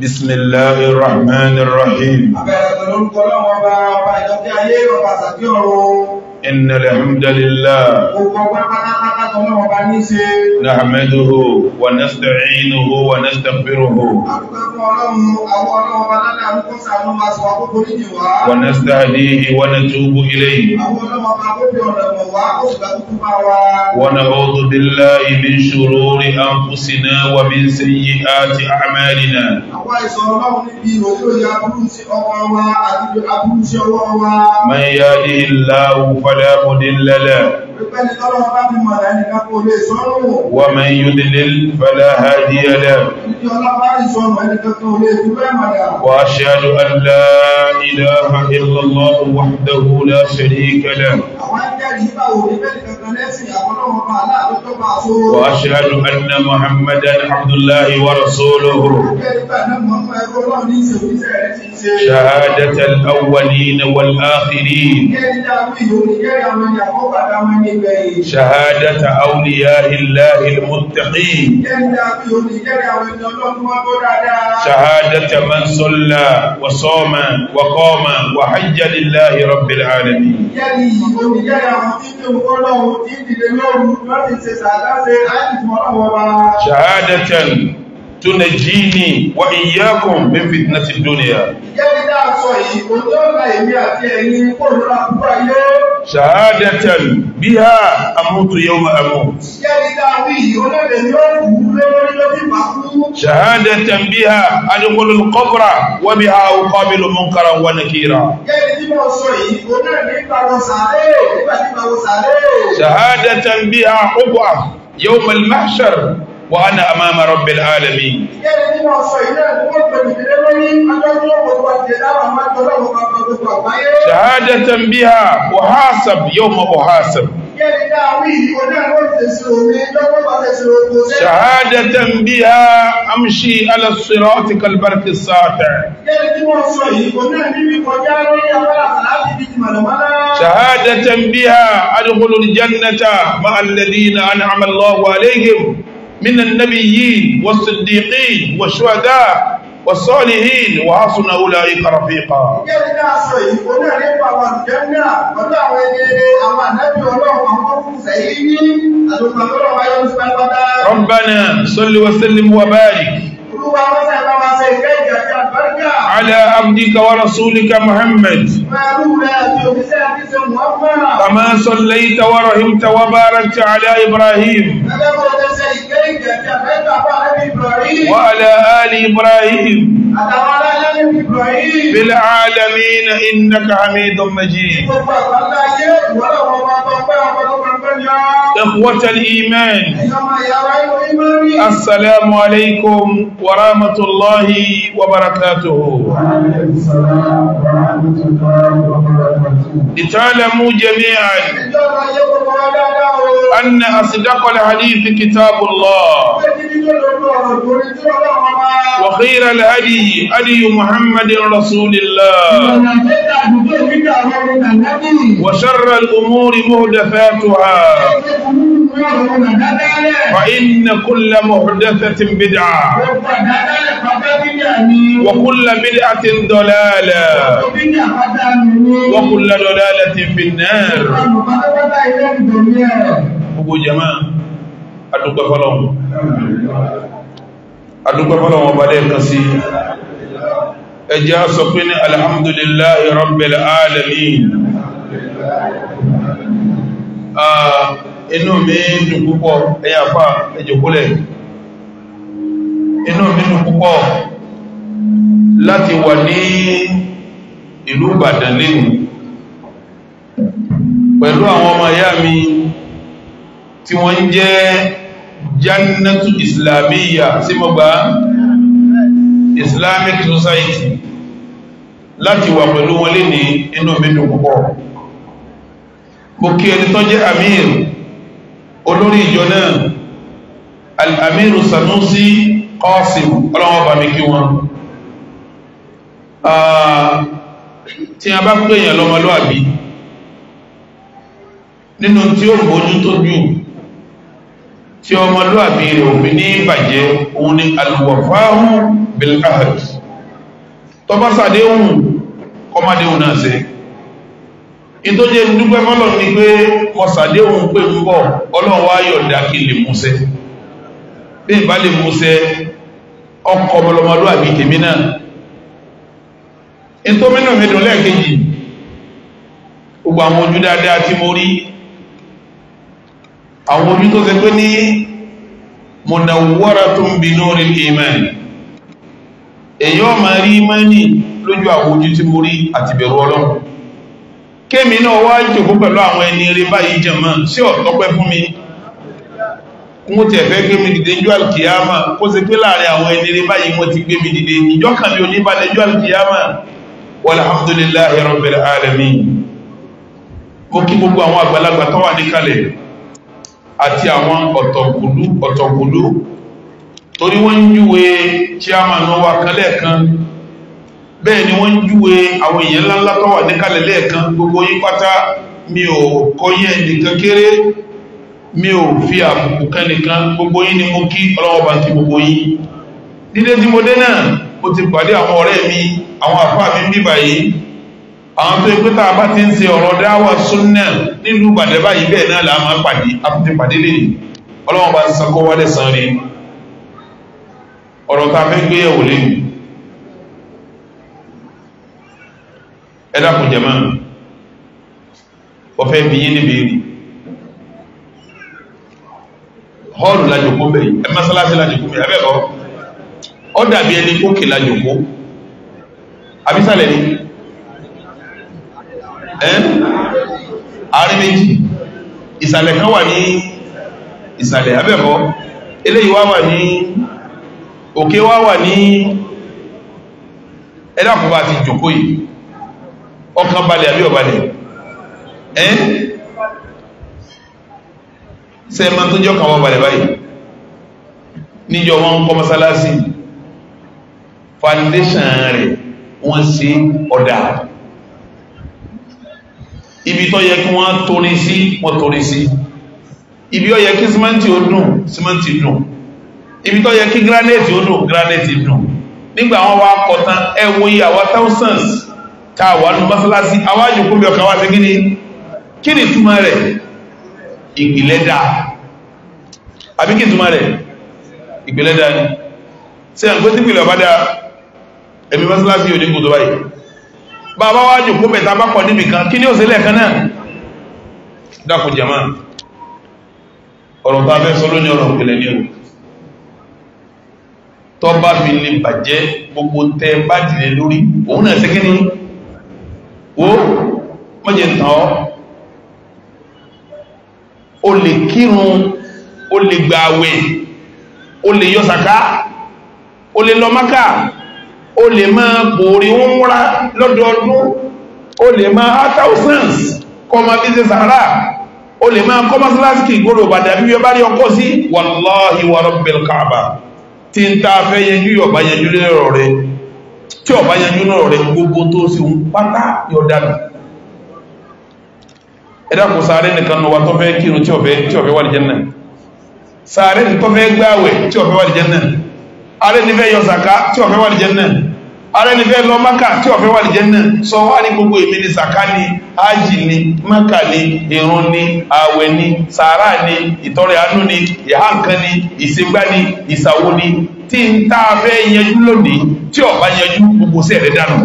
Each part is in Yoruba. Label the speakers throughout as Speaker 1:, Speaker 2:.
Speaker 1: بسم الله الرحمن الرحيم إن الحمد لله
Speaker 2: نحمده
Speaker 1: ونستعينه ونستغفره ونستهديه ونتوب إليه
Speaker 2: ونعوذ
Speaker 1: بالله من شرور أنفسنا ومن سيئات أعمالنا من يهده الله فلا مضل له ومن يدلل فلا هادي له وأشهد أن لا إله إلا الله وحده لا شريك له وأشهد أن محمدا عبد الله ورسوله شهادة الأولين والآخرين شهادة أولياء الله المتقين
Speaker 2: شهادة
Speaker 1: من صلى وصام وقام وحج لله رب العالمين شهادة tunajini wa iyyakum min fitnati dunya
Speaker 2: kẹ́ni dáa sọ yìí òjò ọ̀la èmi àti ẹ̀yin kò lọ́la púpọ̀ ayé.
Speaker 1: shahadatan biha amutu yawma amut.
Speaker 2: kẹ́ni dáa wí yìí olóòdè ni ó kú lórí lórí pàkú.
Speaker 1: shahadatan biha adkhulu al-qabra wa biha uqabilu munkaran wa nakira.
Speaker 2: kẹ́ni tí mo sọ yìí olóòdè nípa wọn sàárè nípa nípa wọn sàárè.
Speaker 1: shahadatan biha uqba wa ana amama rabbil alamin.
Speaker 2: shahadatan biha wa hasab
Speaker 1: yawma wa شهادة بها أمشي على الصراط كالبرق الساطع شهادة بها أدخل الجنة مع الذين أنعم الله عليهم من النبيين والصديقين والشهداء والصالحين وحسن أولئك رفيقا ربنا صل وسلم وبارك على عبدك ورسولك محمد كما صليت ورحمت وباركت على إبراهيم وعلى آل إبراهيم بالعالمين إنك حميد مجيد إخوة الإيمان السلام عليكم ورحمة الله وبركاته لتعلموا جميعا أن أصدق الحديث كتاب الله وخير الهدي الهدي هدي محمد رسول الله وشر الأمور مهدفاتها
Speaker 2: فإن
Speaker 1: كل محدثة بدعة وكل بدعة ضلالة
Speaker 2: وكل ضلالة
Speaker 1: في النار أبو جماعة أتوقف لهم adúgbọ́bọ́lọ̀ wọn bá lẹ́ẹ̀kan sí ẹjẹ́ a sọ pé ní alhamdulillahi rabbil alamin inú mi dùn púpọ̀ ẹ̀yà fà ẹjọ̀kúlẹ̀ inú mi dùn púpọ̀ láti wà ní ìlú Ìbàdàn lẹ́nu pẹ̀lú àwọn ọmọ ìyá mi tí wọ́n ń jẹ́ jannatu islamiyya sí mo gbà islamic society láti wà pẹ̀lú wọn lè ní inú mi dùn púpọ̀ mo kí ẹni tó jẹ́ amir olórí ìjọ náà al-amir sanusi qasim ọlọ́wọ́n bá mi kí wọn ah, tí a bá pè èèyàn lọ́mọlúàbí nínú tí ó bójú tó jù tí ọmọlúwàbí rẹ̀ òfin ní bàjẹ́ òun ni alùwàfáhù bilhahad tọba sàdéhùn kọmádéhùn náà sẹ́ in tó jẹ́ dúpẹ́ fọ́lọ̀ ní pé kọ sàdéhùn pé ń bọ̀ ọlọ́wà yọ̀dá kí lè múṣẹ́ bí ìbá lè múṣẹ́ ọkọ̀ ọmọlúwàbí tèmi náà in tó mẹ́nà lẹ́ẹ̀kejì gbogbo àwọn ojú dáadáa tí mo rí àwọn ojú tó ṣe pé ní munawwaratun bi nuril iman èyí ọ máa rí imani lójú àwọn ojú tí mo rí àti bẹ̀rù ọlọ́run kémi náà wá ìjòkó pẹ̀lú àwọn ẹni eré báyìí jẹ̀mọ́ sí ọ̀tọ́pẹ́ fún mi mo tẹ̀ fẹ́ gbé mi dìde ní ọjọ́ alkiyama kó ṣe pé láàrin àwọn ẹni eré báyìí wọ́n ti gbé mi dìde ìjọ́ kan mi ò ní balẹ̀ ní ọjọ́ alkiyama walhamdulillahi rabbil alamin mo kí gbogbo àwọn àgbàlagbà tó wà níkàlẹ̀ àti àwọn ọ̀tọ̀kùlú ọ̀tọ̀kùlú torí wọ́n ń júwe chairman wa kan lẹ́ẹ̀kan bẹ́ẹ̀ ni wọ́n ń júwe àwọn èèyàn ńláńlá tó wà níkàlẹ̀ lẹ́ẹ̀kan gbogbo yín pátá mi ò kọyẹ́ nìkan kéré mi ò fi àbùkù kan nìkan gbogbo yín ni mo kí ọlọ́wọ́ bá ti gbogbo yín dídé tí mo dé náà mo ti pàdé àwọn ọ̀rẹ́ mi àwọn àfáà mi ń bíbà yìí àwọn tó pé tá a bá ti ń ṣe ọ̀rọ̀ dáwà súnnà nílùú Ìbàdàn báyìí bẹ́ẹ̀ náà là á máa pàdé àtúntì pàdé lẹ́yìn ọlọ́wọ́n bá ti san kó wálé san rí ọ̀rọ̀ tá a fẹ́ gbé yẹ̀wò lẹ́yìn ẹ dákun jẹ̀mọ́ ọ̀fẹ́ bí yín níbi rí họ́ọ̀lù lájòkó bẹ́ẹ̀ ẹ mọ́sálásí lájòkó bẹ́ẹ̀ abẹ́kọ̀ọ́ ọ dàbí ẹni kókè lájòkó àbísàlẹ̀ ni àárín eh? méjì ìsàlẹ̀ kan wà ní ìsàlẹ̀ abẹ́kọ́ eléyìí wá wà ní òkè wá wà ní ẹ̀dàkùnbà àti ìjòkó yìí ọkàn balẹ̀ àbí ọ̀balẹ̀ eh? ẹ́ sẹ́ẹ̀mọ́ tó jọ́ kàwọn balẹ̀ báyìí níjọ wọn kọ́ mọ́sálásí foundation rẹ̀ wọ́n sí ọ̀dà ibi tó yẹ kí wọ́n torí sí wọ́n torí sí ibi ó yẹ kí símẹ́ntì ó dùn símẹ́ntì dùn ibi tó yẹ kí granite ó dùn granite dùn nígbà wọn wá kọ tán ẹ wo iye àwọn thousands tá a wà ní mọ́sálásí àwọn àjòkó bí ọkàn wá sí kíni kí ni túmọ̀ rẹ̀ ìpìlẹ̀ dà àbí kí ni túmọ̀ rẹ̀ ìpìlẹ̀ dà ni ṣé àǹkó ọ̀bá dà ẹ̀mí mọ́sálásí yóò dínkù tó báyìí bàbá wá jù kúbẹ̀ tàbá pọ̀ níbi kan kí ní ò sílẹ̀ kan náà dákun jama ọ̀rọ̀ tàbẹ́ sọ lónìí ọ̀rọ̀ pẹ̀lẹ̀ ní ọ̀rọ̀ tọ́ bá fi lè bàjẹ́ gbogbo tẹ bá dìde lórí òun náà sẹ́kẹ́ ní ó mọ́jẹ̀ tàn ọ́ o lè kírun o lè gbààwẹ̀ o lè yọ sàká o lè lọ Mákà o lè máa bòrí ń múra lọ́dọọdún o lè máa á thousands kọmọ bíse sàárà o lè máa kọ́ mọ́sálásí kì í gbọ́dọ̀ bàdà bí wọ́n bá rí ọkọ̀ sí wàláhì wà rabbil Kaaba tí ń ta fẹ́ yẹjú ọ̀bá yẹjú lérò rẹ̀ tí ọ̀bá yẹjú náà rẹ̀ gbogbo tó sì ń pátá yọ̀dánù ẹ̀dá kò sáré nìkan nù wa tó fẹ́ kírun tí ọ̀fẹ́ tí ọ̀fẹ́ wà ní sáré nìkan fẹ́ gbáwẹ̀ tí ọ̀fẹ́ wà ní arẹ́nifẹ́ yọ sàká tí ọ̀fẹ́ wà ní ara ẹni fẹ́ lọ maka tí ọ̀fẹ́ wà ní jẹ́nà sọ wá ní gbogbo èmi ní sàká ni ájì ni maka ni irun ni ààwẹ̀ ni sàárà ni ìtọrẹ àánú ni ìhá nǹkan ni ìṣègbà ìsàwó ni tí n tá fẹ́ yanjú lónìí tí ọ̀bá yanjú gbogbo sí ẹ̀rẹ́ dànù.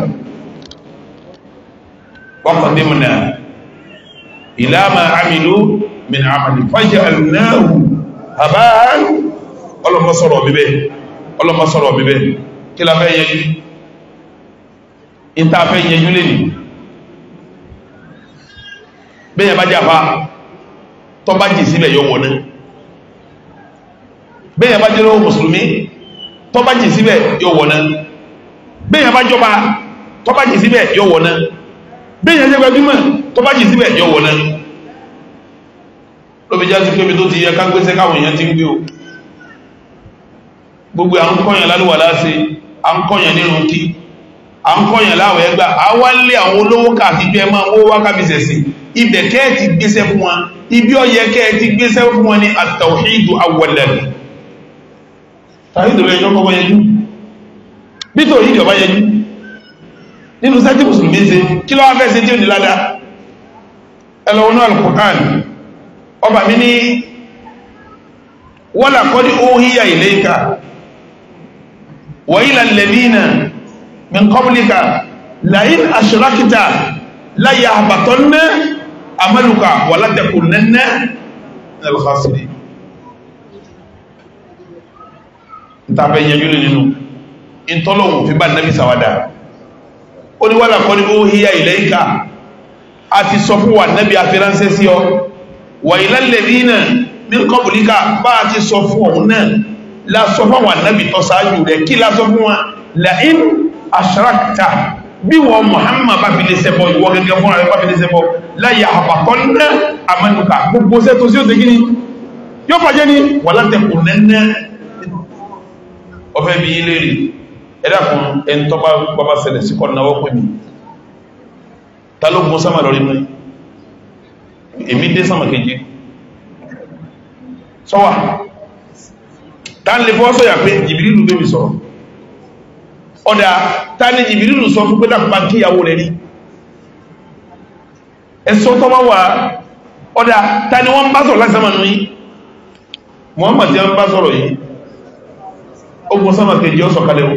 Speaker 1: wọ́pọ̀ dé mu náà ìlànà àmìlú mìíràn àmàlì fàjà àlùnáàwù àbá ọlọ́mọ sọ̀rọ̀ mi ọlọ́mọ sọ̀rọ̀ mi kí la fẹ́ yanjú níta fẹ́ yẹjú lèmi bẹ́ẹ̀ yẹn bá jàfa tọ́ bá jì síbẹ̀ yọ wọ̀n náà bẹ́ẹ̀ yẹn bá jẹ́ lọ́wọ́ mùsùlùmí tọ́ bá jì síbẹ̀ yọ wọ̀n náà bẹ́ẹ̀ yẹn bá jọba tọ́ bá jì síbẹ̀ yọ wọ̀n náà bẹ́ẹ̀ jẹ́ gbajúmọ̀ tọ́ bá jì síbẹ̀ yọ wọ̀n náà lóbi já pé mi tó ti yẹ ká káwọn èèyàn ti ń gbé o gbogbo à ń kọ́yàn lálùwàlá ṣe à ń kọ́yàn nínú kí à ń kọyàn láwọn ẹgbà awálé àwọn olówó káàkiri ẹ máa ń wó wákàbíṣẹ̀ sí ibẹ̀ kẹ́ ti gbéṣẹ́ fún wọn ibi ọ̀yẹ kẹ́ ti gbéṣẹ́ fún wọn ní àtàwíìdù awọlẹ̀lẹ̀ tàwíìdù rẹ̀ yọ kọ́kọ́ yẹjú nítorí ìjọba yẹjú nínú sẹ́tì mùsùlùmí ṣe kí lọ́wọ́ fẹ́ ṣe tí ò ní ládàá ẹlọ́wọ́nú alkùnrin ọba mi ní wọ́lá kọ́ ní ó híyà ìlẹ́ka wọ́yílà lẹ́mínà min kọ́mùlíkà láyín aṣọ́lákítà láyé àbàtọ́ ní amẹ́lùkà wà látẹ̀kù nẹ́nẹ́ ẹ̀lùfàṣìrì ìtàbẹ̀ yẹjú lè nínú ìtọ́lọ̀wò fi bá nẹ́bí sàwádà ó ní wàlà kọ́ni ó híyà ilẹ̀ ìka a ti sọ fún wa nẹ́bí afẹ́ránṣẹ́ sí ọ wà ìlàlẹ̀ dínà min kọ́mùlíkà bá a ti sọ fún ọ̀hún náà lásọ fún wa nẹ́bí tọ́sáájú rẹ̀ kí lásọ fún wa láyín aṣarakta bí wọ́n Muhammad bá fi lè ṣẹbọ ìwọ gẹ́gẹ́ fún ààrẹ bá fi lè ṣẹbọ láyé àpapọ̀ ná àmàlùkà gbogbo ṣẹ́ tó sí òsè gíní yóò fàjẹ́ ní wà látẹ̀kùn nẹ́nẹ́ ọfẹ́ bí ilé rẹ̀ ẹ̀dàkùn ẹni tó bá bá ṣẹlẹ̀ sí kọ́ náwó pè ọ̀dà ta ni jìbìrìlù sọ fún pé dàkùnbá kíyàwó rẹ̀ rí ẹ̀sọ́ tó bá wà ọ̀dà ta ni wọ́n bá sọ̀rọ̀ láti sámà nìyí Muhammad tí wọ́n bá sọ̀rọ̀ yìí ogun sámà kejì ọ̀sọ̀ kalẹ̀ o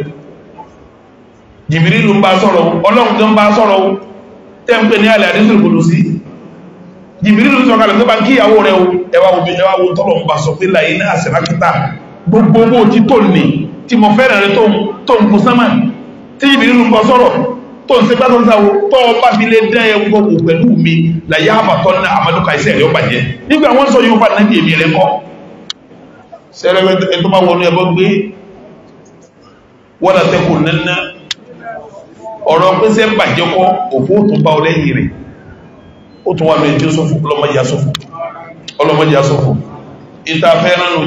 Speaker 1: jìbìrìlù ń bá sọ̀rọ̀ ọlọ́run tó ń bá sọ̀rọ̀ tẹ́ ń pè tó ń kún sánmà tí ìbìrínú kan sọ̀rọ̀ tó ń ṣe gbásánsáwò tó bá fi lé dán ẹwọ wò pẹ̀lú mi láyé àbàtọ́ ní àmàlùkà iṣẹ́ rẹ̀ bàjẹ́ nígbà wọ́n sọ yóò bá nàbí èmi rẹ̀ kọ́ sẹ́rẹ̀wẹ́ tó bá wọnú ẹbọ gbé wọ́n látẹ́kù nánà ọ̀rọ̀ pẹ́sẹ́ bàjẹ́ kọ́ òkú tó bá ìta fẹ́ràn nù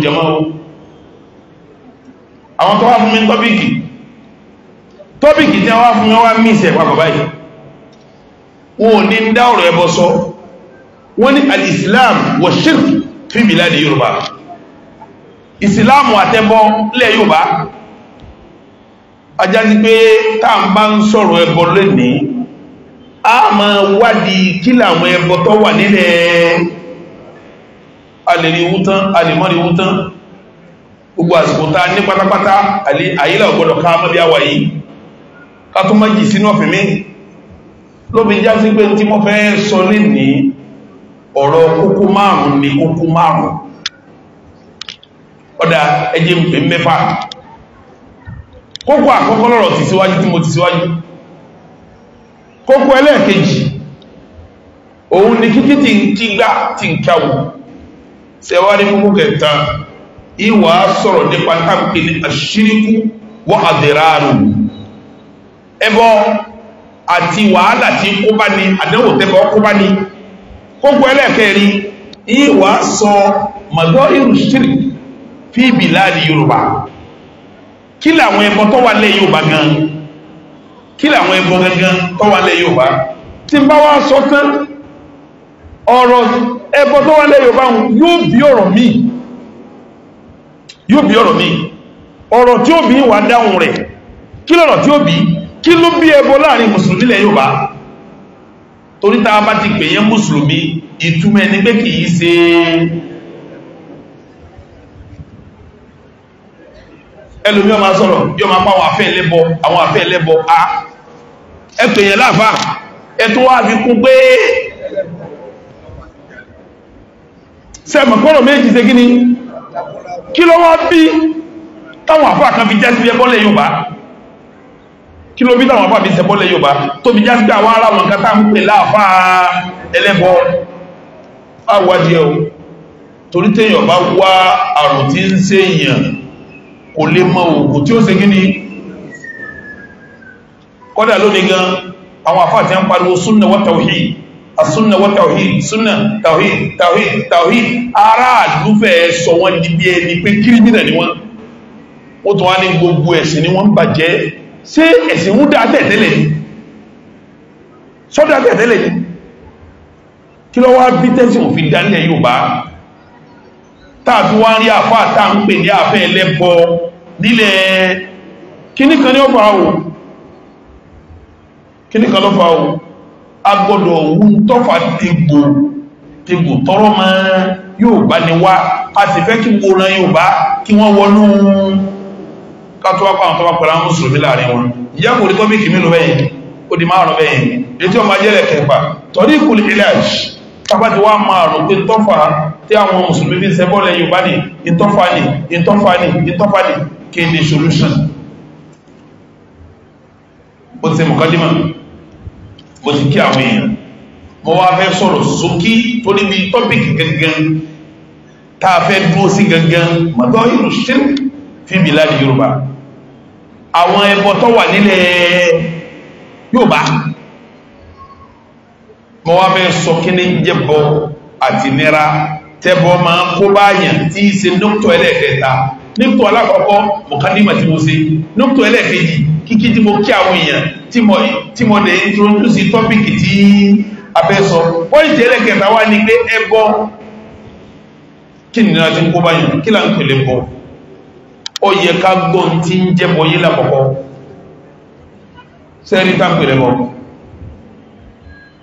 Speaker 1: àwọn tó wà fún mi tọ́bíkì tọ́pìkì tí wọ́n fún wọ́n mísẹ̀ pàpọ̀ báyìí wọ́n ní ń dá ọ̀rọ̀ ẹbọ sọ wọ́n ní al-islam fi biladi yorùbá ìsìláàmù àtẹbọ lẹ̀ yorùbá ajá sí pé táà ń sọ̀rọ̀ ẹbọ lónìí a máa wádìí kí làwọn ẹbọ tó wà nílẹ̀ gbogbo àsìkò kátó má jì sínú ọ̀fẹ́ mi ló fi já sí pé tí mo fẹ́ sọ ní ọ̀rọ̀ kókó márùn-ún ni kókó márùn-ún ọ̀dá ẹjẹ́ mpe mẹ́fà kókó àkọ́kọ́ lọ́rọ̀ ti síwájú tí mo ti síwájú kókó ẹlẹ́ẹ̀kejì òun ni kíkí ti ti gbá ti ń káwò sẹwárí kókó kẹta ìwà sọ̀rọ̀ nípa tábìlì àṣíríkú wọ́n àdẹ̀ráàrùn ẹbọ àti wàhálà tí kó bá ní àdánwò tẹ́bọ̀ kó bá ní kókó ẹlẹ́ẹ̀kẹ́rin ìwà sọ mọ̀gbọ́ irùsírì fi bìláàdì yorùbá kí làwọn ẹbọ tó wà lẹ́ yorùbá gan kí làwọn ẹbọ gangan tó wà lẹ́ yorùbá tí bá wá sọ tán ọ̀rọ̀ ẹbọ tó wà lẹ́ yorùbá yóò bí ọ̀rọ̀ míì yóò bí ọ̀rọ̀ míì ọ̀rọ̀ tí ó bí wà dáhùn rẹ̀ kí lọ̀rọ̀ tí ó bí kí ló bí ẹbọ láàrin mùsùlùmí lẹ Yorùbá torí tá a bá ti pè yẹn mùsùlùmí ìtumọ̀ ẹni pé kì í ṣe ẹlòmí ọmọ sọ̀rọ̀ yóò máa pa àwọn afẹ́ ẹlẹ́bọ a ẹ pè yẹn láàfà ẹ tó wá fi kún pé sẹ́mọ̀ kọ́rọ̀ méjì ṣe kí ni kí ló wá bí táwọn àfà kan jẹ́ sí ẹbọ lẹ Yorùbá kí ló bí táwọn afá mi sẹ́bọ́lẹ̀ Yorùbá tóbi já sí pé àwọn ará wọn kátà ń pè láàfá ẹlẹ́bọ àwádìí ẹ̀ torí téèyàn bá wá àrùn tí ń ṣe èèyàn kò lè mọ òògùn tí ó ṣe kí ni kọ́dà lónìí gan àwọn afá àti ń pariwo súnnà wa tawhid asúnnà wa tawhid súnnà tawhid tawhid tawhid aráàlú fẹ́ sọ wọ́n di bí ẹni pé kírímìnà ni wọ́n ó tún wá ní gbogbo ẹ̀sìn ni wọ́n ń bàjẹ́ ṣé ẹ̀sìn ń dáa tẹ̀tẹ́lẹ̀ sọ́dá tẹ̀tẹ́lẹ̀ kí lọ wá bí tẹ́sìn òfin dálẹ̀ Yorùbá tàbí wá rí àfá àtà ń pè ní àfẹ́ ẹlẹ́bọ nílẹ̀ kíníkan ní ọ̀pá o kíníkan lọ́pàá o agbọ́dọ̀ ohun tọ́fà kátó wá pàwọn tó bá pẹ̀lú àwọn mùsùlùmí láàrin wọn ìyá kò rí tọ́bíkì mínú bẹ́yìn ó di márùn bẹ́yìn ètí ọmọ ajẹ́lẹ̀ kẹfà tọ́rí kùl ilaj tábàtí wá márùn pé tọ́fà solution ó ti mọ̀kádìmọ̀ mo ti kí àwọn èèyàn mo wá fẹ́ sọ̀rọ̀ sókí tó níbi tọ́pìkì gangan tá a fẹ́ dúró sí gangan mọ̀tọ́ ìlú ṣírk fi bìlá yorùbá àwọn ẹbọ tó wà nílẹ̀ Yorùbá mo wá bẹ sọ kí ni jẹbọ àti nira tẹbọ máa ń kó báyàn tí í ṣe dókítọ ẹlẹ́ẹ̀kẹta nípò alákọ̀ọ́kọ́ mọ̀kánnímọ̀ tí mo ṣe nípò ẹlẹ́ẹ̀kejì kíkí tí mo kí àwọn èèyàn tí mo dẹ̀ introduce tọ́pìkì tí a sọ wọ́n ẹlẹ́ẹ̀kẹta wá ní pé ẹbọ kí nìyànjú kó báyàn kí là ń pèlè bọ́ ó yẹ ká gbọ́ tí ń jẹ́ bọ́ yí lápọ̀kọ́ sẹ́rí tápẹ̀rẹ̀ lọ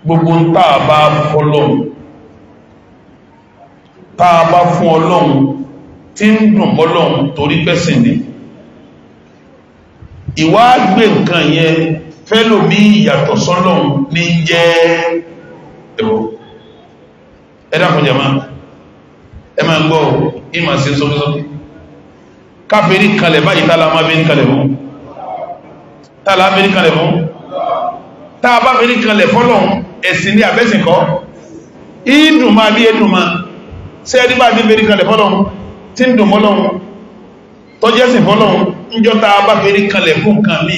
Speaker 1: gbogbo ń tàà bá ọlọ́run tàà bá fún ọlọ́run tí ń dùn ọlọ́run torí pẹ́sìn ni ìwà gbé nǹkan yẹn fẹ́lòmí ìyàtọ̀ sọ́lọ́run ní jẹ́ ẹ̀rọ ẹ̀dàkùnjẹ̀má ẹ máa gbọ́ ìmọ̀ sí sókésókè káfíìrì kalẹ̀ báyìí tààlà máa fi ń kalẹ̀ fún tààlà fi ń kalẹ̀ fún tàà bá fi ń kalẹ̀ fọ́lọ́hun ẹ̀sìn ní àbẹ́sìn kọ́ ìdùn máa bí ẹdùn máa ṣe ẹni bá fi ń kalẹ̀ fọ́lọ́hun tí ń dùn fọ́lọ́hun tọ́jẹ́sìn fọ́lọ́hun níjọ́ tàà bá fi ń kalẹ̀ fún nǹkan mi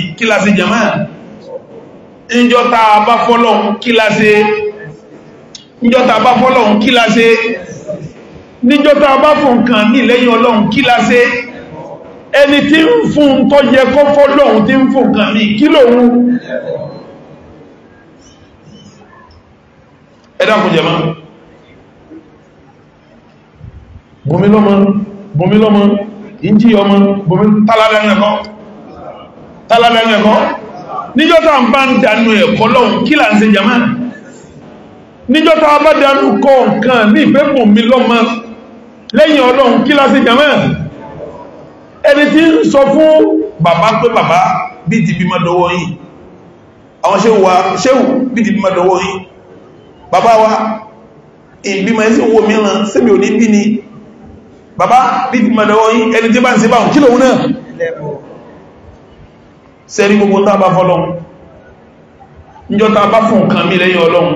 Speaker 1: kí la ẹni tí ń fún tó yẹ kó fọ́lọ́hun tí ń fún kan mí kí lòun ẹ̀dàkùn jẹma bùnmí lọ́mọ bùnmí lọ́mọ ìjí ọmọ bùnmí tálàlẹ́nẹ̀kọ́ tálàlẹ́nẹ̀kọ́ níjọ́ta ń bá ń dánú ẹ̀kọ́ lọ́hun kí là ń ṣe jẹma níjọ́ta bá kọ́ nǹkan ní ìfẹ́ bùnmí lẹ́yìn ọlọ́hun kí là ń ṣe jẹma ẹni tí ń sọ fún bàbá pé bàbá bí ti bí mọ́dọ̀wọ́ yìí àwọn ṣéwù bí ti bí mọ́dọ̀wọ́ yìí bàbá wa ìbímọ ẹsẹ̀ owó mìíràn sẹ́mi ò ní bí ni bàbá bí ti mọ́dọ̀wọ́ yìí ẹni tí bá ń ṣe báhùn kí lòun náà sẹ́rí gbogbo tá bá fọ́lọ́un níjọ́ tá bá fún nǹkan mi lẹ́yìn ọlọ́run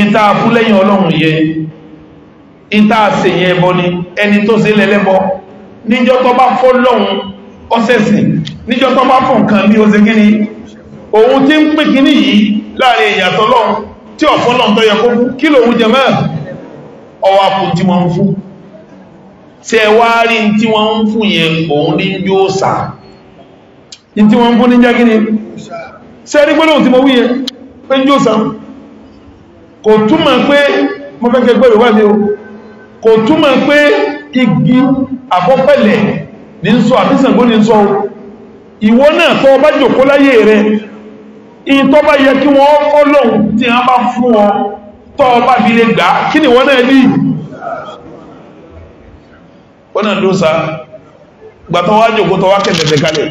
Speaker 1: ìta fún lẹ́yìn ọlọ́run yẹ ìta àṣèyẹ ẹbọ ni ẹni tó ṣe lẹ́lẹ́bọ níjọ́ tó bá fọ́ lọ́hun ọ́sẹ̀sìn níjọ́ tó bá fọ́ nǹkan bí ó ṣe gíní òun tí ń pè kíní yìí láàrin ìyàtọ̀ lọ́hun tí ọ̀fọ́ náà tó yẹ kó fún kí lòun jẹ mẹ́ ọwọ́ apò tí wọ́n ń fún tí ẹ wá rí tí wọ́n ń kò túmọ̀ pé mo fẹ́ kẹgbẹ́ o kò túmọ̀ pé igi àbọ́pẹ̀lẹ̀ ní ń sọ àbísàngó ní ń sọ ìwọ náà tó bá jòkó láyé rẹ̀ in tó bá yẹ kí wọ́n fọ́lọ́un tí a bá fún ọ tó bá fi lè gbà kí ni wọ́n náà ní wọ́n náà ló sá gbà tó wá jòkó tó wá kẹfẹ̀fẹ̀ kalẹ̀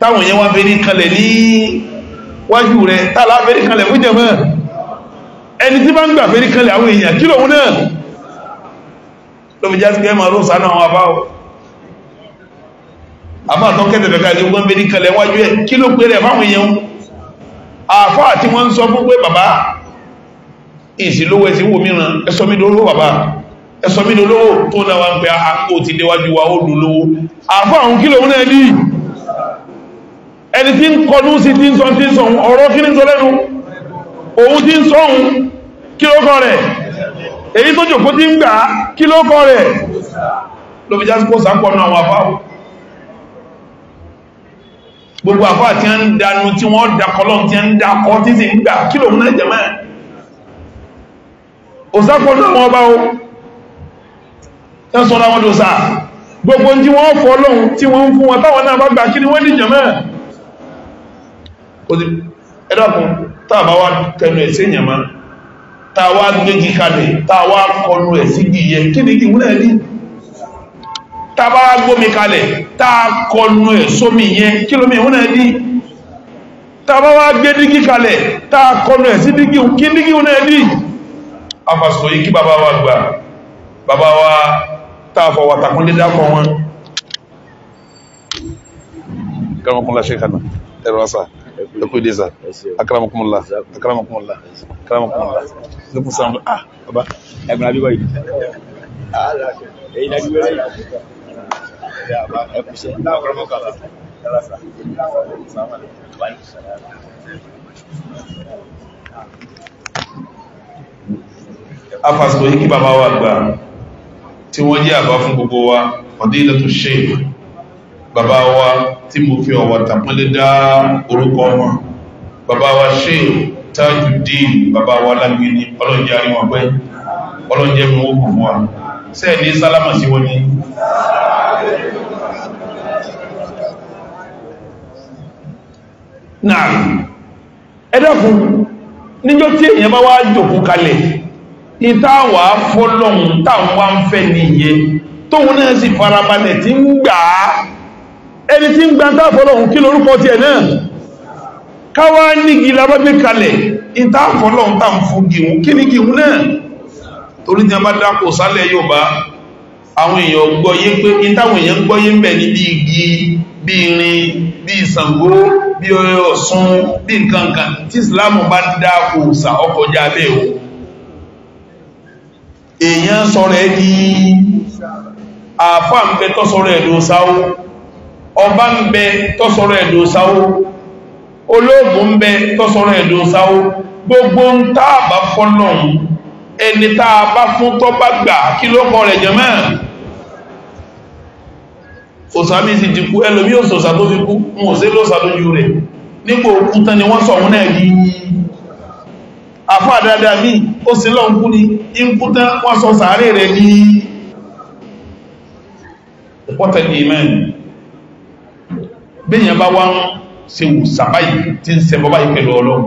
Speaker 1: táwọn yẹn wá bẹ̀rẹ̀ kalẹ̀ ní wájú rẹ̀ tààlà bẹ̀rẹ̀ kalẹ̀ fún jẹ̀mọ́ ẹni tí bá ń gbà bẹ̀rẹ̀ kalẹ̀ àwọn èèyàn kí lòun náà tó fi jásí ẹmọ̀ ló sánà àwọn afá o afá tó kẹ́tẹ̀ fẹ́ káàkiri wọ́n bèèrè kalẹ̀ wájú ẹ̀ kí ló pèrè fáwọn èèyàn afá àti wọ́n ń sọ fún pé bàbá ìsìlówó ẹ̀sì wò mìíràn ẹsọ́ mi lówó bàbá ẹsọ́ mi lówó tó náà wá ń pẹ àkó ti déwájú wa ó lulówó afá àwọn kí lòun náà dì ẹni tí ń kọlú sí tí ń sọ tí ń sọ ọ̀rọ̀ èyí tó jòkó tí ń gbà kí ló kọ́ rẹ̀ ló fi já sí pọ́sà pọ̀ náà àwọn àfáà gbogbo àfáà tí ń danu tí wọ́n dakọ́lọ́ tí ń dakọ́ tí sì ń gbà kí lòun náà jẹ̀mọ́ òsàpọ̀ náà wọ́n bá ó tẹ́ sọ́ra wọn dòsà gbogbo tí wọ́n fọ́ lọ́hun tí wọ́n ń fún wọn táwọn náà bá gbà kí ni wọ́n ní jẹ̀mọ́ ẹ̀dọ́kun táàbá wá kẹnu ẹ̀sẹ̀ yẹ̀mọ́ tàwa gbégi kalẹ̀ tàwa kọlu ẹ̀ sí gìyẹ kí ni gìwú náà ní tàbá gbómi kalẹ̀ tàà kọlu ẹ̀ sómi yẹn kí lómi ìwú náà ní tàbá wá gbé dígí kalẹ̀ tàà kọlu ẹ̀ sí dígí kí dígí náà ní afasọ̀ yìí kí bàbá wa gbà bàbá wa tàà fọwà tàkúnlé dákọ̀ wọn kẹrànkúnlá ṣe kànà ẹ̀rọ sáà da koy dèjà akramakumullah akramakumullah akramakumullah le pour cent ah baba ẹ múra bí báyìí
Speaker 3: èyí dájú wẹrẹ yìí
Speaker 2: ẹ kù sẹ náà kọrọ mọkà la
Speaker 1: afasiko yìí kí baba wa gbà tí wọ́n jẹ́ àbá fún gbogbo wa fadilatu sheikh bàbá wa tí mo fi ọ̀wọ̀ tàpọ́nlé dá orúkọ wọn bàbá wa Sheikh Tajudeen bàbá wa Lágìní ọlọ́njẹ́ àríwọ̀n pẹ́ ọlọ́njẹ́ mú ogun wa sẹ́ẹ̀ ní sálámà sí wọ́n ní náà ẹ̀dọ́kùn níjọ́ tí èyàn bá wá jòkú kalẹ̀ ìtàwà fọ́lọ́hun táwọn wá ń fẹ́ ní iye tóun náà sì farabalẹ̀ tí ń gbàá ẹni tí ń gba táàfọ́lọ̀ òun kí lórúkọ ti ẹ̀ náà káwá nígi lábábé kalẹ̀ ìtàfọ́lọ̀ ń tàn fún gìhun kí ní gìhun náà torí ní a bá dákò sálẹ̀ Yorùbá àwọn èèyàn gbọ́yé pé ìtàwọn èèyàn gbọ́yé ń bẹ̀ ní bí igi bí irin bí Ṣàngó bí Ọ̀ṣun bí nkankan tí Ìsìláàmù bá dákò sà ọkọjá bẹ́ẹ̀ o èèyàn sọ̀rọ̀ ẹ́ di àfáà ń fẹ́ tọ́sọ̀rọ̀ ẹ̀ lóṣáwó ọba ń bẹ tọ́sọ̀rọ̀ ẹ̀dùn sáwó olóògùn ń bẹ tọ́sọ̀rọ̀ ẹ̀dùn sáwó gbogbo ń tààbà fọ́lọ̀hún ẹni tààbà fún tọ́bà gbà kí ló kọ rẹ̀ jẹ́mẹ́ òsàmì sì ti kú ẹlòmí òsòsà tó fi kú wọn ò sí lóòsà lójú rẹ̀ nípò òkú tán ni wọ́n sọ òun náà rí àfọ́ àdáadáa mi ó sì lọ́n kú ni ikú tán wọ́n sọ sàárè rẹ̀ ní ìpọ́tẹ̀lì mẹ́rin bẹ́yìn bá wá ń ṣe wù sàbáyì tí ń ṣẹbọ báyìí pẹ̀lú ọlọ́run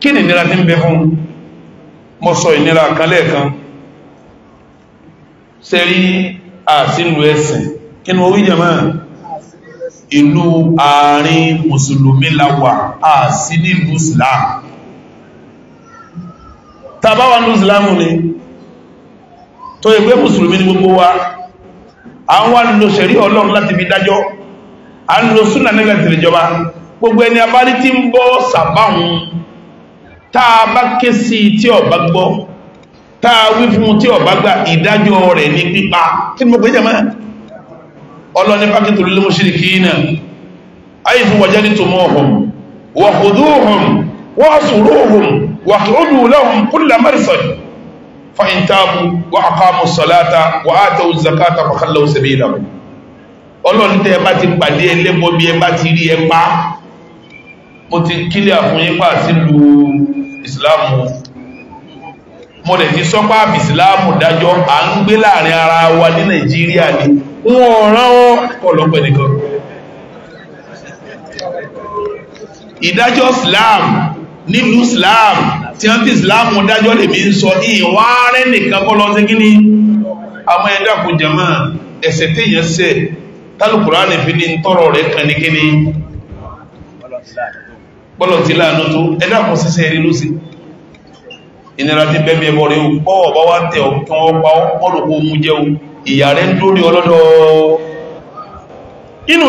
Speaker 1: kí ni ìnira ti ń bẹ fún mo sọ ìnira kan lẹ́ẹ̀kan ṣe rí àsìlù ẹ̀sìn kí ni orí jẹ̀mọ́ ìlú àárín mùsùlùmí la wà àsì nílùú islam ni tó yẹ mùsùlùmí ni gbogbo wa àwọn wà nílò ṣẹ̀rí ọlọ́run láti fi dájọ́ à ń lo súnà nígbà tí ìjọba gbogbo ẹni abárí tí ń bọ́ sàbáhùn tá a bá ké sí i tí ọba gbọ́ tá a wí fún tí ọba gba ìdájọ́ rẹ̀ ní pípa kí ni mo pè é jẹ́mọ́ ọlọ́ni pákítù lil mushrikina haythu wajadtumuhum wa khuduhum wa ahsuruhum wàkìrúdù lọ́hùn kúlẹ̀ mẹ́rìsàn fa'in tabu wa aqamu salata wa atau zakata fa khallu sabila ọlọ́run tẹ́ ẹ bá ti pàdé ẹlẹ́bọ bí ẹ bá ti rí ẹ pa mo ti kílẹ̀ fún yín pa sílùú ìsìláàmù mo lè ti sọ́pá ìsìláàmù dájọ́ à ń gbé láàrin ara wa ní nàìjíríà ni wọn ò rán wọn kọ́ lọ́pẹ́ nìkan ìdájọ́ islam nílùú islam tí wọ́n ti islam dájọ́ lèmi ń sọ ìwà rẹ̀ nìkan kọ́ lọ sí kí ni àwọn ẹ̀dàkùn jẹ̀mọ́ ẹ̀sẹ̀ téèyàn sẹ́ẹ̀ tálùkùránì fi ní tọ́rọ rẹ̀ kàníkíní gbọ́lọ̀ tí láàánú tó ẹ̀dá kò síṣẹ́ rí ló sí ìnira tí bẹ́ẹ̀bí ẹbọ rẹ̀ pọ́wọ̀ bá wá tẹ̀ ọ̀kí wọ́n pa ọ́rùkú mú jẹ́ o ìyà rẹ̀ ń dórí ọlọ́dọ̀ inú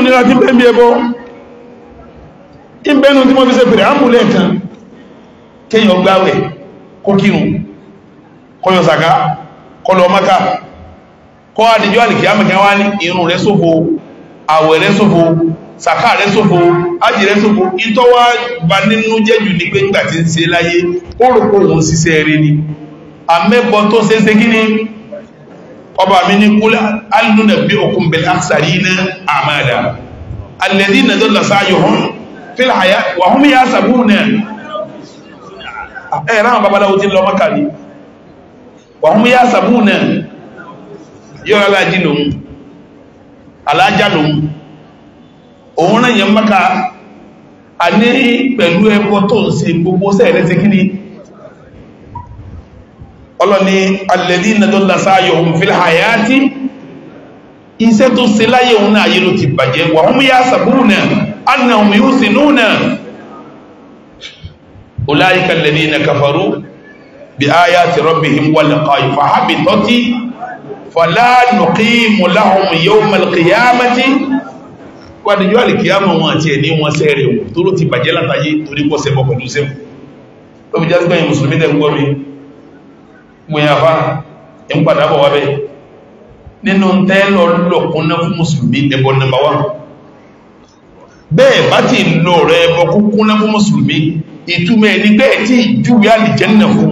Speaker 1: ìnira tí maka kọ́ àdìjọ́ àlìkíyàmẹ̀kẹ́ wá ní irun rẹ̀ sófo àwẹ̀ rẹ̀ ṣòfò sàká rẹ̀ ṣòfò ájì rẹ̀ ṣòfò ìtọ́wá gba nínú jẹ́jù ni pé nígbà tí ń ṣe láyé ó rò òun ṣiṣẹ́ rẹ̀ ni àmẹ́bọ tó ṣe ń ṣe kí ni ọba mi ní kúlẹ̀ alùnà bí òkun bẹ̀rẹ̀ àṣàrí ní àmàdà alẹ́dí na dọ́là sáyọ̀ hàn fílàyà wà hún náà alájá lòun òun rẹ̀ yẹn mọ́ka a ní pẹ̀lú ẹgbọ́ tó ń ṣe gbogbo sẹ́ẹ̀rẹ́ ti kíni ọlọ́ni alladhina dalla sa'yuhum fil hayati iṣẹ́ tó ṣe láyé òun náà ayé ti bàjẹ́ wa hum yahsabuna annahum yuhsinuna fọlá nùkí mùláhùn yawmal qiyamati wádìí alìkìyàmọ̀ wọn àti ẹni wọn sẹ́rẹ̀ wọn tó ló ti bàjẹ́ látàyé torí pọ̀ sẹ́bọ̀ pẹ̀lú sẹ́wọ̀n tó fi jásí gbẹ̀yìn mùsùlùmí tẹ́ gbọ́ mi gbìyànfà bẹ́ẹ̀ bá ti lọ rẹ ẹbọ kúkúnná fún mùsùlùmí ìtumẹ̀ ní bẹ́ẹ̀ tí ìjúwe àlìjẹ́nnà fún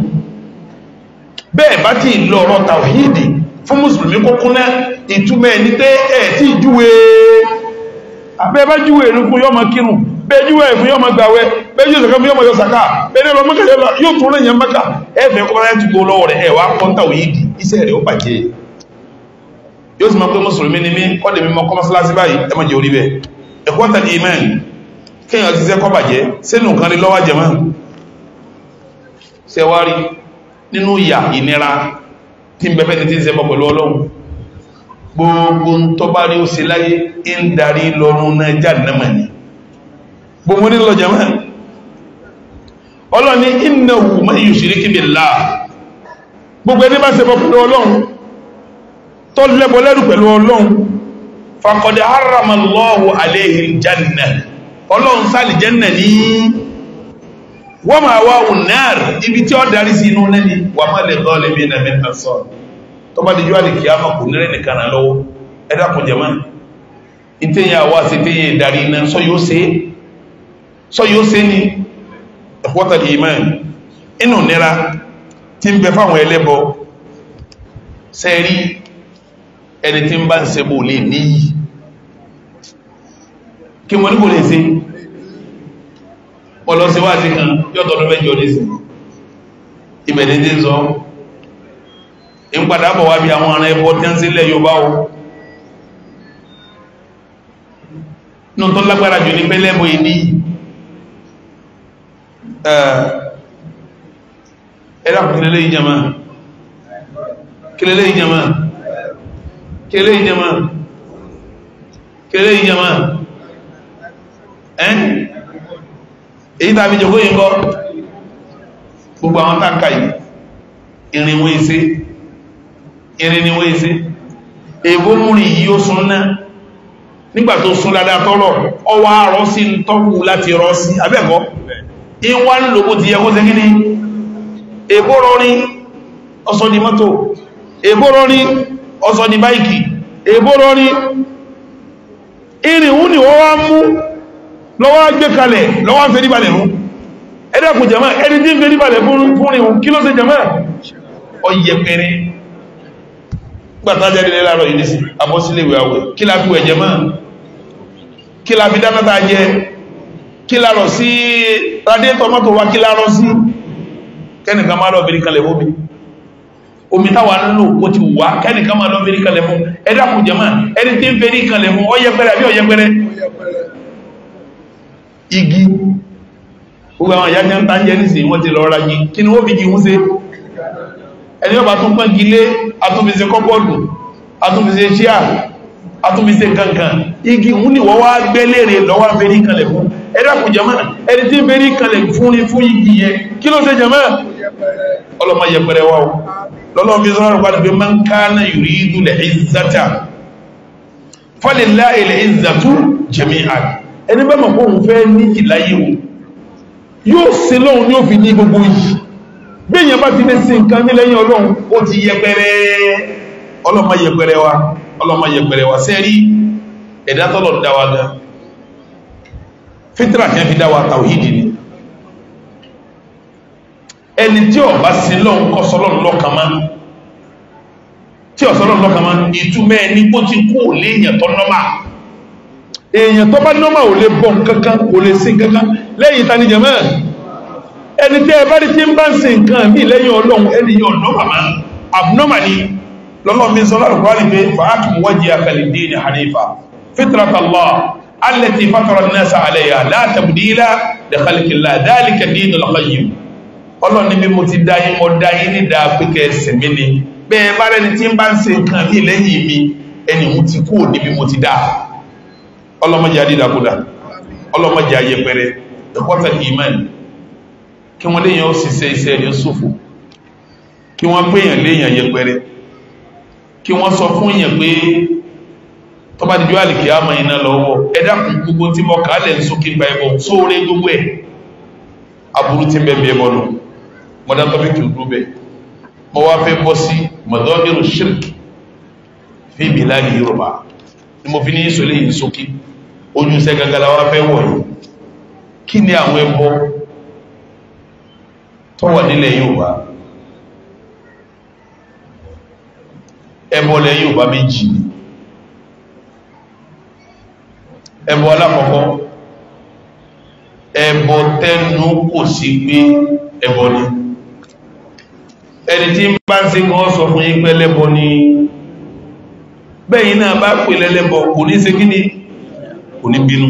Speaker 1: bẹ́ẹ̀ bá ti lọ ọ̀rọ̀ tàwíìdì fún mùsùlùmí kókúnná ìtumẹ̀ ní pé ẹ̀ tí ìjúwe abẹ́ bá júwe ìlú fún yọ́mọ kírun bẹ́ẹ̀ júwe fún yọ́mọ gbàwẹ̀ bẹ́ẹ̀ júwe fún yọ́mọ yọ́sàká bẹ́ẹ̀ lọ mọ́kà yóò tún lẹ́yìn mọ́kà ẹ fẹ́ kọ́ láti gbó lọ́wọ́ rẹ̀ ẹ̀ wá kọ́ńtà òyì di iṣẹ́ rẹ̀ ó bàjẹ́ yóò sì máa pé mùsùlùmí ni mí kọ́ lè mi mọ́ kọ́mọ́sálásí báyìí ẹ má jẹ́ orí bẹ́ẹ̀ ẹ̀kọ́ tàbí imẹ́ẹ̀lì kéèyàn ti sẹ́kọ́ bàjẹ́ sínú nǹkan lè lọ́wọ́ jẹ̀mọ́ ṣẹwárí nínú ìyà ìnira tí ń bẹ̀fẹ́ tí ń ṣẹbọ pẹ̀lú ọlọ́run gbogbo ń tọ́bá rí ó ṣe láyé ń darí lọ́run náà jàǹdàmà ni gbogbo ní lọ jẹ́mọ́ ọlọ́ni innahu man yushrik billah gbogbo ẹni bá ṣẹbọ pẹ̀lú ọlọ́run tó lẹ́bọ lẹ́rù pẹ̀lú ọlọ́run faqad harrama alayhi al-jannah ọlọ́run sáàlì jẹ́nà ní wọ́n máa wá unnáàrì ibi tí ó darí sí inú lẹ́ni wà má lè lọ́ lè bí iná mẹ́ta sọ tó bá dijú àdìkì á máa kò nírẹ́ nìkan náà lọ́wọ́ ẹ dákun jẹ́ máa ìtẹ̀yìn àwa àti ìtẹ̀yìn ìdarí iná sọ yóò ṣe sọ yóò ṣe é ní ẹ̀kọ́tà ìmọ̀ inú nira tí ń bẹ fáwọn ẹlẹ́bọ sẹ́rí ẹni tí ń bá ń ṣe bò lè níyì kí wọ́n ní kò lè ṣe ọlọ́síwádìí kan yọ́tọ̀ ọdún mẹ́jọ nísìn ìbẹ̀dẹ̀ tí ń sọ ń padà bọ̀ wá bí àwọn ará ẹbọ tí ń sílẹ̀ Yorùbá o nù tó lágbára jù ní pẹ́lẹ́bọ̀ ìní ẹ̀rọ kílẹ̀lẹ́ ìjẹmà kílẹ̀lẹ́ ìjẹmà kílẹ̀lẹ́ ìjẹmà kílẹ̀lẹ́ ìjẹmà ẹ́ èyí tàbí jòkó yìí gbogbo àwọn takai yìí ise irinwó ise èbó múrí yíó sun náà nígbà tó sun ládá tọ́lọ̀ ọwọ́ àárọ̀ sí ń tọ́kù láti rọ sí abẹ́ẹ̀kọ́ ìwá ń lò bó ti tẹ́ èbó rọrin mọ́tò èbó lọ́wọ́ gbé kalẹ̀ lọ́wọ́ ń fẹ́ríbalẹ̀ fún ẹ̀dàkùn jẹ̀mọ́ ẹni tí ń fẹ́ríbalẹ̀ fún ìhun kí ló ṣe jẹ̀mọ́ ọyẹ̀pẹ̀rẹ̀ gbàtàjẹ́dẹ̀lẹ́ láàrọ̀ yìí sí abọ́sílẹ̀wẹ̀ àwẹ̀ kí la fi wẹ̀ jẹ̀mọ́ kí la fi dáná wa kí la rọ̀ sí kẹ́nìkan máa lọ fẹ́rí kalẹ̀ fóbi omi táwa ń lò ó ti wà kẹ́nìkan máa lọ fẹ́rí kalẹ̀ fún ẹ̀dàkùn jẹ̀mọ́ ẹni tí ń fẹ́rí kalẹ̀ fún ọyẹ̀pẹ̀rẹ̀ àbí ọyẹ̀pẹ̀rẹ̀ igi gbogbo àwọn ìyá jẹ́ ń tán jẹ́ nìsìn wọ́n ti lọ ra igi kí ni wọ́n fi igi ń ṣe ẹni ọba tún pọ́n gilé atúnfisẹ kọ́pọ̀dù atúnfisẹ ṣíà atúnfisẹ kankan igi ń ní wọ́n wá gbẹ́lẹ̀ rẹ̀ lọ́wọ́ fẹ́rí kalẹ̀ fún ẹ̀dàkù jẹ́mọ́ ẹni tí fẹ́rí kalẹ̀ fún fún igi yẹ kí ló ṣe jẹ́mọ́ ọlọ́mọ yẹpẹrẹ wá lọ́lọ́mọ fi sọ́rọ̀ wà níbi man kana yuridu ẹni bá mọ̀ fóun fẹ́ níyì láyé o yóò sí lóhun ní òfin ní gbogbo yìí bí èyàn bá ti lé sí nǹkan ní lẹ́yìn ọlọ́run ó ti yẹpẹrẹ ọlọ́mọ yẹpẹrẹ wa ọlọ́mọ yẹpẹrẹ wa sẹ́rí ẹ̀dá tọ́lọ̀ dá wa gan fitra kẹ́ fi dá wa tàwíìdì ni ẹni tí ó bá sí lọ́hun kọ́ sọ́lọ́run lọ́kàn máa tí ọ̀sọ́lọ́run lọ́kàn máa ìtumẹ́ ẹni kó ti kú ò léèyàn tọ́ nọ́mà èèyàn tó bá nọ́mà ò lè bọ̀ kankan kò lè sin kankan lẹ́yìn ìta ni jẹ̀mọ́ ẹni tí ẹ bá rí tí ń bá ń sin nǹkan mí lẹ́yìn ọlọ́run ẹni yọ nọ́mà máa abnọ́mà ni lọ́lọ́run mi sọ lárúkọ́ ni pé fàákì wọ́jì àkàlìdé ní hanifa fitratallah allati fatara an-nasa alayha la tabdila li khalqillah dhalika dinul qayyim ọlọ́run ni bí mo ọlọ́mọdé adídàkúdà ọlọ́mọdé ayẹpẹrẹ ẹ̀kọ́tà iman kí wọ́n léyàn ó sì ṣe iṣẹ́ yóò ṣòfò kí wọ́n péyàn léyàn yẹpẹrẹ kí wọ́n sọ fún yẹn pé tọ́ba dídú àlìkí àmọ́ iná lọ́wọ́ ẹ dákun gbogbo tí mo kà á lẹ̀ ń sókè gba ẹbọ sóore gbogbo ẹ̀ aburú ti bẹ́ẹ̀ bẹ́ẹ̀ bọ́nu mo dá tọ́bí kì í dúró bẹ́ẹ̀ mo wá fẹ́ bọ́ sí mọ̀dọ́gẹ́rù ṣírkì fíbi láàyè yorùbá ni mo fi ní sọ léyìn sókè. So ojúṣe gangan la wá fẹ́ wọ̀ yìí kí ni àwọn ẹbọ tó wà nílẹ̀ Yorùbá ẹbọ lẹ Yorùbá méjì ni ẹbọ alákọ̀ọ́kọ́ ẹbọ tẹnu kò sí pé ẹbọ ni ẹni tí ń bá ń ṣe kọ́ sọ fún yín pé lẹ́bọ ni bẹ́yìn náà bá pè lẹ́lẹ́bọ kò ní ṣe kí ni kò ní bínú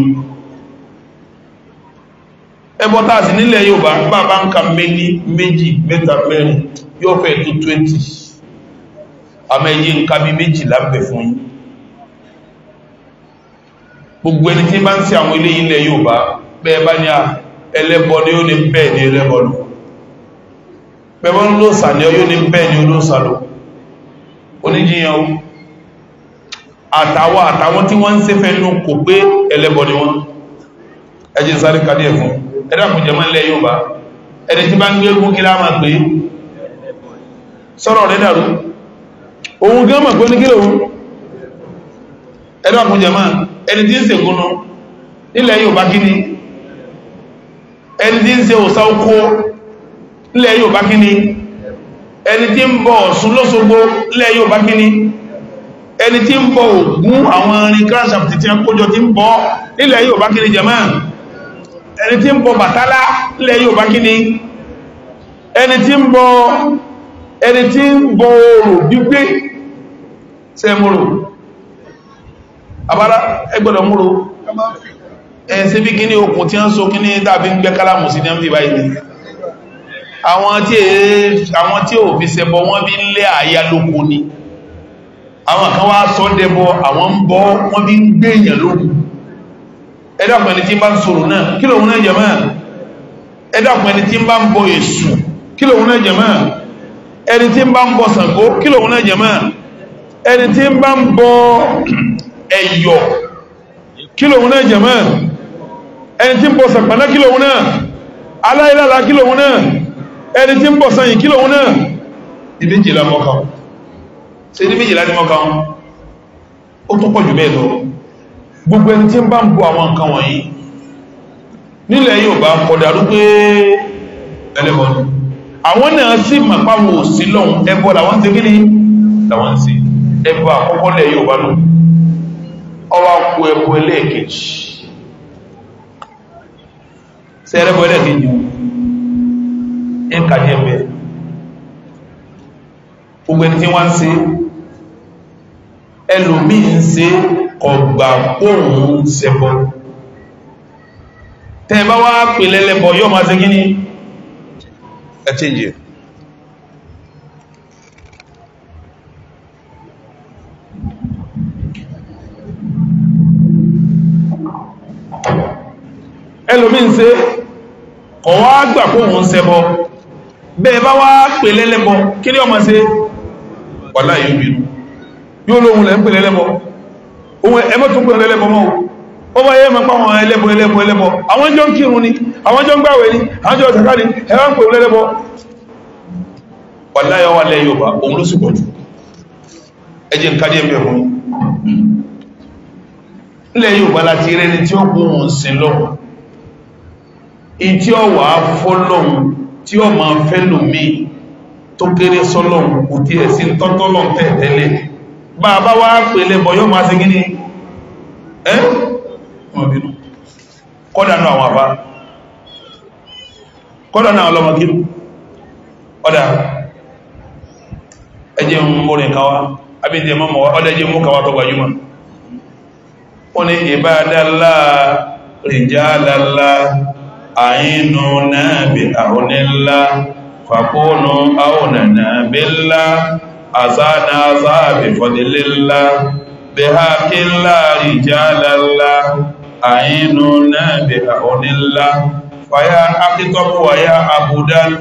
Speaker 1: ẹbọ tá a sì nílẹ̀ Yorùbá bá bá ń ka méjì méjì mẹ́ta mẹ́rin yóò fẹ́ tó 20 àmẹ́yí ń ká bí méjì lábẹ̀ fún yín gbogbo ẹni tí bá ń ṣe àwọn ilé ilẹ̀ Yorùbá bẹ́ẹ̀ bá ní a ẹlẹ́bọ ni ó ní bẹ́ẹ̀ ni ẹlẹ́bọ lọ pẹ̀bọ́n lóòsà ni ó ní bẹ́ẹ̀ ni ó lóòsà lọ oníjìyàn àtàwọn àtàwọn tí wọ́n ń ṣe fẹ́ nú kò pé ẹlẹ́bọ ni wọ́n ẹjẹ́ sáré kadí ẹ̀ fún ẹ̀dá kò jẹ́ mọ́lẹ̀ yóò bá ẹni tí bá ń gbé fún kílá máa pé sọ̀rọ̀ rẹ̀ dàrú òun gán mọ̀ pé ní kílò ẹ̀dá kò jẹ́ mọ́ ẹni tí ń ṣe gúnnú nílẹ̀ yóò bá kíni ẹni tí ń ṣe òsá oko nílẹ̀ yóò bá kíni ẹni tí ń bọ̀ ọ̀ṣun lọ́ṣogbo nílẹ̀ yóò bá kíni ẹni tí ń bọ Ògún àwọn irin grandsham ti ti ń kójọ tí ń bọ nílẹ̀ Yorùbá kí ni jẹ̀mọ́ ẹni tí ń bọ Bàtálá nílẹ̀ Yorùbá kí ni ẹni tí ń bọ ẹni tí ń bọ orò gbígbé sẹ́mùrò àbára ẹgbẹ̀rẹ̀ múrò ẹ̀sẹ̀ bí kíní okùn tí ń so kíní tàbí ń gbẹ́ kálàmù sí ní ẹ̀mí báyìí àwọn tí ò fi ṣẹbọ wọ́n bí ń lé àyà ni àwọn kan wá sọ́dẹ̀bọ àwọn ń bọ́ wọ́n bí ń gbé èèyàn lóògùn ẹ̀dàkùn ẹni tí ń bá ń sọ̀rọ̀ náà kí lòun náà jẹ̀mọ́ ẹ̀dàkùn ẹni tí ń bá ń bọ èṣù kí lòun náà jẹ̀mọ́ ẹni tí ń bá ń bọ Ṣàngó kí lòun náà jẹ̀mọ́ ẹni tí ń bá ń bọ Ẹ̀yọ̀ kí lòun náà jẹ̀mọ́ ẹni tí ń bọ Ṣàpọ̀nná kí lòun náà aláìlára kí lòun náà ẹni tí ń bọ Ṣàyìn ṣe ní méjìlá ní mọ́ka wọn ó tó pọ̀ jù bẹ́ẹ̀ lọ gbogbo ẹni tí ń bá ń bú àwọn nǹkan wọ̀nyí nílẹ̀ yóò bá kọ̀dàrú pé ẹlẹ́bọ̀n àwọn náà sì mà páwọn ò sí lọ́hùn ẹbọ làwọn ṣe kí ni làwọn ṣe ẹbọ àkọ́kọ́ lẹ̀ yóò bá lò ọwọ́ kú ẹbọ ẹlẹ́ẹ̀kejì ṣe ẹlẹ́bọ ẹlẹ́ẹ̀kejì ẹ̀ka gbogbo ẹni tí wọ́n ń ṣe ẹlòmíì ń ṣe kọ̀gbà pòrùn ṣẹbọ tẹ́ bá wá pè lẹ́lẹ́bọ yóò máa ṣe kí ni ẹ ẹlòmí ń ṣe kọ̀ wá gbà pòrùn wá pè kí ni ó máa wàlá yìí bí yóò lóhun lẹ́ ń pè lẹ́lẹ́bọ ohun ẹmọ́ tún pè lẹ́lẹ́bọ mọ́ ó bá yẹ́ ma pa àwọn ẹlẹ́bọ ẹlẹ́bọ ẹlẹ́bọ àwọn jọ ń kírun ni àwọn jọ ń gbàwẹ̀ ni àwọn jọ ṣàká ni ẹwà ń pè lẹ́lẹ́bọ wàlá yọ wà lẹ́ Yorùbá òun ló sì pọ̀ jù ẹjẹ́ nǹkan díẹ̀ bẹ̀rù nílẹ̀ Yorùbá láti rẹni tí ó kún òun sí lọ́wọ́ ìtí ọwà fọ́lọ́hun tí ó máa fẹ́ lòmíì tó kéré sọ́lọ̀ kò tí ẹ̀ sí tọ́tọ́lọ̀ tẹ́ẹ̀tẹ́lẹ̀ bá bá wá pèlẹ̀ bọ̀ yóò máa sí gíní ẹ́ ọmọbìnú kọ́dánú àwọn àbá kọ́dánú àwọn ọlọ́mọkínú ọ̀dá ẹjẹ́ mọ́rin káwá abíjẹ mọ́mọ̀ ọdẹ́jẹ́ mú káwá tó gbajúmọ̀ ó àyínú náà bí àrùnilá fàkónú àwọnànà bílá àzánà záàbì fọdílélá bíhá kílá ìjálálá àyínú náà bí àonílá fàyà akíkọ́kù wàyà àbúdán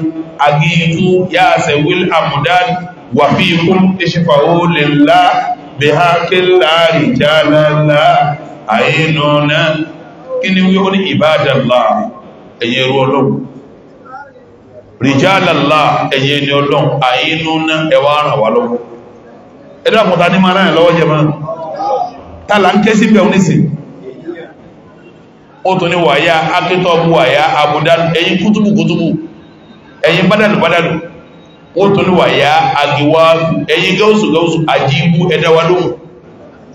Speaker 1: agíjú yà sẹ̀wìl àmúdán wà fi kún ìṣẹ́fàwó lèlá bíhá kílá ìjálálá àyínú náà kí ni wí ó ní ìbádàlá ẹ̀yẹ̀rọ ọlọ́run rìjálàlá ẹ̀yẹ ni ọlọ́run àyínú ná ẹwà ara wà lọ́wọ́ ẹ̀dọ́ àpọ̀ta ní ma ráyìn lọ́wọ́ jẹma tààlà ń ké sí bẹ̀rún nìsì ó tó ní wàyá akítọ́bù wàyá àbúdánù ẹ̀yin kútùbù kútùbù ẹ̀yin bádàlù bádàlù ó tó ní wàyá àgíwá ẹ̀yin gáúsù gáúsù àjíbú ẹ̀dáwà lóhùn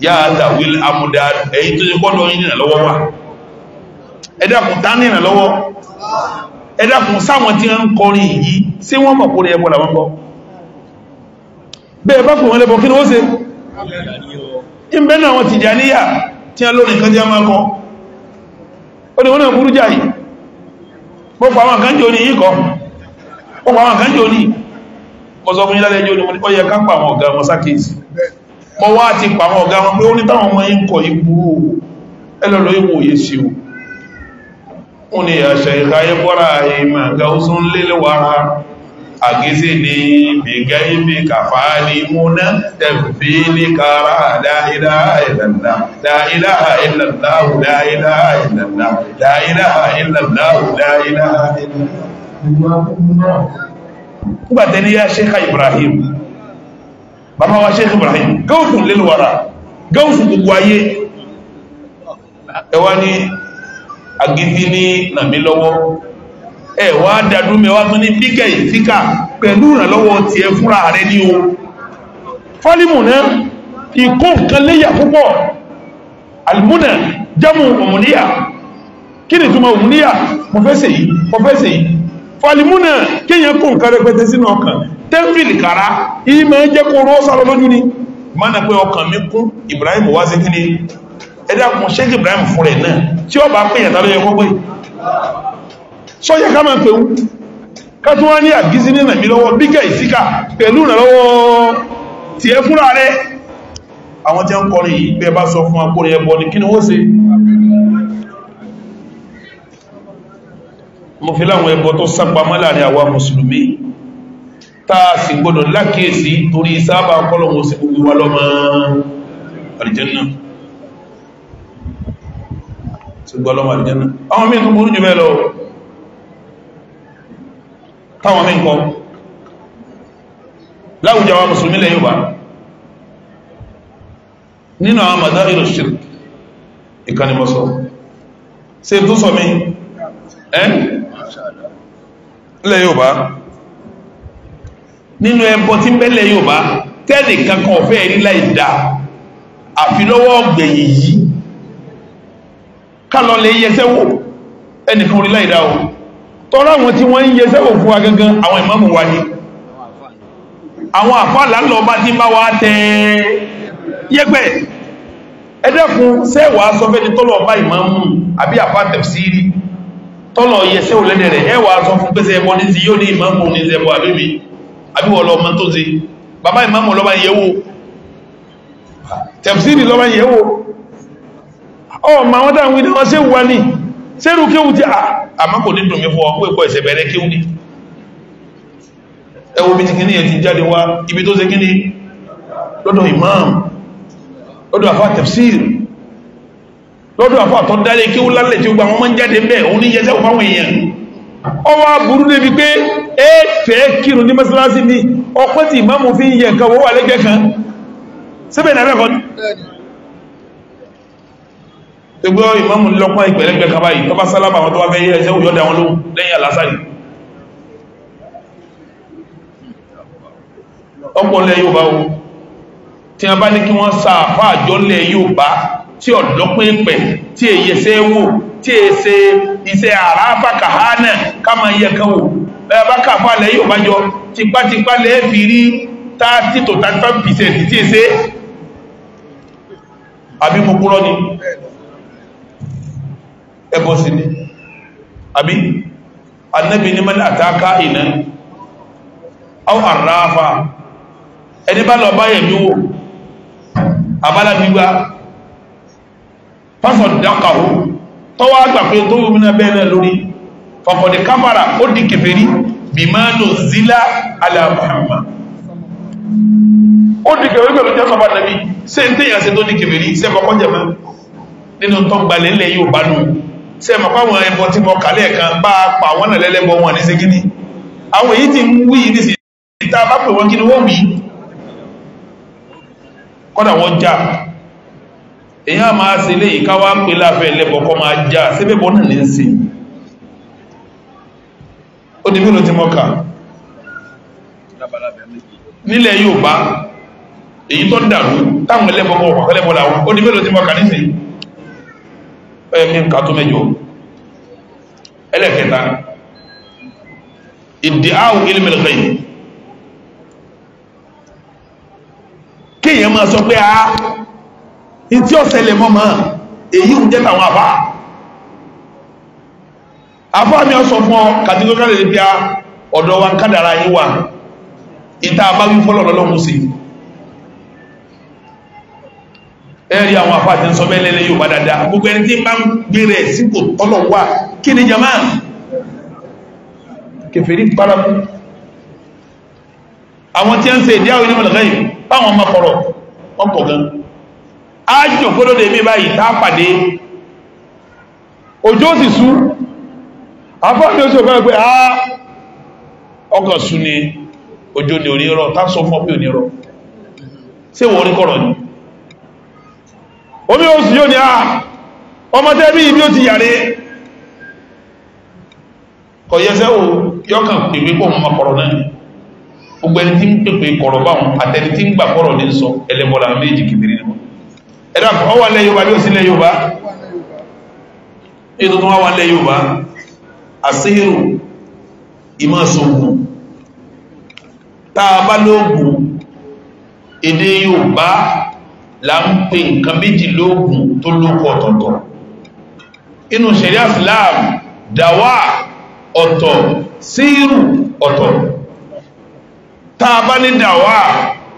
Speaker 1: yá àtàwíl amúdánù ẹ̀yin tó ti kọ́ ẹ dákun sáwọn tí wọ́n ń kọrin yìí sí wọ́n mọ̀ kórí ẹbọ làwọn bọ́ bẹ́ẹ̀ bá fún wọn lẹ́bọ̀ kí ni ó ṣe ń bẹ́ náà wọ́n Tìjàníyà tí wọ́n lórí nǹkan jẹ́ máa kọ́ ó ní wọ́n náà burú jáì gbogbo àwọn kan jò ní yìí kọ́ gbogbo àwọn kan jò ní mo sọ fún yín lálẹ́ jò ní ó yẹ ká pa àwọn ọ̀gá wọn sákèsì mo
Speaker 4: kúni ya shaykha
Speaker 1: Ibrahim gausun lilwara àgísí ní bìgá ibi kàfà ní múná tẹ̀fí ní kàrà dáìdá ìlànà dáìdá ìlànà dáìdá ìlànà dáìdá ìlànà dáìdá ìlànà nígbàtẹ́ ní yá Sheikh Ibrahim bàbá wa Sheikh Ibrahim gáwùsùn lélùwàrà gáwùsùn gbogbo ayé ẹwà ni agídí ní nàmí lọ́wọ́ ẹ wá dàdú mẹ́wàá tún ní bíkẹ̀ ìfíkà pẹ̀lú ìrànlọ́wọ́ ti ẹ fúnra rẹ ní o fọ́límù náà ìkó nǹkan léyà púpọ̀ alìmúnà jámù òmùníyà kí ni túnmọ̀ òmùníyà mọ̀fẹ́sẹ̀ yìí mọ̀fẹ́sẹ̀ yìí fọ́límúnà kíyàn kó nǹkan rẹpẹtẹ sínú ọkàn tẹ́fìlì kára ìmọ̀ jẹ́ kó rọ́ sálọ ni mana pé ọkàn mi kún Ibrahim wá sí kí ni ẹ̀dàkùn Sheikh Ibrahim fún rẹ̀ náà tí ó bá pèyàn tàbí ẹ̀kọ́ pé sọ́yẹ ká máa pẹ̀wú ká tún wá ní àgízí ní nàìjí lọ́wọ́ bíkẹ̀ ìsíkà pẹ̀lú ìrànlọ́wọ́ tí ẹ fúnra rẹ̀ àwọn tí ó ń kọrin yìí pé bá sọ fún akórin ẹbọ ní kí ni wọ́n ṣe mo fi láwọn ẹbọ tó sápamọ́ láàrin àwa mùsùlùmí tá a sì gbọdọ̀ lákèésí torí sábà kọlọ̀ wọn sì gbogbo wa lọ́mọ àlìjẹ́nnà ṣùgbọ́n lọ́wọ́ àdìjẹ́nà àwọn mí tó burú jù bẹ́ẹ̀ lọ táwọn mí kọ láwùjọ àwọn mùsùlùmí lẹ́yìn wà nínú àwọn mọ̀dá ìlú ṣirk ìkànnì mọ́sọ̀ ṣe tó sọ mí ẹ́ lẹ́yìn wà nínú ẹbọ tí ń bẹ lẹ́yìn wà tẹ́lì kankan ọ̀fẹ́ rí láì dáa ọ̀gbẹ̀yìn yìí kálọ̀ lè yẹsẹ́ wò ẹnìkan orílẹ̀ ìdá o tọ́rọ àwọn tí wọ́n ń yẹsẹ́ wò fún wa gangan àwọn ìmáàmù wa ni àwọn àfáàlá lọ bá ti bá wa tẹ yẹgbẹ́ ẹdẹ́kun sẹ́wà sọ fẹ́ni tọ́lọ̀ bá ìmáàmù àbí àfá tẹ̀fsírí tọ́lọ̀ yẹsẹ́ òlẹ́dẹ̀ rẹ̀ ẹwà sọ fún pẹ́sẹ̀ ẹbọ ní ti yóò ní ìmáàmù ní ìzẹ̀bọ àbíbi àbí wọ́n lọ ọmọ tó ṣe bàbá ìmáàmù lọ́ba yẹ̀wò tẹ̀fsírí lọ́ba yẹ̀wò ọmọ àwọn táwọn ìdí wọn ṣe wà ní sẹ́rù kéwù tí àmá kò ní dùnmí fún ọkú ẹ̀kọ́ ẹ̀sẹ̀ bẹ̀rẹ̀ kéwù ní ẹwọ bí ti kí ní ẹ̀ ti jáde wá ibi tó ṣe ní lọ́dọ̀ imam lọ́dọ̀ àfá tafsir lọ́dọ̀ àfá tó dálé kéwù lálẹ̀ tí ó gba wọn mọ́ jáde bẹ́ẹ̀ òun ní yẹsẹ̀ òfáwọn èèyàn ọwọ́ aburú débi ni ọpẹ́ tí ìmáàmù fi ń yẹ nǹkan wọ́wọ́ alẹ́gbẹ́ kan gbogbo ìmáàmù lọ́pọ̀ ìpẹ̀lẹ́gbẹ̀ kaba yìí tọ́bá sálábà wọn tó wá fẹ́ yẹ́ ẹ̀ṣẹ́ òyọ́dá wọn lóhun lẹ́yìn àlásàrì ọpọlẹ̀ yóò o tí a bá ní kí wọ́n sàáfà àjọlẹ̀ yóò bá tí ọ̀dọ́pín pẹ̀ tí èyẹ ṣe wò tí è ṣe iṣẹ́ àràáfà kàhánà káma yẹ kan wò bẹ́ẹ̀ bá kàfà lẹ́ yóò bá jọ tipátipá lẹ́ fi rí 30 to 35 percent tí è ṣe àbí mo kúrọ́ ni bẹ́ẹ̀ ẹbọ sí ni àbí annabi ní mẹ́lẹ̀ àtàkà ìná aw àráfà ẹni bá lọ báyẹ̀ ní wò àbálá gbígbá pásọ̀ dákàwó tọ́wọ́ àgbàfẹ́ tó yóò múná bẹ́ẹ̀ náà lórí fọ̀kọ̀dẹ̀ káfàrà ó di kèfèrí bí máa lò zílá ala Muhammad ó di kèfèrí pẹ̀lú jẹ́ sọ́fà nàbí sí ẹ̀ ń tẹ́yà sí tó di kèfèrí sí ẹ̀kọ́kọ́ jẹ̀mọ́ nínú tọ́gbàlẹ̀ ilẹ̀ yóò bá nù ṣe mọ̀ páwọn ẹbọ tí mo kale kan bá pa wọ́n náà lẹ́lẹ́bọ wọn ní ṣegíní àwọn èyí tí ń wí ní sí ìta bá pè wọ́n kí ni wọ́n wí kọ́dà wọ́n já èyàn máa ṣe lé ìkáwà pé láfẹ́ lẹ́bọ kọ́ máa já sébẹ́bọ náà ní sí ó di mélòó tí mo kà nílẹ̀ Yorùbá èyí tó dàrú táwọn ẹlẹ́bọ ọ̀pọ̀ ẹlẹ́bọ làwọn ó di mélòó tí mo kà nísìnyí ẹ̀yẹ kí n kà tó mẹ́jọ ẹlẹ́kẹta ìdíáwù ilmil ghaib kéèyàn máa sọ pé a ah, ní tí ó ṣẹlẹ̀ mọ́ mọ́ èyí ń jẹ́ tàwọn àbá àbá mi ọ̀sọ̀ fún ọ kàtíkọ́kọ́ lè bí a ọ̀dọ̀ wa ń kádàrà yín wà ìta àbá wí fọ́lọ̀ lọ́lọ́mùsí ẹ̀rí àwọn àpá àti sọ́bẹ́ lẹ́lẹ́ yóò bá dáadáa gbogbo ẹni tí ń bá ń gbèrè sípò tọ́lọ̀ wà kí ni jama kèfèrí parabu àwọn tí ń ṣe ìdí àwọn onímọ̀lẹ̀ lẹ́yìn báwọn ọmọ kọ̀rọ̀ wọ́n pọ̀ gan ájò kó lóde mi báyìí tá a pàdé òjò sì sú àfọ́nì oṣù fẹ́ pé a ni òjò ni òní rọ tá sọ fún ọ pé òní rọ omi ó sì yóò ní àà ọmọ tẹ́ bí ibi ó ti yàrí kọ̀ yẹsẹ́ o yọ́kàn pèpè pọ̀ mọ́ kọ̀rọ̀ náà gbogbo ẹni tí ń pèpè kọ̀rọ̀ báwọn àtẹni tí ń gbà kọ̀rọ̀ ní sọ ẹlẹ́bọ̀lá méjì kìbìrì wọn ẹ̀dá ọ wà lẹ́ Yorùbá bí ó sì lẹ́ Yorùbá ètò tó wà lẹ́ Yorùbá àṣírò ìmọ̀ sókùn tá a bá lóògùn èdè Yorùbá la ń pe nǹkan méjì lóògùn tó lóko ọ̀tọ̀ọ̀tọ̀ inú ṣẹ̀ríà Islam dàwà ọ̀tọ̀ síírù ọ̀tọ̀ tá a bá ní dàwà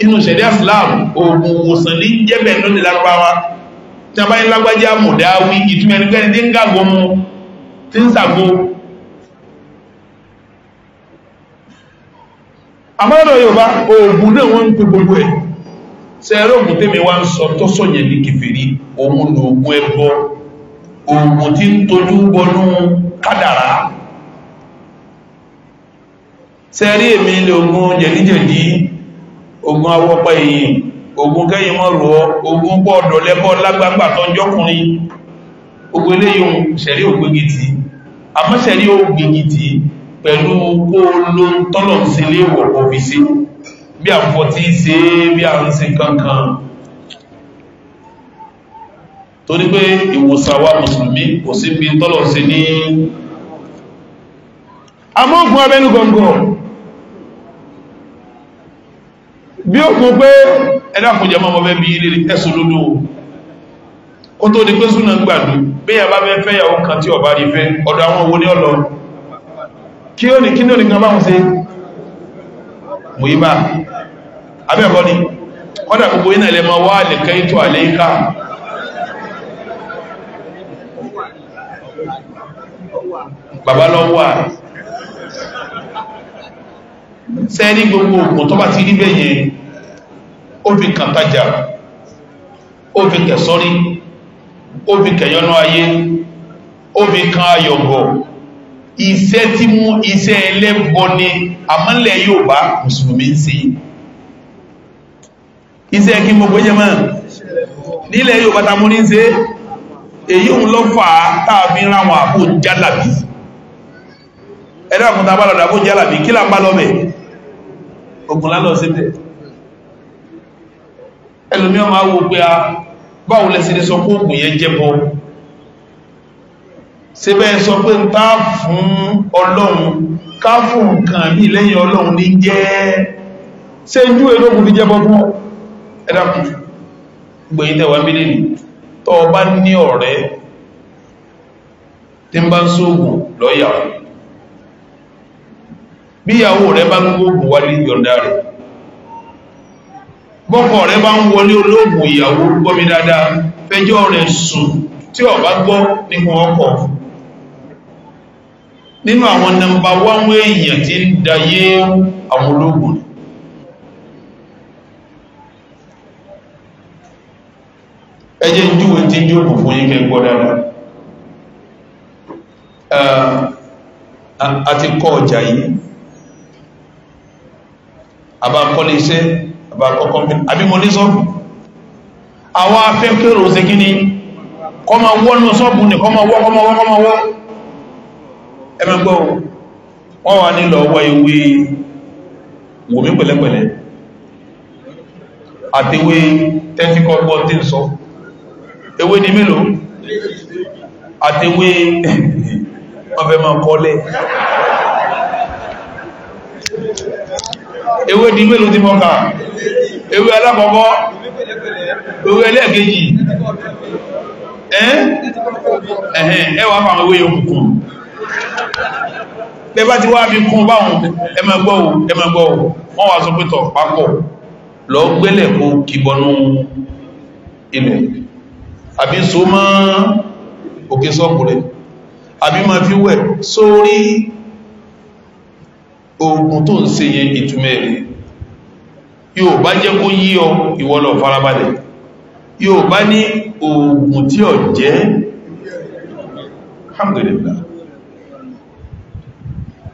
Speaker 1: inú ṣẹ̀ríà Islam oògùn òwòsàn ní jẹ́bẹ̀ lónìí lárúbáwá tí a bá ní lágbájá mọ̀dáwí ìtumọ̀ ẹnikẹ́ni tí ń gàgò mu tí ń sàgò àmọ́ ọ̀dọ̀ Yorùbá oògùn náà wọ́n ń pe gbogbo ẹ̀ sẹ́rọ̀mù tẹ́mi wá ń sọ tó sọ̀yẹ̀ ní kìfèrí òun lòògùn ẹbọ òògùn tí ń tojú bọnú kádàrá sẹ́rí èmi lòògùn jẹ̀díjẹ̀dí òògùn awọ́pá èyìn òògùn kẹ́yìn wọ́n rọ̀ òògùn bọ́ọ̀dọ̀ lẹ́bọ́ lágbàgbà tó ń jọ́kùnrin òògùn eléyìí sẹ́rí ògbégitì àmọ́ sẹ́rí ògbégitì pẹ̀lú kó ló ń tọ́lọ̀ sílé wọ̀ bí a fọ́ tí ṣe bí a ń ṣe kankan torí pé ìwòsàn wa mùsùlùmí kò sí bí tọ́lọ̀ sí ní amóògùn abẹ́nu gọ̀ǹgọ̀ bí ó kún pé ẹ̀dàkùnjẹ mọ́ mọ́fẹ́ bí ilé ẹ̀sùn lódó ó tó di pé súnà ń gbàdú bí i àbá fẹ́ yàwó kan tí ọba rí fẹ́ ọ̀dọ̀ àwọn owó ní ọlọ kí ó ní kí ní ó ní kan báhùn sí mùíbà abẹ́ẹ̀kọ́ ni kọ́dà gbogbo iná ilẹ̀ ma wá nìkan ètò àlẹ́yíká bàbá lọ wà sẹ́rí gbogbo ògùn tó bá ti rí bẹ́yẹn ó fi kàntajà ó fi kẹsọ́rí ó fi kẹyọnú ayé ó fi kan ayọ̀gbọ̀ iṣẹ́ tí mú iṣẹ́ ẹlẹ́bọ ni àmọ́lẹ̀ yóò bá mùsùlùmí ń ṣe iṣẹ́ kí mo gbé mọ́ nílẹ̀ yóò bá tamú ní ṣe èyí òun lọ fà á tààbí ráwọn àbò jálàbí ẹ̀dàkùn tàbá lọ́dọ̀ àbò jálàbí kí làbá lọ́bẹ̀ ogun lálọ́ síbẹ̀ ẹlòmí ọmọ awò pé a báwo lẹ́sẹ̀ sọ kó oògùn yẹn jẹ́ bọ́ síbẹ̀ sọ pé ń tá fún ọlọ́run ká fún nǹkan mí lẹ́yìn ọlọ́run ní jẹ́ ṣe ń jú èlógún fi jẹ́ bọ́bọ́ ẹ̀dàkùn gbẹ̀yìn tẹ̀wà mílì ní tọ́ ọba ní ọ̀rẹ́ tí ń bá ń sóògùn lọ́yà bí ìyàwó rẹ̀ bá ń gbóògùn wálé yọ̀ǹda rẹ̀ bọ́kọ̀ rẹ̀ bá ń wọlé olóògùn ìyàwó gbọ́mi dáadáa fẹjọ́ rẹ̀ sùn tí ọba gbọ́ nípa ọkọ̀ fún nínú àwọn nọmbà wọ́n èèyàn tí ń dayé àwọn ológun ni ẹjẹ́ ìjúwe tí yóò kò fún yínkẹ́ gbọ́dára a ti kọ́ ọjà yìí àbá kọ́lé iṣẹ́ àbá kọ́kọ́ àbí mo ní sọ́ọ̀bù àwọn afẹ́kẹ́rò ṣe kí ni kọ́mọ wọ́nú sọ́ọ̀bù ni kọ́mọ wọ́ kọ́mọ wọ́ kọ́mọ wọ́ ẹmẹ́gbọ́ wọ́n wà nílọ ọwọ́ ewé wòmí pẹ̀lẹ́pẹ̀lẹ́ àtewé tẹ́tíkọ́gbọ́ tí ń sọ ewé ni mélòó àtewé ọbẹ̀ ma kọ́lẹ̀ ewé ni mélòó tí mọ́ka ewé alákọ̀ọ́kọ́ ewé ẹlẹ́ẹ̀kejì ẹ́ ẹ̀hẹ́ ẹwà fàwọn ewé yóò kùn bẹ́ẹ̀ bá ti wá bí kún báwọn ẹ o ẹ máa o wọ́n wá sọ pé tọ̀ papọ̀ lọ gbẹ́lẹ̀ kó kìbọnú ilẹ̀ àbí so mọ́ òkè sọ́ọ̀pù rẹ̀ àbí máa fi wẹ̀ sórí oògùn tó ń ṣe yẹn ìtumẹ̀ rẹ̀ yóò bá jẹ́ kó yí ọ ìwọ́lọ̀ farabalẹ̀ yóò bá ní oògùn tí ọ jẹ́ alhamdulillah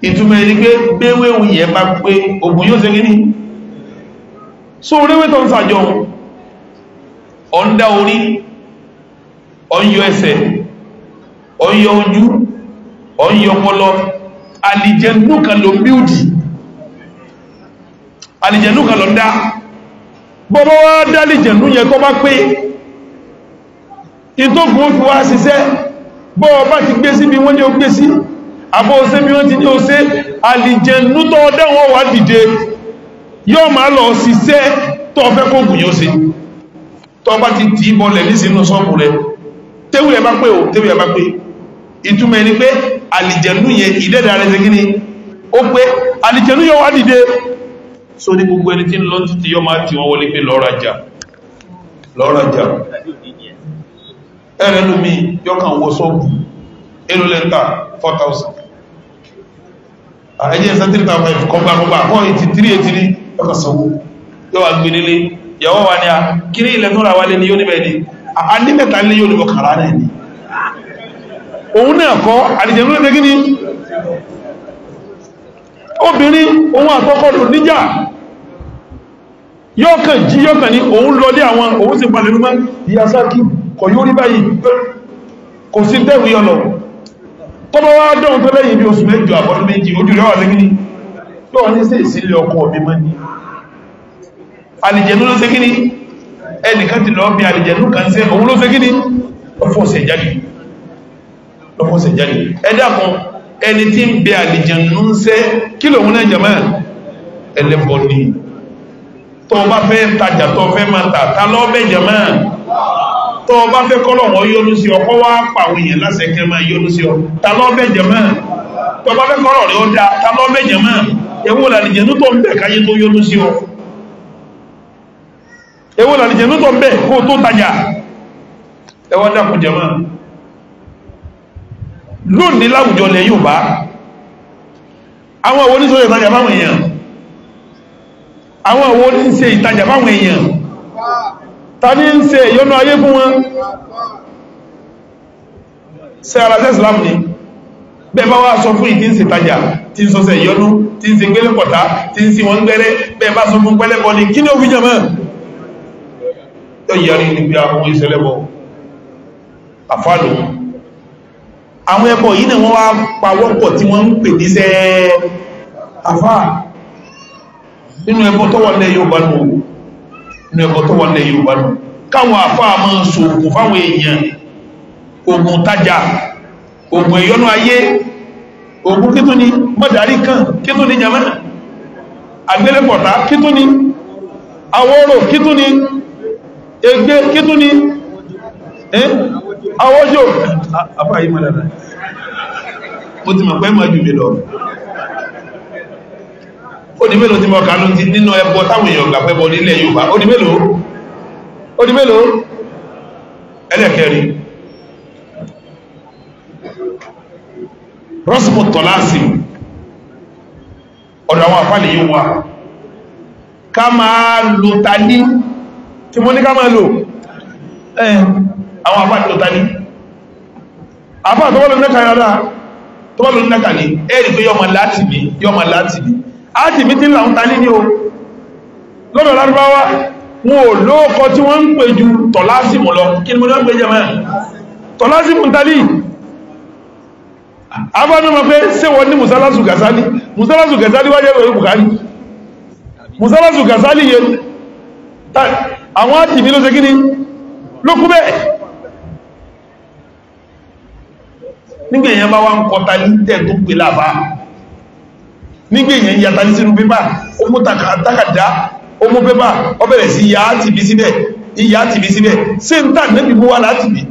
Speaker 1: ìtumọ̀ ẹni pé gbéwé ohun yẹ bá pé ogun yóò ṣe ní so oríwé tó ń sàjọ ọ̀ndá orí ọ̀nyọ ẹsẹ̀ ọ̀nyọ ojú ọ̀nyọ ọpọlọ alìjẹnú kan ló bíúdì alìjẹnú ló dá bọ́bọ́ wá dá alìjẹnú yẹ kọ́ bá pé ìtókùn ó fi wá ṣiṣẹ́ bọ́ọ̀ bá ti gbé sí wọ́n ní gbé sí àbọ́ ose bí wọ́n ti ní ose alìjẹnú tó ọdẹ́ wọn wà dìde yóò máa lọ síṣẹ́ tó ọfẹ́ kó gùn yóò sí tó bá ti tì í bọlẹ̀ ní sínú sọ́ọ̀bù rẹ tẹ́wì ẹ̀ bá pé o tẹ́wì ẹ̀ bá pé ìtumọ̀ ẹni pé alìjẹnú yẹn ìdẹ́dà rẹ̀ ṣe kí ni ó pé alìjẹnú yóò wà dìde so ní gbogbo ẹni tí ń lọ títí yóò máa tì wọ́n wọlé pé lọ rajà lọ rajà ẹ̀rẹ́ lómi yọ́kàn wọ sọ́ọ̀bù èlò 4000 ẹjẹ́ san three thousand five kọgbà kọgbà kọ́ eighty three eighty three ọkọ̀ sanwó yóò wá gbé nílé ìyàwó wa ni a kiri ilẹ̀ tó ra wálé ni yóò níbẹ̀ a ní mẹ́ta ní yóò níbọ̀ kàrá náà ni òun náà kọ́ àdìjẹ̀nú lẹ́gbẹ́ gíní obìnrin òun àkọ́kọ́ lò níjà yóò kàn jí yóò kàn ní òun lọlé àwọn òun sì palẹ̀ lúmọ́ ìyàsákì kọ̀ yóò rí báyìí kò sí tẹ́wìí ọlọ́run tó bá wá dọ̀hún tó lẹ́yìn bí oṣù mẹ́jọ àbọ̀dún méjì ojú rẹ̀ wà lẹ́gbìn yóò ní sí ìsílẹ̀ ọkọ mi mọ́ ni àlìjẹ̀nú ló ṣe kíní ẹnìkan ti lọ bí àlìjẹ̀nú kan ṣe òun ló ṣe kíní lọ́fọ́sẹ̀ jáde lọ́fọ́sẹ̀ ni tó bá fẹ́ tajà tó fẹ́ máa tà ta lọ́ọ́ bẹ̀ tọ́ ọ bá fẹ́ kọ́lọ̀ wọ́n yọ́nú sí ọ kọ́ wá pàwọn èèyàn lásẹ̀kẹ́ máa yọ́nú sí ọ ta lọ́ bẹ̀jẹ̀ mọ́ tọ́ ọ bá fẹ́ kọ́lọ̀ rẹ̀ ó dáa ta lọ́ bẹ̀jẹ̀ mọ́ èwo làlìjẹ̀nú tó ń bẹ̀ káyé tó yọ́nú sí ọ èwo làlìjẹ̀nú tó ń bẹ̀ kó tó tajà ẹwọ́ dákun jẹ mọ́ lónìí láwùjọ lẹ yóò bá àwọn àwọn oníṣòwò ìtajà ìtajà fáwọn èèyàn ta ní ń ṣe ìyọ́nú ayé fún wọn ṣe ara islam ni bẹ́ẹ̀ bá wá sọ fún ìdí ń ṣe tajà tí ń sọ sẹ ìyọ́nú tí ń ṣe gbẹ́lẹ̀ pọ̀tá tí ń sí wọn gbẹ́rẹ́ bẹ́ẹ̀ bá sọ fún pẹ́lẹ́ bọ́ ni kí ni ó fi jẹmọ́ yọ̀yẹ̀rin níbi àwọn ìṣẹ̀lẹ̀bọ̀ àfáàlù àwọn wọ́n wá pawọ́pọ̀ tí ní ẹ̀kọ́ tó wà lẹ̀ Yorùbá lọ káwọn àfáà máa ń so oògùn fáwọn èèyàn oògùn tajà oògùn ẹ̀yọ́nú ayé oògùn kító ni mọ́dàrí kan kító ni jama àgbélépọ̀tà kító ni àwọ̀rò kító ni ẹgbẹ́ kító ni àwọ́jò Odi di mélòó tí mo kà ló ti nínú ẹbọ táwọn èèyàn gbà pẹ́bọ nílẹ̀ Yorùbá Odi di mélòó ó di mélòó ẹlẹ́kẹ̀rin rọ́sùmù tọ́láàsì ọ̀dọ̀ àwọn àfáàlì yìí wà ká máa lò tání tí mo ní ká máa lò ẹ̀ àwọn àfáàlì lò tání àfáà tó wọ́n lò nẹ́kà yọ́dá tó wọ́n lò nẹ́kà ní ẹ̀rì pé yọ́mà láti bí yọ́mà láti bí áti mítí láwọn tàní ní o lọ́dọ̀ lárúbáwá wọn ò lóòkọ tí wọ́n ń pè ju tọ̀lásìmù lọ kí ni mo lọ́n pè jẹ mẹ́ tọ̀lásìmù tàní afọ́mọ́ pé ṣé wọ́n ní musalasu gazali musalasu gazali wájẹ́ pẹ̀lú Bukhari musalasu gazali yẹ àwọn áti mi ló ṣe kíni lókú bẹ́ẹ̀ nígbẹ̀yàn bá wá ń kọta ní tẹ́ tó pè nígbè yẹn yàtà ní sínú pépà ó mú takàdá ó mú pépà ó bẹ̀rẹ̀ sí ìyá àtìbí síbẹ̀ ìyá àtìbí síbẹ̀ ṣé ń tà níbi mú wà látìbí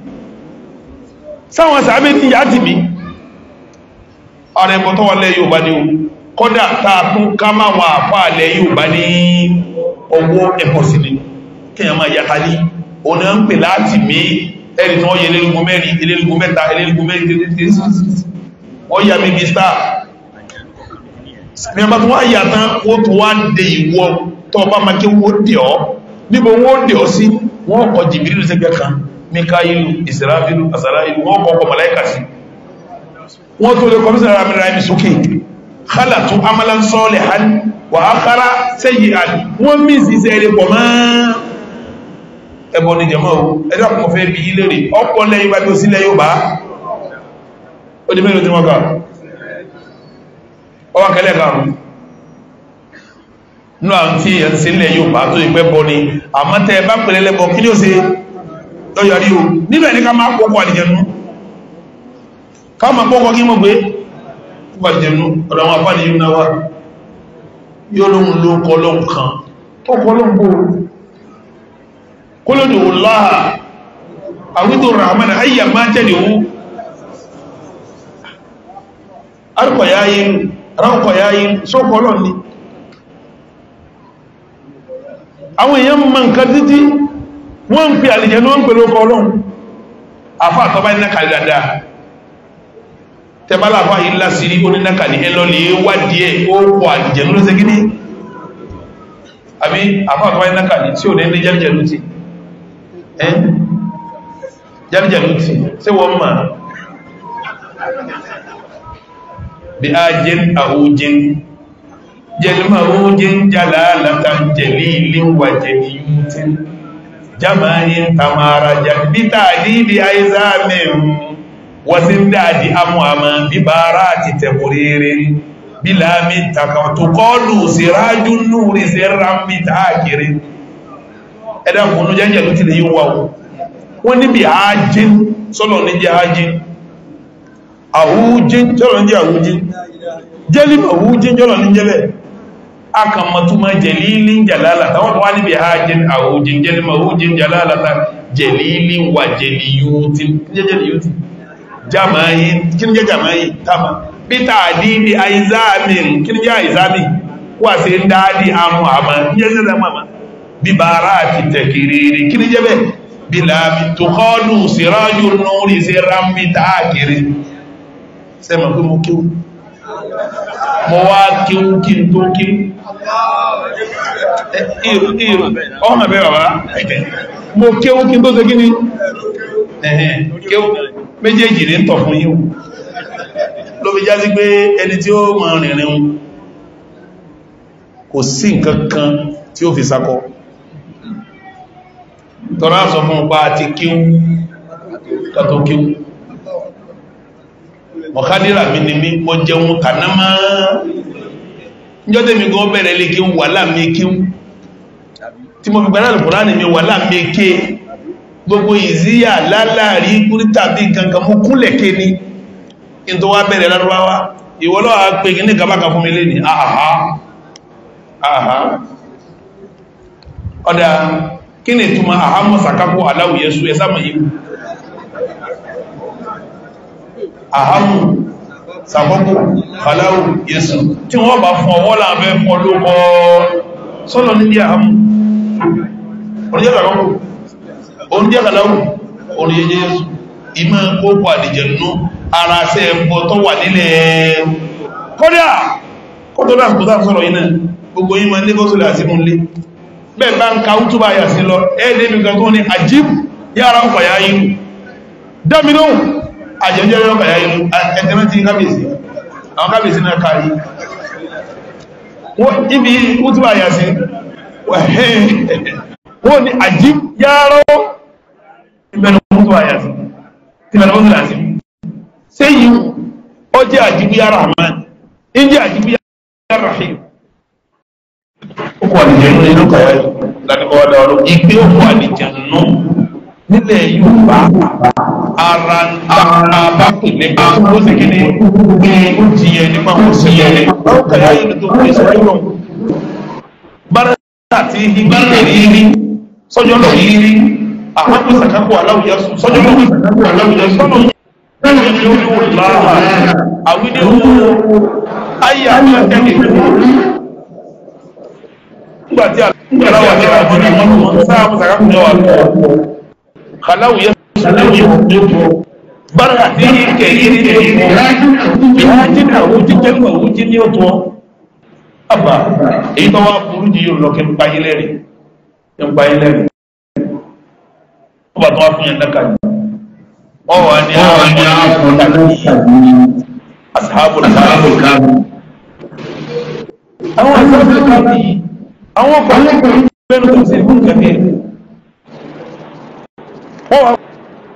Speaker 1: sáwọn sàábẹ́ ní ìyá àtìbí ọ̀rẹ́ ẹ̀kọ́ tó wà lẹ́ Yorùbá ni o kódà tá a tún ká máa wà fà lẹ́ Yorùbá ní ọwọ́ ẹ̀kọ́ sí ni kéèyàn máa yàtà ní òun náà ń pè látìbí ẹni tí wọ́n yẹ elélugun mẹ́rin elélugun mẹ́ta elélugun mẹ́rin wọ́n yà mí bí star ní ọba tó wá yà tán ó tó wá dé ìwọ tó ọba máa kí wó dè ọ́ níbo wó dè ọ́ sí wọ́n kọ jìbìrìlù sẹ́gbẹ́ kan mikailu israfilu asarailu wọ́n kọ ọkọ̀ màláìkà sí wọ́n tó lè kọ́ mísà rà mìíràn ẹ̀mí sókè kálà tó amalan sọ́ọ̀lẹ̀ hàn wà á kára sẹ́yìn àlè wọ́n mí sí iṣẹ́ ẹ̀rẹ́ pọ̀ máa ẹbọ ní jẹmọ́ o ẹ̀dọ́ àkọ́kọ́ fẹ́ bí ilé rè ọ̀pọ̀ lẹ́yìn bá gbé sílẹ̀ yóò bá ó di mélòó tí wọ́n kà ọwọ́ kẹlẹ̀ karùn nínú àwọn tí ẹ̀ ń ṣe ilẹ̀ yóò bá tó ìpẹ́ bọ ni àmọ́ tẹ́ ẹ bá pèlè lẹ́bọ kí ni ó ṣe lọ́yọ̀rí o nínú ẹ̀ ní ká máa pọ̀pọ̀ àdìjẹ̀nu ká máa pọ̀pọ̀ kí mọ̀ pé pọ̀pọ̀ àdìjẹ̀nu ọ̀dọ̀ àwọn apáni yóò náwà yóò lóhun ló kọ́ lóhun kan tó kọ́ lóhun bò kólódì wòláhà àwítò rahman ayyà máa jẹ́ ni ó yáyé ránkọ̀ ya yìí sókọ̀ lọ ní àwọn èèyàn ma nǹkan títí wọ́n ń pè àlìjẹ́ ní wọ́n ń pè lókọ̀ ọlọ́run àfá àtọ́bá ní nákàlì dáadáa tẹbálà àfá yìí lásìrí ó ní nákàlì ẹlọ́lì wádìí ẹ̀ ó pọ̀ àlìjẹ́ ló ṣe gíní àbí àfá àtọ́bá tí ò ní ní bí ájẹ́ àwójín jẹlmà àwójín jàlá látà jẹ̀lì ilé wà jẹ̀lì yútin jama'in tamara jàbí tààdì di aizamin wasu dáàdì amúhàmà bíbára àti tẹ̀kùrẹ́rẹ́ bílámi takọ̀tùkọ́lù sírájú núrí sí rámi tààkiri ẹ̀dàkùnú jẹ́jẹ̀ ló ti lè yíwá wọ́n níbi ààjín sọ́lọ̀ ní jẹ́ ààjín àwújí jọ́lọ̀ ń jẹ́ àwújí jẹ́lìmọ̀ àwújí jọ́lọ̀ ní jẹ́bẹ̀ akàmọ̀túnmọ̀ jẹ̀lìlì jàlálàtà wọ́n wá níbi hajjẹ́ àwújí jẹ́lìmọ̀ àwújí jàlálàtà jẹ̀lìlì wà jẹ̀lìyúti jàmáyí kí ni jẹ́ jàmáyí tàmà pítà àdíbi àìzámin kí ni jẹ́ àìzámin wà sí dáadì amú àmà yẹ́ jẹ́ jẹ́ màmá bíbára àti tẹ̀kìrìrì kí ni jẹ́ bẹ́ẹ̀ bílàbí tó kọ́ lù sí rájù núrí sí rámbí tààkiri sẹ́mọ̀ pé mo kíw mo wá kíw kí n tó kíw ọmọ bẹ́ bàbá mo kíw kí n tó ṣe kíni ẹ̀hẹ̀n kíw méjèèjì rí tọ̀ fún yíò ló fi já sí pé ẹni tí ó mọ̀ rìnrìn kò sí nǹkan kan tí ó fi sakọ tọ́rọ àsọ fún ọgbà àti kíw kàtó kíw ọ̀kadìrà mi ni mi mo jẹun kàná máa níjọ́ tèmi gan bẹ̀rẹ̀ lè kí n wà láàmì kí n tí mo fi gbà náà lùkùnrin ní mi wà láàmì ké gbogbo ìzíyà láláàrí kúrí tàbí gangan mú kúnlẹ̀ ké ní in tó wá bẹ̀rẹ̀ lárúbáwá ìwọ́lọ́ àpè kí ní gabaka fún mi lé ní àhá àhá ọ̀dà kí ni ìtumọ̀ àhámọ́ sàkákó aláwòyẹ́sù yìí àhámù sàkókò fàláwù yẹsù tí wọ́n bá fún ọwọ́ láàbẹ́ fún ọlọ́kọ́ sọ́lọ níbi àhámù oníjẹ́ kàlọ́kù oníjẹ́ kàlọ́kù oníjẹ́ yẹsù ìmọ̀ kókò àdìjẹ̀nú ara sẹ́ ẹ̀kọ́ tó wà nílẹ̀ kọ́dá kọ́tọ́ láàkùn tó sọ̀rọ̀ iná gbogbo yíma ní bọ́sùlẹ̀ àti múlé bẹ́ẹ̀ bá ń ka ń túbà yà sí lọ ẹ́ẹ̀dẹ́mì kankan ní àjíb yára ń pàyà yìí dámínú àjẹjẹ yọ kàyà inú ẹ̀tẹ̀mẹ́tì kábíyèsí àwọn kábíyèsí náà kárí ibi útùbà yà sí wọ́n ni àjíb yàrá ìbẹ̀rẹ̀ útùbà yà sí ìbẹ̀rẹ̀ útùbà sí ṣe yìí ó jẹ́ àjíb yàrá Rahman ìjẹ́ àjíb yàrá Rahim ó kọ̀ àdìjẹ̀ inú kàyà ìgbé ó kọ̀ àdìjẹ̀ nù nílẹ̀ yorùbá ara bá pè ní bá ó sì kí ni ní ó ti yẹ nípa wọn sí yẹ ní. báwo kàyà yìí ló tó kú èso tó rọrùn. bára àti igbá rẹ̀ yìí rí sọ́jọ́ náà yìí rí àwọn tó sàkákò aláwùjá sùn sọ́jọ́ náà tó sàkákò aláwùjá sùn sọ́nà yìí ní olówó ìlànà àwọn ilé owó ayé àwọn akẹ́kẹ̀ẹ́ nígbà tí àlọ́ ìgbàláwà jẹ́ àbọ̀dé wọn sáà mú sàkákò náà wà lọ́wọ́ kàláwù yẹ bára tí kẹ̀ yìí kẹ̀ yìí ìwádìí náà wọ́n ti kẹ́kọ̀ọ́ wọ́n ti ní ọ̀tọ̀ àbá èyí tó wá burú jù yóò lọ kí n pa yín lẹ́rìn kí n pa yín lẹ́rìn ó bàtà wá fún yẹn náà kàdí ọ̀wà ni àwọn ni àwọn kàdí asahabu asahabu kàdí àwọn asahabu kàdí àwọn kàdí lẹ́nu tó ti fún kẹ̀kẹ́. wọ́n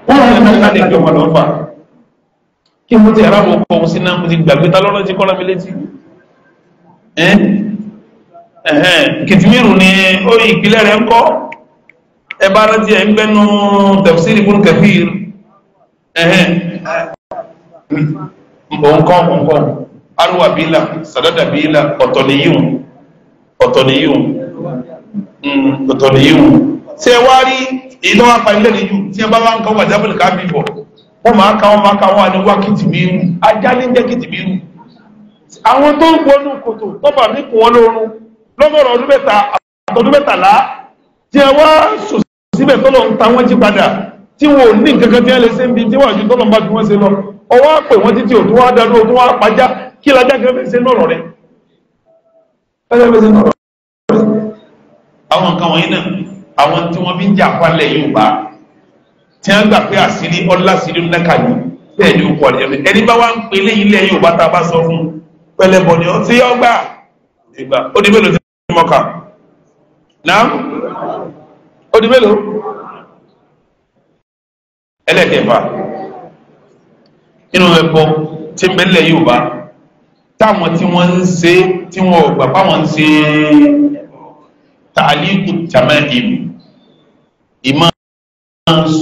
Speaker 1: wọ́n ní ká ní lọ fà kí mo ti ara mo kọ ohun sí náà mo ti gbàgbé ta lọ́rọ́ ti kọ́ra mi ni orí ìpìlẹ̀ rẹ̀ ń kọ́ ẹ bá rántí ń gbẹ́nu fún ìdánwò apàìlẹ́rìí jù tí ẹ bá wá ń kọ́ wàjábìlì káàbì bọ̀ wọ́n máa ka wọ́n máa ka wọ́n àníwá kìtìmíìrù ajá ní jẹ́ kìtìmíìrù àwọn tó ń wọnú kòtò tọ́pà ní kò lọ́gọ́rọ̀ ọdún mẹ́ta àtọ́dún mẹ́tàlá tí ẹ wá síbẹ̀ ń ta jí padà tí wọn ò ní nǹkankan tí wọ́n lè ṣe ń bi tí wọ́n àjù tọ́lọ̀ ń bá ju ṣe lọ ọwọ́ títí òtún wá àwọn tí wọ́n fi ń jà falẹ̀ yorùbá tí wọ́n gbà pé àṣírí ọlá àṣírí ńlá kàjú bẹ́ẹ̀ ni ó kọ́ ẹ̀ ẹni bá wá ń pe lé ilé yorùbá tá a bá sọ fún pẹlẹbọ ni ó ti yọ gbà ìgbà ó di mélòó tí wọ́n kà náà ó di mélòó ẹlẹ́kẹ̀ẹ́fà nínú ẹ̀bọ tí ń bẹ nílẹ̀ táwọn tí wọ́n ń ṣe tí wọ́n gbà fáwọn ń ṣe é tàlíkù tàmẹ́dìm ìmọ̀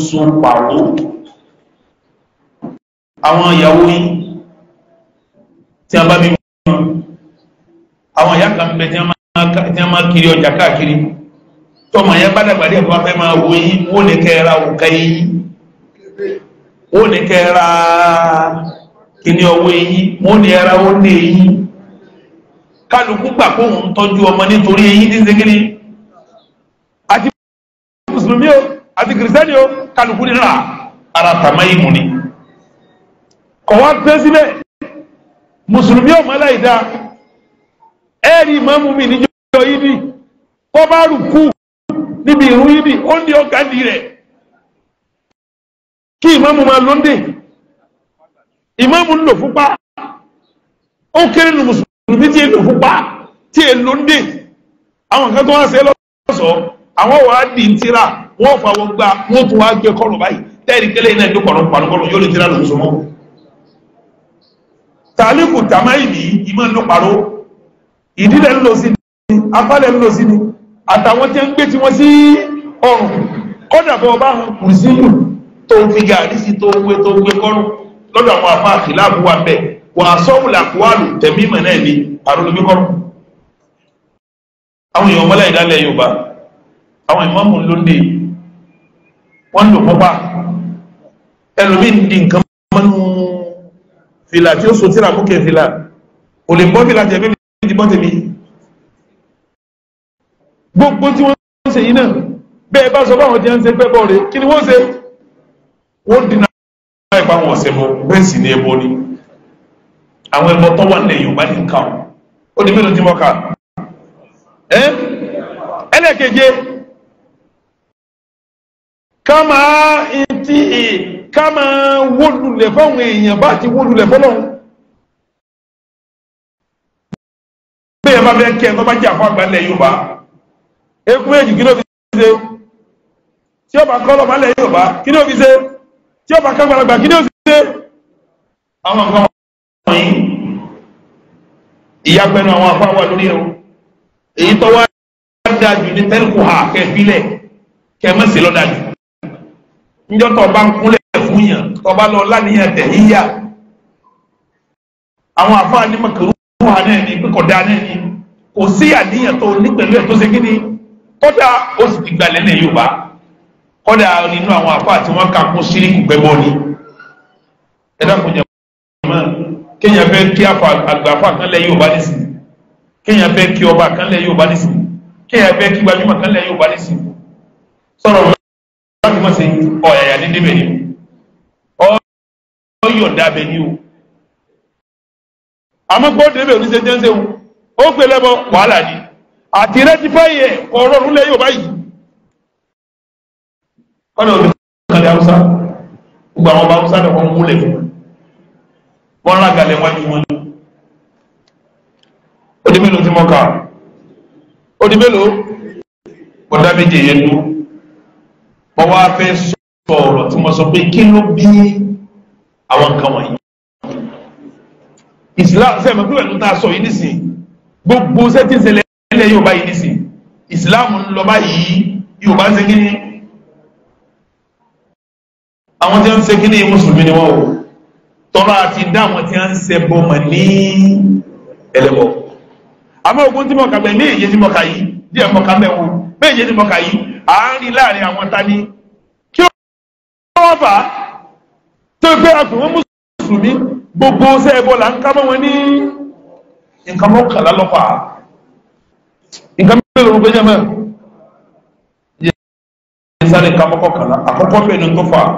Speaker 1: sun pàrọ̀ àwọn ìyàwó yìí tí a bá bí wọn àwọn ìyá kan bẹ tí a máa kiri ọjà káàkiri tọmọ yẹn bá dàgbà díẹ̀ bá fẹ́ máa wo yìí wó ní kẹ́ra òkà yìí wó ní kẹ́ra kíní ọwọ́ yìí wó ní ẹra ó ní yìí kálukú gbà kóhun tọ́jú ọmọ nítorí yìí ní segiri mùsùlùmí o àti kìrìsìtẹ́nì o kálukú nínú ara tàmáyì mú ni kọ̀ wá pé síbẹ̀ mùsùlùmí ò mọ́lá ìdá ẹ̀rí ìmáàmù mi níjọ́ yìí ni kọ́ bá rùkú níbi ìrún yìí ni ó ní ọ̀gá di rẹ̀ kí ìmáàmù máa lóńdè ìmáàmù ń lò fúnpá ó kéré nu mùsùlùmí tí èlò fúnpá tí èlò ń dè àwọn kan tó wá ṣe lọ́sọ̀ọ́ àwọn wàá dì ń tira wọ́n fa wọn gbá wọ́n tún wá jẹ kọ́rùn báyìí tẹ́rì kẹ́lẹ́ iná ìlú kọ̀rọ̀ pàrọ̀kọ̀rọ̀ yóò lè tẹ́lá lọ sọmọ́ tàlíkù tàmáìlì ìmọ̀ ìlú pàrọ̀ ìdílé ńlọ sí ni afálẹ̀ ńlọ sí ni àtàwọn tí ń gbé tí wọ́n sí ọrùn kọ́dà bọ́ bá hàn kù sí yù tó fi gàrí sí tó gbé tó gbé kọ́rùn lọ́dọ̀ àwọn afá àkìláàbù wa bẹ̀ wà sọ́wù làkúwàlù tẹ̀mí mọ̀ náà ni àrùn àwọn èèyàn mọ́lá ìdálẹ̀ Yorùbá àwọn ìmọ̀mù lóńdè wọ́n lò púpá ẹlòmí di nǹkan mọ́nú fìlà tí ó so tíra kókè fìlà ò lè bọ́ fìlà jẹ́ bí mi ti bọ́ tèmi gbogbo tí wọ́n ń ṣe yìí náà bẹ́ẹ̀ bá sọ báwọn jẹ́ ń ṣe pẹ́kọ̀ rẹ̀ kí ni wọ́n ṣe wọ́n dínà ìpa wọn ọ̀sẹ̀ bọ́ bẹ́ẹ̀ sì ní ẹbọ ni àwọn ẹbọ tó wà nílẹ̀ Yorùbá ní nǹkan ó di mélòó tí wọ́n kà ẹ́ ẹlẹ́keje kama ntí kama wólulẹ̀ fáwọn e èèyàn bá ti wólulẹ̀ fọlọ́hún. bẹ́ẹ̀ bá bẹ́ẹ̀ kẹ́ ẹ̀ tó bá jẹ́ àfọ́ àgbà lẹ̀ Yorùbá ekú méjì kí ló fi ṣe tí ó bá kọ́ lọ́ba lẹ̀ Yorùbá kí ló fi ṣe tí ó bá kọ́ gbàlagbà kí ló fi ṣe. àwọn nǹkan wọ̀nyí ìyàgbẹ́nu àwọn afọ àwọn lórí ẹ̀rọ èyí tó wá dájú ní tẹ́lifù ha kẹfílẹ̀ kẹmẹ́sì lọ́dájú níjọ́ tó bá ń kúnlẹ̀ fún yàn tó bá lọ láníyàn tẹ̀yíyà àwọn àfáà ní mọ̀kàrú wà náà ni pé kọ̀dá náà ní kò sí àníyàn tó ní pẹ̀lú ẹ̀ tó ṣe kíni kódà ó sì ti gbalẹ̀ lẹ̀ Yorùbá kódà nínú àwọn àfáà tí wọ́n kà kún síríkù gbẹ́bọ́ ni ẹ dákun jẹ́ mọ́ kéèyàn fẹ́ kí àgbàfà kan lẹ̀ Yorùbá nísìn kéèyàn fẹ́ kí ọba kan lẹ̀ Yorùbá nísìn kéèyàn fẹ́ kí gbajúmọ̀ kan lẹ̀ Yorùbá nísìn sọ̀rọ̀ mọ̀ sí ọ̀yàyà ní débẹ̀ ni ó yọ̀ǹda bẹ̀ ni o àmọ́ pé ó débẹ̀ oníṣẹ́ jẹ́ ń ó pè lẹ́bọ̀ wàhálà ni àti rẹ́tífáì ẹ̀ kọ̀ kọ́nà òbí haúsá gbogbo àwọn ọba haúsá múlẹ̀ fún wájú wọn ni ó mélòó ó mélòó méje yẹn dúró. wọ́n wá fẹ́ sọ ọ̀rọ̀ tí wọ́n sọ pé kí ló bí àwọn nǹkan wọ̀nyí islam sẹ́mi pé pẹ̀lú tá a sọ yìí nísìnyí gbogbo sẹ́tí ìṣẹ̀lẹ̀ ilẹ̀ Yorùbá yìí nísìnyí islam ń lọ báyìí Yorùbá ń ṣe kí ni àwọn tí wọ́n ń ṣe kí ni mùsùlùmí ni wọ́n o tọ́lá àti dá àwọn tí wọ́n ń ṣe bọ́ mọ̀ ní ẹlẹ́bọ̀ àmọ́ ogun tí mo kà bẹ́ẹ̀ ní èyí tí mo kà yìí díẹ̀ mo kà mẹ́wọ́ bẹ́ẹ̀ èyí tí mo kà yìí à ń rí láàrin àwọn tani kí ó wọ́n fà á tó gbé àpè wọn mùsùlùmí gbogbo sẹ́ẹ̀bọ là ń ká mọ́ wọn ní nǹkan mọ́kànlá lọ́pàá nǹkan mẹ́rin ló ń gbẹ́jẹ́ mẹ́rin yẹ sáré nǹkan mọ́kànlá àkọ́kọ́ fẹ́ẹ́ ni tó fà á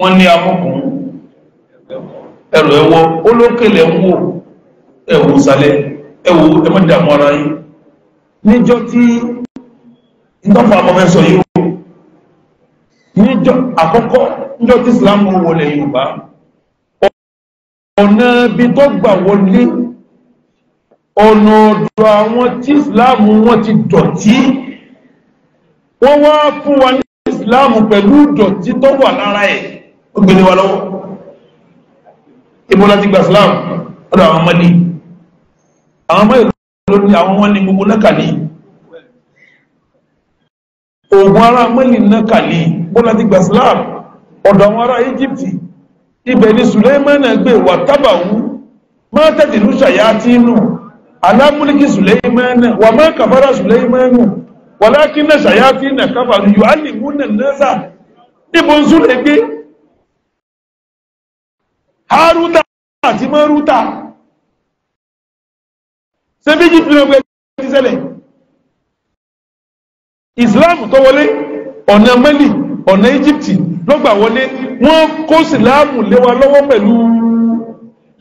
Speaker 1: wọ́n ní amọ́kùn ẹ̀rọ ẹ̀wọ́ olókèlè ń wò ẹ̀wò sálẹ̀ ẹ̀wò ẹ̀mọ́dàmọ́ra yìí níjọ́ tí ìtọ́fà ọmọfẹ́ sọ yìí ó níjọ́ àkọ́kọ́ níjọ́ tí Islam wọlé Yorùbá ọ̀nà ibi tó gbà wọlé ọ̀nà ọ̀dọ̀ àwọn tí Islam wọn ti dọ̀tí wọ́n wá fún wa ní Islam pẹ̀lú dọ̀tí tó wà lára ẹ̀ ó gbélé wa lọ́wọ́ ìbọn láti gba Islam ọ̀dọ̀ àwọn ọmọdé àwọn ọmọ ìlú lórí àwọn wọn ní gbogbo nákàlí oògùn ara mẹ́lì nákàlí bọ́lá ti gbà Islam ọ̀dọ̀ àwọn ará Egypt ibẹ̀ ni Suleimana gbé wà tábàwú máa tẹ̀tì ló ṣàyà tí inú alámúlíkì Suleimana wà máa kàfàrà Suleimana wà lákínà ṣàyà tí inú kàfàrà yóò á lè múnà nẹ́sà níbo ń súnlẹ̀ gbé Haruta àti Maruta ṣé méjì pínlẹ̀ pé ti ṣẹlẹ̀ Islam tó wọlé ọ̀nà mẹ́lì ọ̀nà Íjíbítì lọ́gbà wọlé wọ́n kó síláàmù lé lọ́wọ́ pẹ̀lú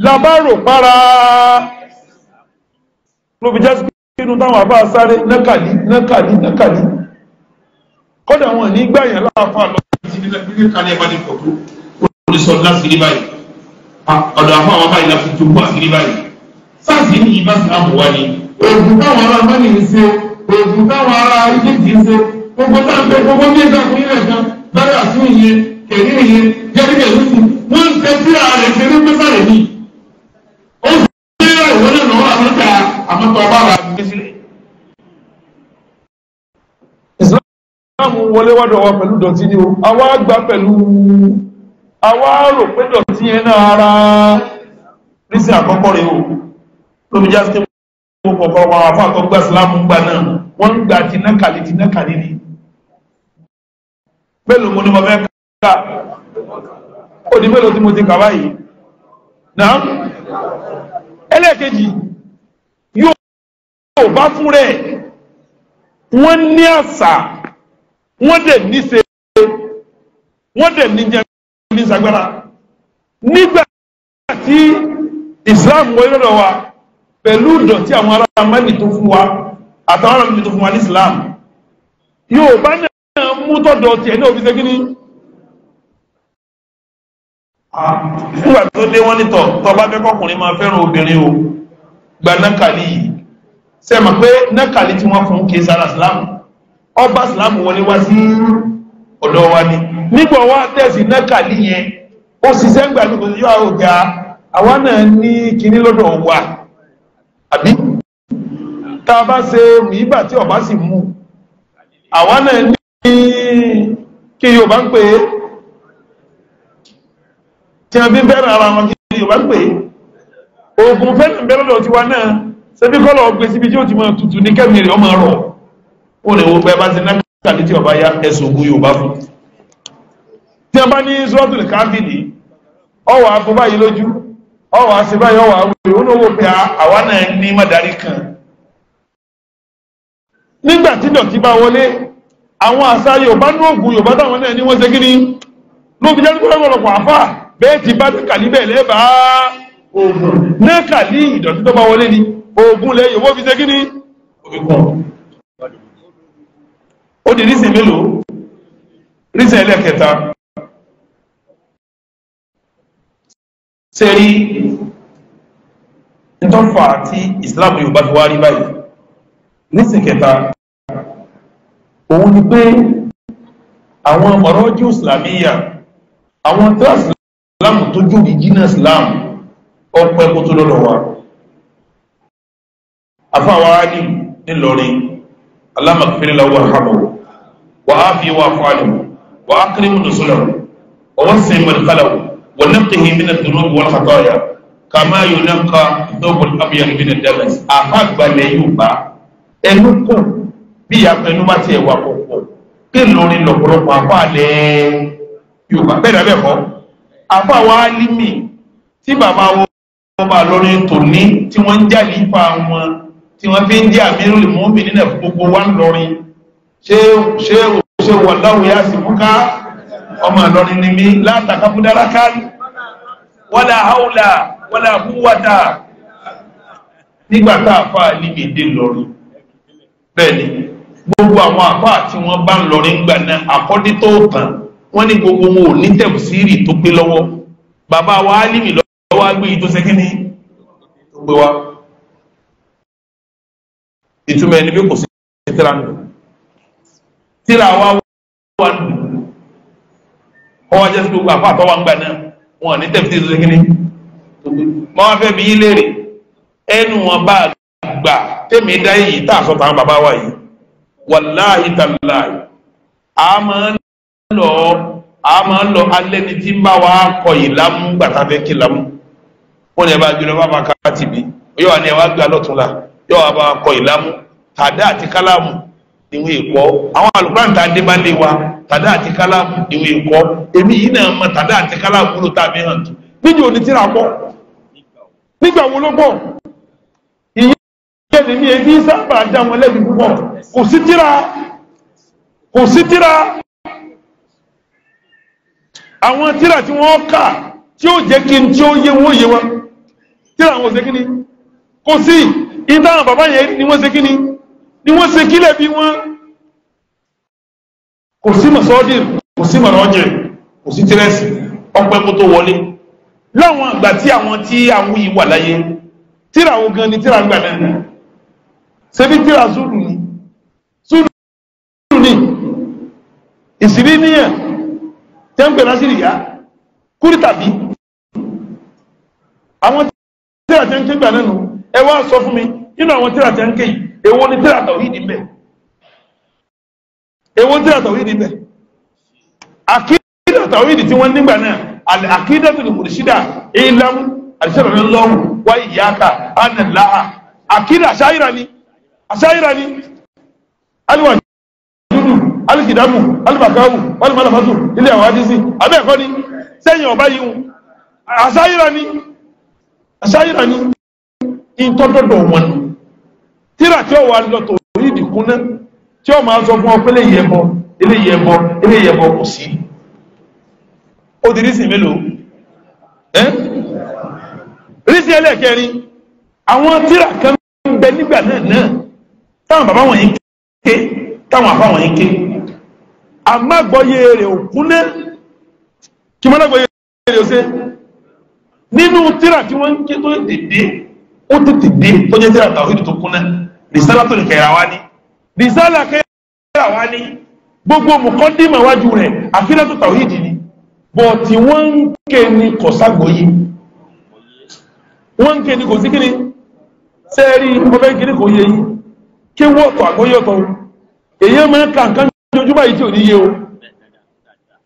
Speaker 1: labaro para lóbi jásí nínú táwọn àbá sáré nákàlí nákàlí nákàlí kọ́dà wọn ní gbàyàn láàfà lọ sí nílẹ̀ nílẹ̀ kalẹ̀ bá ní pọ̀ tó ó lè sọ láti rí báyìí ah, ọ̀dọ̀ àfọ àwọn báyìí láti tó kó àti rí báyìí sáàsì ní ìbá sí àbúwá ni oògùn táwọn ará mọ́nì ń ṣe oògùn táwọn ará egypt ń ṣe gbogbo táǹpẹ́ gbogbo ní ẹ̀ka fún ilẹ̀ kan bẹ́rẹ̀ àtún ìyẹn kẹ̀rí ìyẹn kẹ̀rí kẹ̀rí sí wọ́n ń tẹ́ sí ààrẹ ṣe ní pẹ́sà rẹ̀ ní. ó sì ń gbé ìwé náà lọ́wọ́ àmọ́ta àmọ́ta ọba ara mi sílẹ̀. ìsìláàmù wọlé wádọ̀ wa pẹ̀lú dọ̀tí ni o àwa gbà pẹ̀lú àwa rò pé dọ̀tí yẹn náà ara rísí àkọ́kọ́ rẹ̀ o tó fi já sí gbogbo ọ̀pọ̀lọpọ̀ àwọn afọ́ àtọ́gbà ìsìlámù gbà náà wọ́n ń gbà tìnákàlì tìnákàlì ni mélòó mo ní mo fẹ́ ká ó di mélòó tí mo ti kà báyìí náà ẹlẹ́ẹ̀kejì yóò bá fún rẹ̀ wọ́n ní àṣà wọ́n dẹ̀ níṣe wọ́n dẹ̀ níjẹ́ ní sagbára nígbà tí Islam wọ́n yọ̀dọ̀ wa. pẹ̀lú ìdọ̀tí àwọn ará mẹ́lì tó fún wa àtàwọn ará tó fún wa ní Islam yóò bá náà mú tọ́dọ̀ ẹni òfin ṣe kíní tó dé wọ́n nítọ̀ tọ́ bá fẹ́kọ́ máa fẹ́ràn obìnrin o gba nákàlí yìí pé tí wọ́n fún Islam ọba Islam wọlé wá sí wa ni nígbà àbí tá a bá ṣe mìígbà tí ọba sì mú àwa náà ní kí Yorùbá ń pè é tí a bí bẹ́rẹ̀ ara wọn kí Yorùbá ń pè é oògùn fẹ́ràn bẹ́rẹ̀ lọ tiwa náà ṣebí kọ́lọ̀ ọgbẹ́ síbi tí ó ti máa tutù ní kẹ́mìrì ọmọ rọ̀ ó lè wo bẹ́ẹ̀ bá ṣe náà tí ọba ya ẹ̀sùn ogun Yorùbá fún tí a bá ní sọ́ọ̀tù káfíìnì ọwọ́ àfọ lójú ọwọ́ àṣẹ ọwọ́ àwọn òun wo wò pé àwa náà ní madari kan nígbà tí dọ̀tí bá wọlé àwọn àṣà Yorùbá ní ògùn Yorùbá táwọn náà ní wọ́n ṣe kíní ló fi jẹ́ nípa ọ̀pọ̀lọpọ̀ àfà bẹ́ẹ̀ ti bá kàlí bẹ́ẹ̀ lẹ́bàá kàlí ìdọ̀tí tó bá wọlé ni lẹ́yìn owó fi ṣe ntọ́fà tí islam yóò bá fi wá rí báyìí nísìn kẹta òun ni pé àwọn ọ̀rọ̀ jù islamiyya àwọn tí islam tó jù bí jìnnà islam ọpẹ́ kó tó lọ́dọ̀ wa afáwa ní nílọrin alámàkiri lọ́wọ́ àhámọ́ wà á fi wà fún àlùmọ́ wà kiri mú nùsùlọ̀ wà wọ́n sẹ́yìn mọ̀lẹ́kálà wọ́n nẹ́pẹ̀tẹ̀ yìí mí nà dùnú wọ́n kàmá yunaka lọ́wọ́ abiyanu bi dẹ́dẹ́rẹ́ àfa gbalẹ̀ yóò bá ẹnu kù bí ẹnu má tiẹ̀ wà kọ̀ọ̀kọ̀ kí lórin lọ̀pọ̀lọpọ̀ àfa alẹ́ yóò bá bẹ́ẹ̀ dábẹ́ kọ́ àfa wa alimi tí bàbá wọn lori lórin tòní tí wọ́n ń jáde ipa wọn tí wọ́n fi ń jẹ́ àmírùlì mọ́bì nínú ẹ̀fọ́ gbogbo wa ń lọrin ṣé ṣé ṣé wà láwùí àsìkúká ọmọ ìlọrin ni mí látàkàfúdára kárí wọ́n là áwùlà wọ́n náà bú wádà nígbàtà àfà níbi èdè lọ́rin bẹ́ẹ̀ni gbogbo àwọn àfà tí wọ́n bá ń lọ́rin gbà náà àkọ́dé tó tàn wọ́n ní gbogbo wọn ò ní tẹ̀síìrì tó pé lọ́wọ́ bàbá wa álìmì lọ́wọ́ agbé yìí tó ṣe kí ni tó pé wa ìtumọ̀ ẹni bí kò sí tíra nù tíra wa wà nù ọwọ́ ajẹ́sí gbogbo àfà àtọ́wà ń gbà náà wọn ò ní tẹ̀síìrì tó ṣe kí mọ́ wọn fẹ́ bí yín léèrè ẹnu wọn bá gbà tèmi dá yìí tá a sọ tàwọn bàbá wa yìí wàláhì tàláhì a máa ń lọ a máa ń lọ alẹ́ ní tí ń bá wa kọ yìí lámú gbàtà fẹ́ kí lámú wọn ni ẹ bá jùlọ bá máa ká tìbí yóò wá ní ẹ wá gbà lọ́tún la yóò wá bá wa kọ ìlámú tàdá àti kálámù ìwé ìkọ́ àwọn àlùkùránì tá a dé bá lé wa tàdá àti kálámù ìwé ìkọ́ èmi yìí náà mọ tàdá àti kálámù ló tàbí hàn tó níjẹ́ òní tíra kọ́ nígbà wo ló gbọ́ ìyẹn ní ebi sábà dá wọn lẹ́bi púpọ̀ kò sí tíra kò sí tíra àwọn tíra tí wọ́n kà tí ó jẹ́ kí n tí ó yé wọ́n yé wọn tíra àwọn òsèkí ni kò sí ìdáhùn bàbá yẹn ni wọ́n ṣe kí ni ni wọ́n ṣe kílẹ̀ bí wọ́n kò sí mọ̀sọ́dì kò sí mọ̀rọ̀ ọ̀jẹ̀ kò sí tírẹ́sì ọpẹ́ kó tó wọlé láwọn àgbà tí àwọn tí àwọn yìí wà láyé tíra àwọn gan ni tíra ń gbà náà ṣebí tíra zulu ni zulu ni ìsìrí níyàn tẹ́ ń pè lásìrì yá kúrì tàbí àwọn tíra tẹ́ gbà náà ẹ wá sọ fún mi nínú àwọn tíra tẹ́ yìí èwo ni tíra tàwídì ń bẹ èwo tíra tàwídì ń bẹ àkídà tàwídì tí wọ́n nígbà náà àkídàtò ní mùrìṣídà ìlàm àdìsẹ́rẹ̀ lọ́wọ́ wá ìyáka ánàláà àkídà àṣáyìrà ni àṣáyìrà ni aliwa dúdú alikidamu alibakawu alimalafasu ilé àwọn adisi abẹ́ẹ̀kọ́ ni sẹ́yìn ọba yìí àṣáyìrà ni àṣáyìrà ni ìtọ́dọ̀dọ̀ wọn tíra tí ó wà lọ́tọ̀ orí ìdìkúnná tí ó máa sọ fún ọ pé lè yẹ bọ ilé yẹ ilé yẹ kò sí ó di rísì mélòó ẹ́ rísì ẹlẹ́ẹ̀kẹrin àwọn tíra kan bẹ nígbà náà náà táwọn bàbá wọ̀nyí ké táwọn àbá wọ̀nyí ké àmàgbọ́yé rẹ̀ òkúnlẹ̀ kí mọ́lágbọ́yé rẹ̀ ó sé nínú tíra tí wọ́n ń ké tó dìde ó tètè dé tó jẹ́ tíra tàwídì tó kúnlẹ̀ rìsálà tó lè kẹ̀yà wá ní rìsálà kẹ̀yà wá ní gbogbo mùkọ́ndìmọ̀ wájú rẹ̀ àfílẹ̀ tó tàwídì ni bọ̀ tí wọ́n ń ké ní kọ̀ságbòyí wọ́n ń ké ní kò sí kí ni sẹ́ẹ̀rí ọbẹ̀ ìkíní kò yẹ yìí kí wọ́n tọ̀ àgbóyé ọ̀tọ̀ èyí máa ń ka nǹkan jọjúmọ́ yìí tí ò ní yé o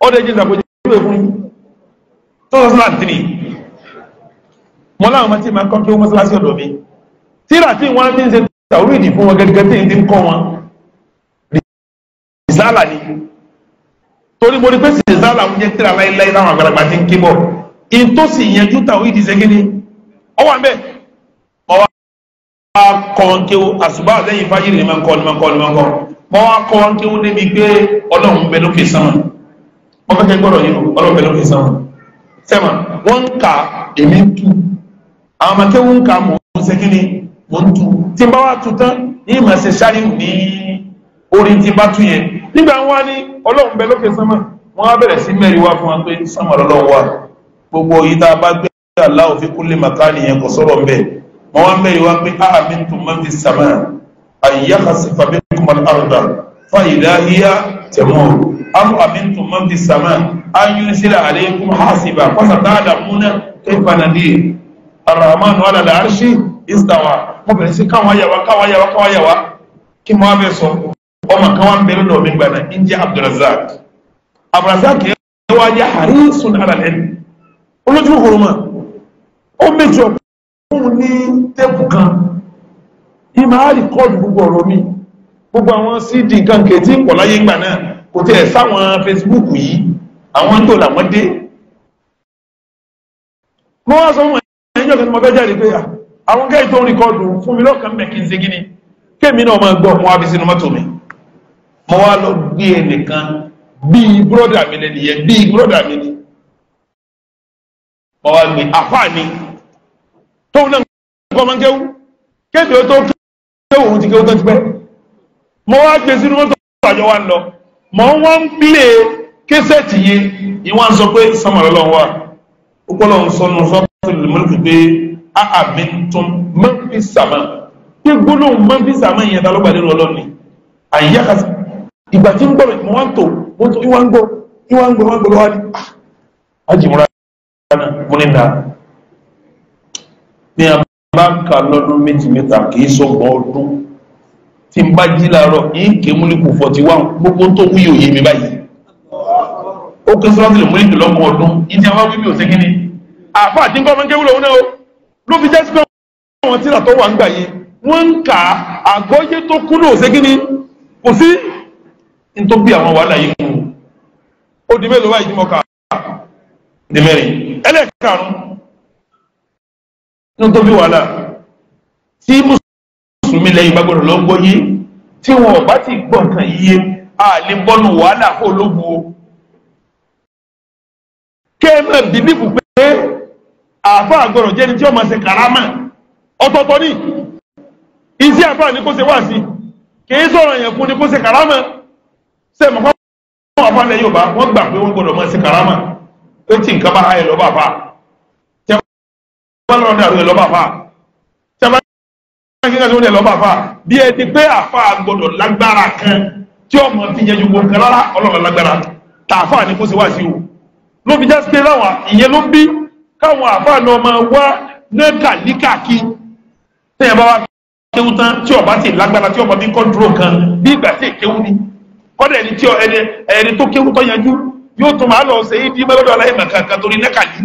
Speaker 1: ọdẹ jẹ́ ìdàgbò jẹ́ fún tọ́sọ̀ sílá tìrì mọ́ láwọn ọmọ tí máa ń kọ́ kí wọ́n mọ́sálásí ọ̀dọ̀ mi tíra tí wọ́n ti ń ṣe tàwírìdì fún wọn gẹ́gẹ́ tí ń kọ́ wọn rìsálà ni torí mo rí pé sèzálà ń jẹ́ tíra láéláé láwọn àgbàlagbà ti ń ké bọ̀ ìtòsí ìyẹnjú tàwọn ìdí segin ọwọ́ àmì bẹ́ẹ̀ ọwọ́ akọ̀ǹkéwò àṣùbà lẹ́yìn fájìrì ni máa ń kọ́ ni máa ń kọ́ ni máa ń kọ́ mọ́ akọ̀ǹkéwò débi pé ọlọ́run bẹ lókè sánmà wọ́n fẹ́ kẹ́ gbọ́dọ̀ yìí ọlọ́run bẹ lókè sánmà sẹ́mà wọ́n ń ka èmi ń tu àwọn amakẹ́wò ń ka mò ń segin ni mò ń tu tí n bá wà tu tán ní ìmọ̀ ṣe ṣáà ní orí tí n bá tu yẹn nígbà wá ní ọlọ́run bẹ lókè sánmà wọ́n á bẹ̀rẹ̀ sí mẹ́rin wá fún wa pé sánmà lọ́lọ́run wà gbogbo yìí tá a bá gbé Allah fi kulli makani yẹn kò sọ̀rọ̀ mbẹ́ wọ́n wá mẹ́rin wá pé a mi tún máa fi sánmà àyíyá ka fàbí kumal arda fa ìdáhíyá tẹ̀mọ́ am amintum man fi sama an yursila alaykum hasiba fasata'lamuna kayfa nadir arrahmanu ala al-arshi istawa mo bẹ̀rẹ̀ sí káwọn ayàwá káwọn ayàwá káwọn ayàwá kí mo á bẹ sọ ọmọ kan wá ń bẹ̀rẹ̀ lọ́wọ́ mi gbà náà ń jẹ́ abdulrasaq abdulrasaq yẹn wá jẹ́ harisun alalẹ́ni olójú òhòrò mọ́ ó méjì ọ̀pọ̀ òun ní tẹ́pù kan ìmọ̀ á rìkọ́ọ̀dù gbogbo ọ̀rọ̀ mi gbogbo àwọn cd kan kẹtí ń gbà náà kò tẹ̀ sáwọn facebook yìí àwọn tó làwọn dé mo wá sọ fún ẹ̀yìn ọ̀gá tí mo fẹ́ jáde pé àwọn kẹ́yìn tó ń rìkọ́ọ̀dù fún mi lọ́kàn mẹ́kì ni kémi náà máa gbọ́ mo wá mọ́tò mi mo wá lọ gbé ẹnìkan bíi búrọ́dà mi lẹ́nu yẹn bíi búrọ́dà mi ni mo wá gbé àfáà ni tóun náà kọ́ máa ń kéwú kéde ó tó kéwú òun ti kéwú tó ti pẹ́ mo wá gbé sínú mọ́tò àjọ wa lọ mo wọ́n ń pilẹ̀ késẹ̀tì yìí ìwọ̀n sọ pé sọmọlọ́lọ́ wa ó kọ́ lọ́n sọnù sọ́tìlì mọ́lùkù pé àmì tún mọ́fì sàmà pé gbólóhùn mọ́fì sàmà yẹn ta ló gbàdúrà ọlọ́ni àyíyá kásìkò ìgbà tí ń gbọ́rọ̀ ìmọ̀ wọ́n tó wọ́n tó ìwọ́n gbọ́ ìwọ́n gbọ́ wọ́n gbọ́ wá ní àjìmúra mú nínú ní àbáǹkà lọ́dún méjì mẹ́ta kìí sọgbọ́n ọdún tí ń bá jí láàárọ̀ yìí kì í múlíkù fọ̀tí wà gbogbo tó wúyò yé mi báyìí ó kí sọ́ọ́sì lè múlíkù lọ́mọ ọdún yìí ti rà tó wà ń gbà yìí wọ́n ń kà àgọ́yé tó kú náà òsè kíni kò nítorí bí àwọn wàhálà yìí kú ó di mélòó báyìí tí mo kà á di mẹ́rin ẹlẹ́ẹ̀karùn-ún nítorí wàhálà tí mùsùlùmí lẹ́yìn bá gbọ́dọ̀ lọ gbọ́ yé tí wọn ò bá ti gbọ́ nǹkan yíyé a lè bọ́nu wàhálà kó lógun o kẹ́ ẹ máa bìlífù pé àáfà àgbọ̀rọ̀ jẹ́ni tí ọmọ ṣe kàrámà ọ̀tọ̀ọ̀tọ̀ ní iṣẹ́ àáfà ní kó ṣe wá sí kì í sọ̀rọ̀ yẹn fún ni kó ṣe kàrámà ṣe mọ̀ fún àfa lẹ́yìn ọba wọ́n gbà pé wọ́n gbọ́dọ̀ máa ṣe karama pé tí nǹkan bá ha yẹ lọ́ba fa tí wọ́n lọ́dọ̀ dàrú yẹ lọ́ba fa tí wọ́n bá kíkà tó yẹ lọ́ba fa bí ẹ ti pé àfa gbọ́dọ̀ lágbára kan tí ọmọ ti yẹ ju gbọ̀ǹkan rárá ọlọ́run lágbára tààfà ni kó ṣe wá sí o ló fi já sí pé láwọn ìyẹn ló ń bí káwọn àfa náà máa wá nẹ́ẹ̀kà níkàkí tẹ́yẹ̀ bá wá kéwú tán tí ọba ti lágbára tí ọba ti kọ́ńtúrò kan bí ìgbà tí èkéwú ni kọ́dẹ̀ ẹni tí ẹni ẹni tó kéwú tó yanjú yóò tún máa lọ ṣe ìdí mẹ́lọ́dọ̀ aláìmọ̀ kankan torí nẹ́kàlí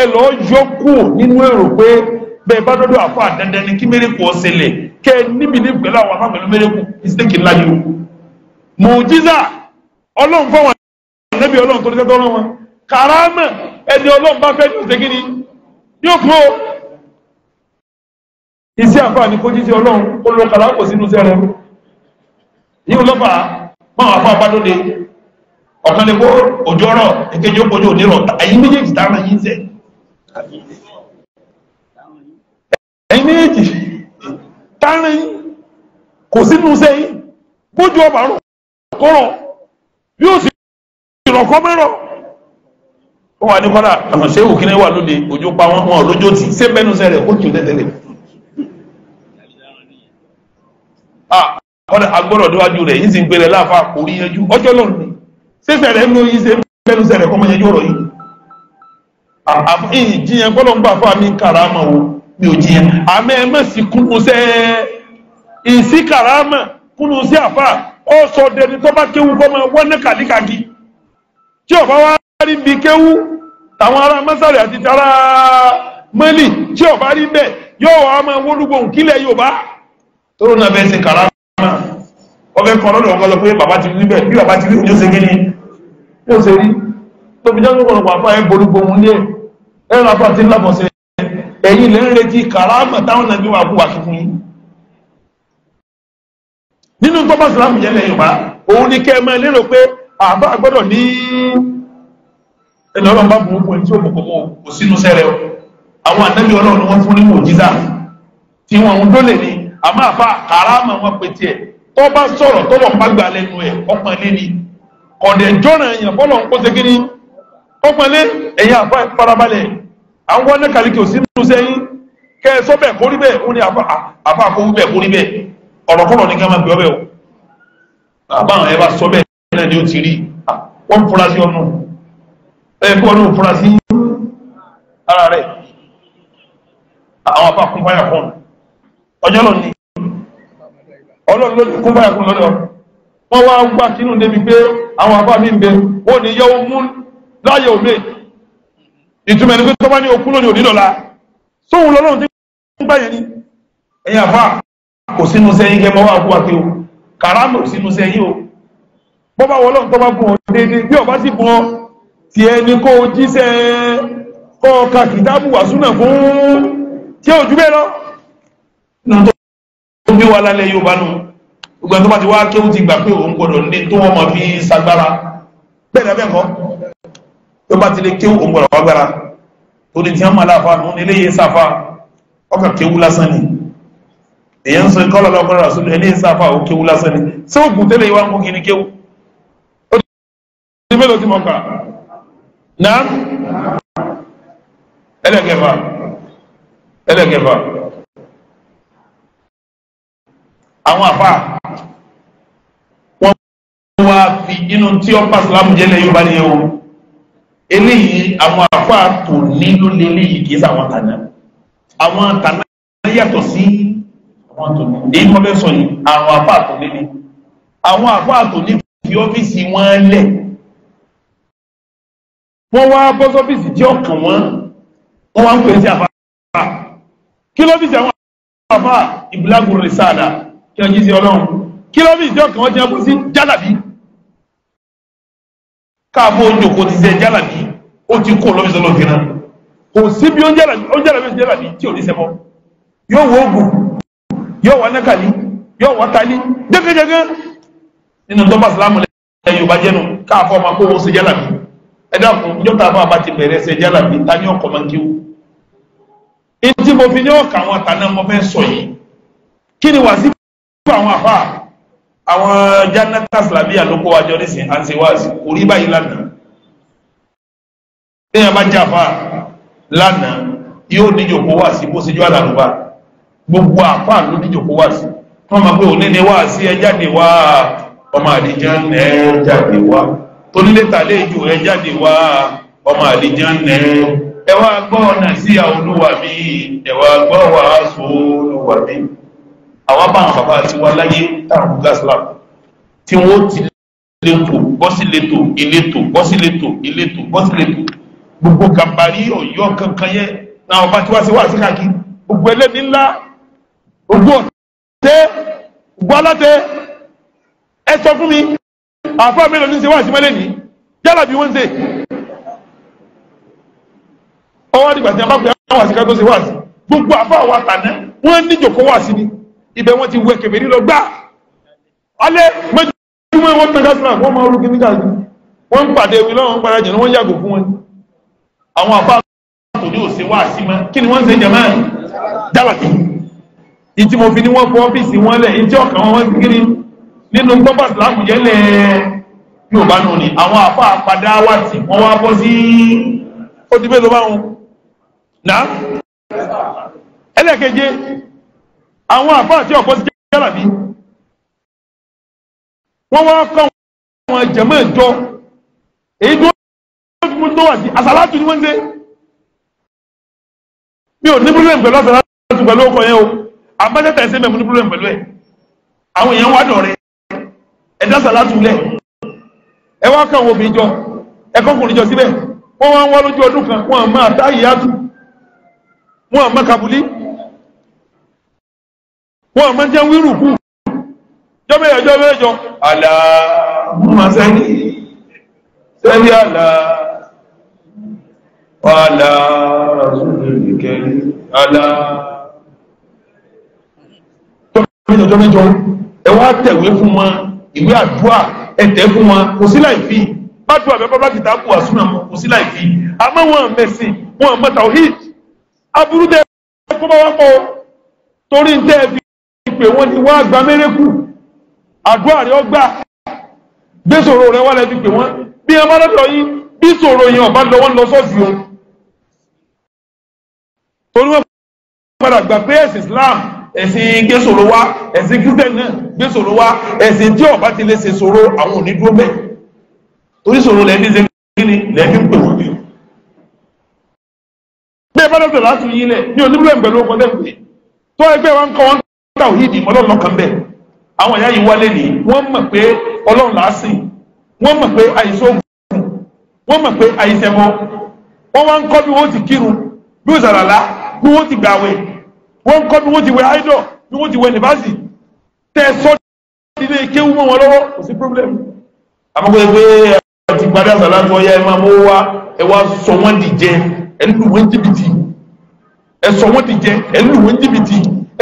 Speaker 1: ẹ lọ yọ kú nínú èrò pé bẹ́ẹ̀ bá àfọ àdandan ni kí mérekù níbi ní àwọn mistake ńlá yìí o ọlọ́run fọwọ́n ọlọ́run tó ní sẹ́tọ́ iṣẹ́ àfáà ní kójíṣẹ́ ọlọ́run ó ló kàlá kò sínú sẹ́rẹ̀ yíò lọ́pàá máa wà fún abádóde ọ̀kan lè kó òjò ọ̀rọ̀ èkejì ó kojú ònírọ̀ ẹ̀yin méjèèjì táwọn yìí ń sẹ́ ẹ̀yin méjèèjì táwọn yìí kò sínú sẹ́yìn bójú ọba rọ̀ kọ́rọ̀ yóò sì ìrọ̀kọ́ mẹ́rọ̀ ó wà ní kọ́dà àmọ̀ṣẹ́ òkínlẹ̀ wà lóde òjò pa wọn lójó tì sẹ́mẹ́nu sẹ́rẹ̀ ó jù tẹ́tẹ́lẹ̀ ọ̀dà agbọ́dọ̀ déwájú rẹ̀ yìí sì ń gbére láàfà kò rí yanjú ọjọ́ náà ni sísẹ̀ rẹ̀ mú yìí ṣe mẹ́nu sẹ̀rẹ̀ kọ́mọ yanjú ọ̀rọ̀ yìí àfihàn jiyàn gbọ́dọ̀ ń gbà fún àmì kàràmà o mi ò jiyàn àmọ́ ẹ mọ̀ sí kúnnú sẹ́ ìsí kàràmà kúnnú sí àfà ọ sọ dẹni tó bá kéwu kọ́mọ wọ́n ní kàdíkàdí tí ọ̀fà wa rí bi kéwu tàwọn ará mọ́sálẹ̀ àti tara mẹ́lì tí ọ̀fà rí bẹ́ẹ̀ yóò wá máa wọ́n rúgbọ̀n kílẹ̀ Yorùbá tó rọ́nà bẹ́ẹ̀ sí kàràmà ọbẹ̀ kan lọ́dọ̀ ọkọ̀ lọ pé bàbá ti níbẹ̀ bí bàbá ti rí òjò ṣe gíní yóò ṣe rí tóbi jẹ́ lókùnrin wà fún ẹgbẹ́ olúgbò òun lé ẹ̀rọ afọ́ àti ńlá bọ̀sẹ̀ ẹ̀yìn lẹ́ ń retí kàrámà táwọn nàbí wà kúwà tuntun yìí nínú tó bá sàlámù jẹ́ lẹ́yìn bá òun ni kẹ́ ẹ máa lérò pé àbá gbọ́dọ̀ ní ẹni ọlọ́run bá bùn ún tí ó kò kò kò sínú sẹ́rẹ̀ o àwọn ànábì ọlọ́run ni wọ́n fún ní mòjísà tí wọn ń dólè ní àmọ́ àfa kàrámà wọn pe tiẹ̀ tó bá sọ̀rọ̀ tó lọ pàgbà lẹ́nu ẹ̀ ọpọlẹ́ ni kọ̀dẹ̀ jọ́nà èèyàn bọ́lọ̀ ń kó ṣe kíní ọpọlẹ́ ẹ̀yà àbá farabalẹ̀ àwọn ọ̀nà kàlíkì ò sí nínú sẹ́yìn kẹ́ ẹ sọ́bẹ̀ kó rí bẹ́ẹ̀ ó ní àbá àkówú bẹ́ẹ̀ kó rí bẹ́ẹ̀ ọ̀rọ̀ kọ́rọ̀ ní ká máa gbé ọbẹ̀ o àbá àwọn ẹ bá sọ́bẹ̀ náà ni ó ti rí wọ́n fura sí ọ̀nà ẹ̀ kó ọ̀nà fura sí ara rẹ̀ àwọn àbá kún fáyà kún ọjọ́ lọ ni ọlọ́run lójú kún báyà kún lọ́dọ̀ wọ́n wá ń wá sínú débi pé àwọn àbá mi ń bẹ wọ́n ní yẹ́wò mú láyé òmè ìtumọ̀ ẹni pé tó bá ní okú lónìí òní sóhun lọ́lọ́run ti ń gbà yẹn ni ẹ̀yin àfa kò sínú sẹ́yìn kẹ́ mọ́ wá kú àti o kàrámù sínú sẹ́yìn o bọ́ bá wọlọ́run tó bá bùn ọ́ déédéé bí ọba sì bùn ọ́ tiẹ̀ ni kó jíṣẹ́ kọ́ ọ ka kìtáàbù fún tí ò ju bẹ́ẹ̀ lọ ń bí wa lálẹ́ Yorùbá nù gbogbo ẹni tó bá ti wá kéwù ti gbà pé òun gbọdọ̀ ní tó wọ́n mọ̀ fi sagbára bẹ́ẹ̀ lẹ́bẹ̀ẹ́ kọ́ tó bá ti lè kéwù òun gbọdọ̀ wá gbára tó ní tí wọ́n máa láfa nù nílé yé sáfa ọkà kéwù lásán ni èyí ń sọ kọ́lọ̀ lọ́kọ́rọ̀ àṣọlù ẹ̀ ní sáfa ò kéwù lásán ni ṣé òògùn tẹ́lẹ̀ ìwà ń kó kiri kéwù ó ti mélòó ti mọ̀ kà náà ẹlẹ́gẹ̀fà ẹlẹ́gẹ̀fà. àwọn àfa wọn wá fi inú tí ó pa Islam jẹ́lẹ̀ Yorùbá ni o eléyìí àwọn àfa tò ní ló lé eléyìí kì í sàwọn tànà àwọn tànà yàtọ̀ sí àwọn tò ní èyí mo fẹ́ sọ yìí àwọn àfa tò ní ni àwọn àfa tò ní fi ọ́fíìsì wọn lẹ̀ wọ́n wá bọ́ sọ́fíìsì tí ọkàn wọn wọ́n wá ń pè àfa kí lọ́fíìsì àwọn àfa ìbúlágùn rẹ̀ sáàdà kí ọjí sí ọlọ́run kí ló bí ìjọ kan ọjọ́ ẹkú sí jálàbí káàbọ̀ oúnjẹ kò ti sẹ jálàbí ó ti kó lọ́bí sọlọ́ fìràn kò sí bí oúnjẹ jálàbí jálàbí tí ò ní sẹ́mọ́ yóò wọ oògùn yóò wọ nákàlí yóò wọ tálí jẹ́gẹ́jẹ́gẹ́ nínú tó bá sàlámù lẹ́yìn yorùbá jẹ́nu káàfọ́ ọmọ kó wọ́n ṣe jálàbí ẹ dákun jọ́ta bá bá ti bẹ̀rẹ̀ ṣe jálàbí ta ní ọkọ̀ máa ń kí àwọn àfà àwọn jannata islamiyya ló kó wájọ nísìn à ń ṣe wáàsí kò rí báyìí lánàá téèyàn bá jẹ àfà lánàá yóò níjòkó wáàsí bó ṣe jọ àlàlùbá gbogbo àfà ló níjòkó wáàsí wọ́n máa pé òní ni wáàsí ẹ jáde wá ọmọ àdìjẹ́ ẹ jáde wá onílé tàlejò ẹ jáde wá ọmọ àdìjẹ́ ẹ ẹ wá gbọ́ ọ̀nà sí àwọn olúwa mi ẹ wá gbọ́ wàásù olúwa mi àwọn bá àwọn bàbá tiwa láyé táwọn kú gáàsì láàbù tí wọ́n ti lẹ́tọ̀ bọ́sí lẹ́tọ̀ ìlẹ́tọ̀ bọ́sí lẹ́tọ̀ ìlẹ́tọ̀ bọ́sí lẹ́tọ̀ gbogbo gàmbarí ọ̀yọ́ kankan yẹ làwọn bá tiwa sí wá sí káàkiri gbogbo ẹlẹ́ni ńlá gbogbo ọ̀tẹ́ gbogbo alátẹ ẹ sọ fún mi àfọ mélòó ní ṣe wá sí mẹ́lẹ́ ní yálà bí wọ́n ń ṣe ọwọ́ àdìgbà tí a bá tó ṣe wá sí gbogbo àfọ àwọn àtàná ibẹ̀ wọ́n ti wẹ́ kẹfẹ́ nílọ gbá alẹ́ mẹ́jọ́ wọn tán gásìlá wọ́n máa rú kíníkà ní wọ́n ń pàdé ewì lọ́wọ́n para jẹ̀ wọ́n yàgò fún wọn àwọn àbá tó ní òsè wá sí máa kí ni wọ́n ń ṣe jẹ̀mọ́ jálàkì ìtí mo fi ní wọ́n fọ ọ́fíìsì wọn lẹ̀ ìjọ ọ̀kan wọn sí kiri nínú gbọ́gbà sílámù jẹ́lẹ̀ Yorùbá bá àwọn àfáà tí ọ̀pọ̀ sí jálàbí wọ́n wá kọ́ wọn jẹ̀mọ́ ìjọ èyí tó mú tó wà sí àsàlátù ní wọ́n dé mi ò ní problem pẹ̀lú àsàlátù pẹ̀lú ọkọ̀ yẹn o àbájẹ́ta ẹ̀sẹ̀ mẹ́mú ní problem pẹ̀lú ẹ̀ àwọn èèyàn wá dọ̀rẹ́ ẹ̀dá àsàlátù lẹ̀ ẹ wá kọ́ àwọn obìnrin jọ ẹ̀kọ́kùnrin jọ síbẹ̀ wọ́n wá ń wá lójú ọdún kan wọ́n àmọ́ àtàyè àtù wọ́n àmọ́ kàbùlí wọ́n mọ́ jẹ́ wírù kú jọ́mọ́ ìyàjọ́ mẹ́jọ àlà mọ́ sẹ́ni sẹ́ni àlà àlà ràṣùlùmíkẹ́lì àlà jọ́mọ́ mẹ́jọ ẹ wá tẹ̀wé fún wọn ìwé àdúrà ẹ̀tẹ́ fún wa kò sí láì fi bá dùn àbẹ́bọ́ bá kìtà kù àsúnà mọ́ kò sí láì fi àmọ́ wọn mẹ́sìn wọn mọ́ta òhìd aburú bẹ́ẹ̀ kó bá wá pọ̀ torí ń tẹ́ ẹ fi pè wọ́n ti wá àgbà mérékù àdúrà rẹ̀ ọgbà gbé sòro rẹ̀ wá lẹ́ fi pè wọ́n bí wọ́n bá lọ́dọ̀ yín bí sòro yẹn ọ̀bá lọ wọ́n lọ sọ́ọ̀sì wọn torí wọ́n padà gbà pé ẹ̀sìn Islam ẹ̀sìn gẹ́sòro wá ẹ̀sìn Christian náà gẹ́sòro wá ẹ̀sìn tí ọ̀bá ti lè ṣe sòro àwọn òní dúró bẹ́ẹ̀ torí sòro lẹ́ẹ̀bí ṣe kí ni lẹ́ẹ̀bí ń pè wọ́n bí bẹ́ẹ̀ bá lọ́dọ̀ láti yín lẹ̀ ní oníbílẹ̀ pẹ̀lú ọkọ̀ lẹ́gbẹ̀ẹ́ tó ẹgbẹ́ wa ń kọ́ tàwíìdì ọlọ́run lọ́kàn bẹ́ẹ̀ àwọn ìyá yìí wálé ní wọ́n mọ̀ pé ọlọ́run làásìn wọ́n mọ̀ pé àìsóògùn wọ́n mọ̀ pé àìsẹ̀mọ́ wọ́n wá ń kọ́ bí wọ́n ti kírun bí wọ́n sàràlá bí wọ́n ti gbàwé wọ́n ń kọ́ bí wọ́n ti wẹ áìdọ̀ bí wọ́n ti wẹ nìfásì tẹ́ ẹ sọ́ ilé kéwú mọ́ wọn lọ́wọ́ kò sí problem. àmọ́kọ́ ẹ pé ẹ ti gbadé àsàlá tó yá ẹ máa mú wá ẹ wá sọ wọ́n dìjẹ ẹ lù wọ́n jìbìtì ẹ sọ wọ́n dìjẹ ẹ lù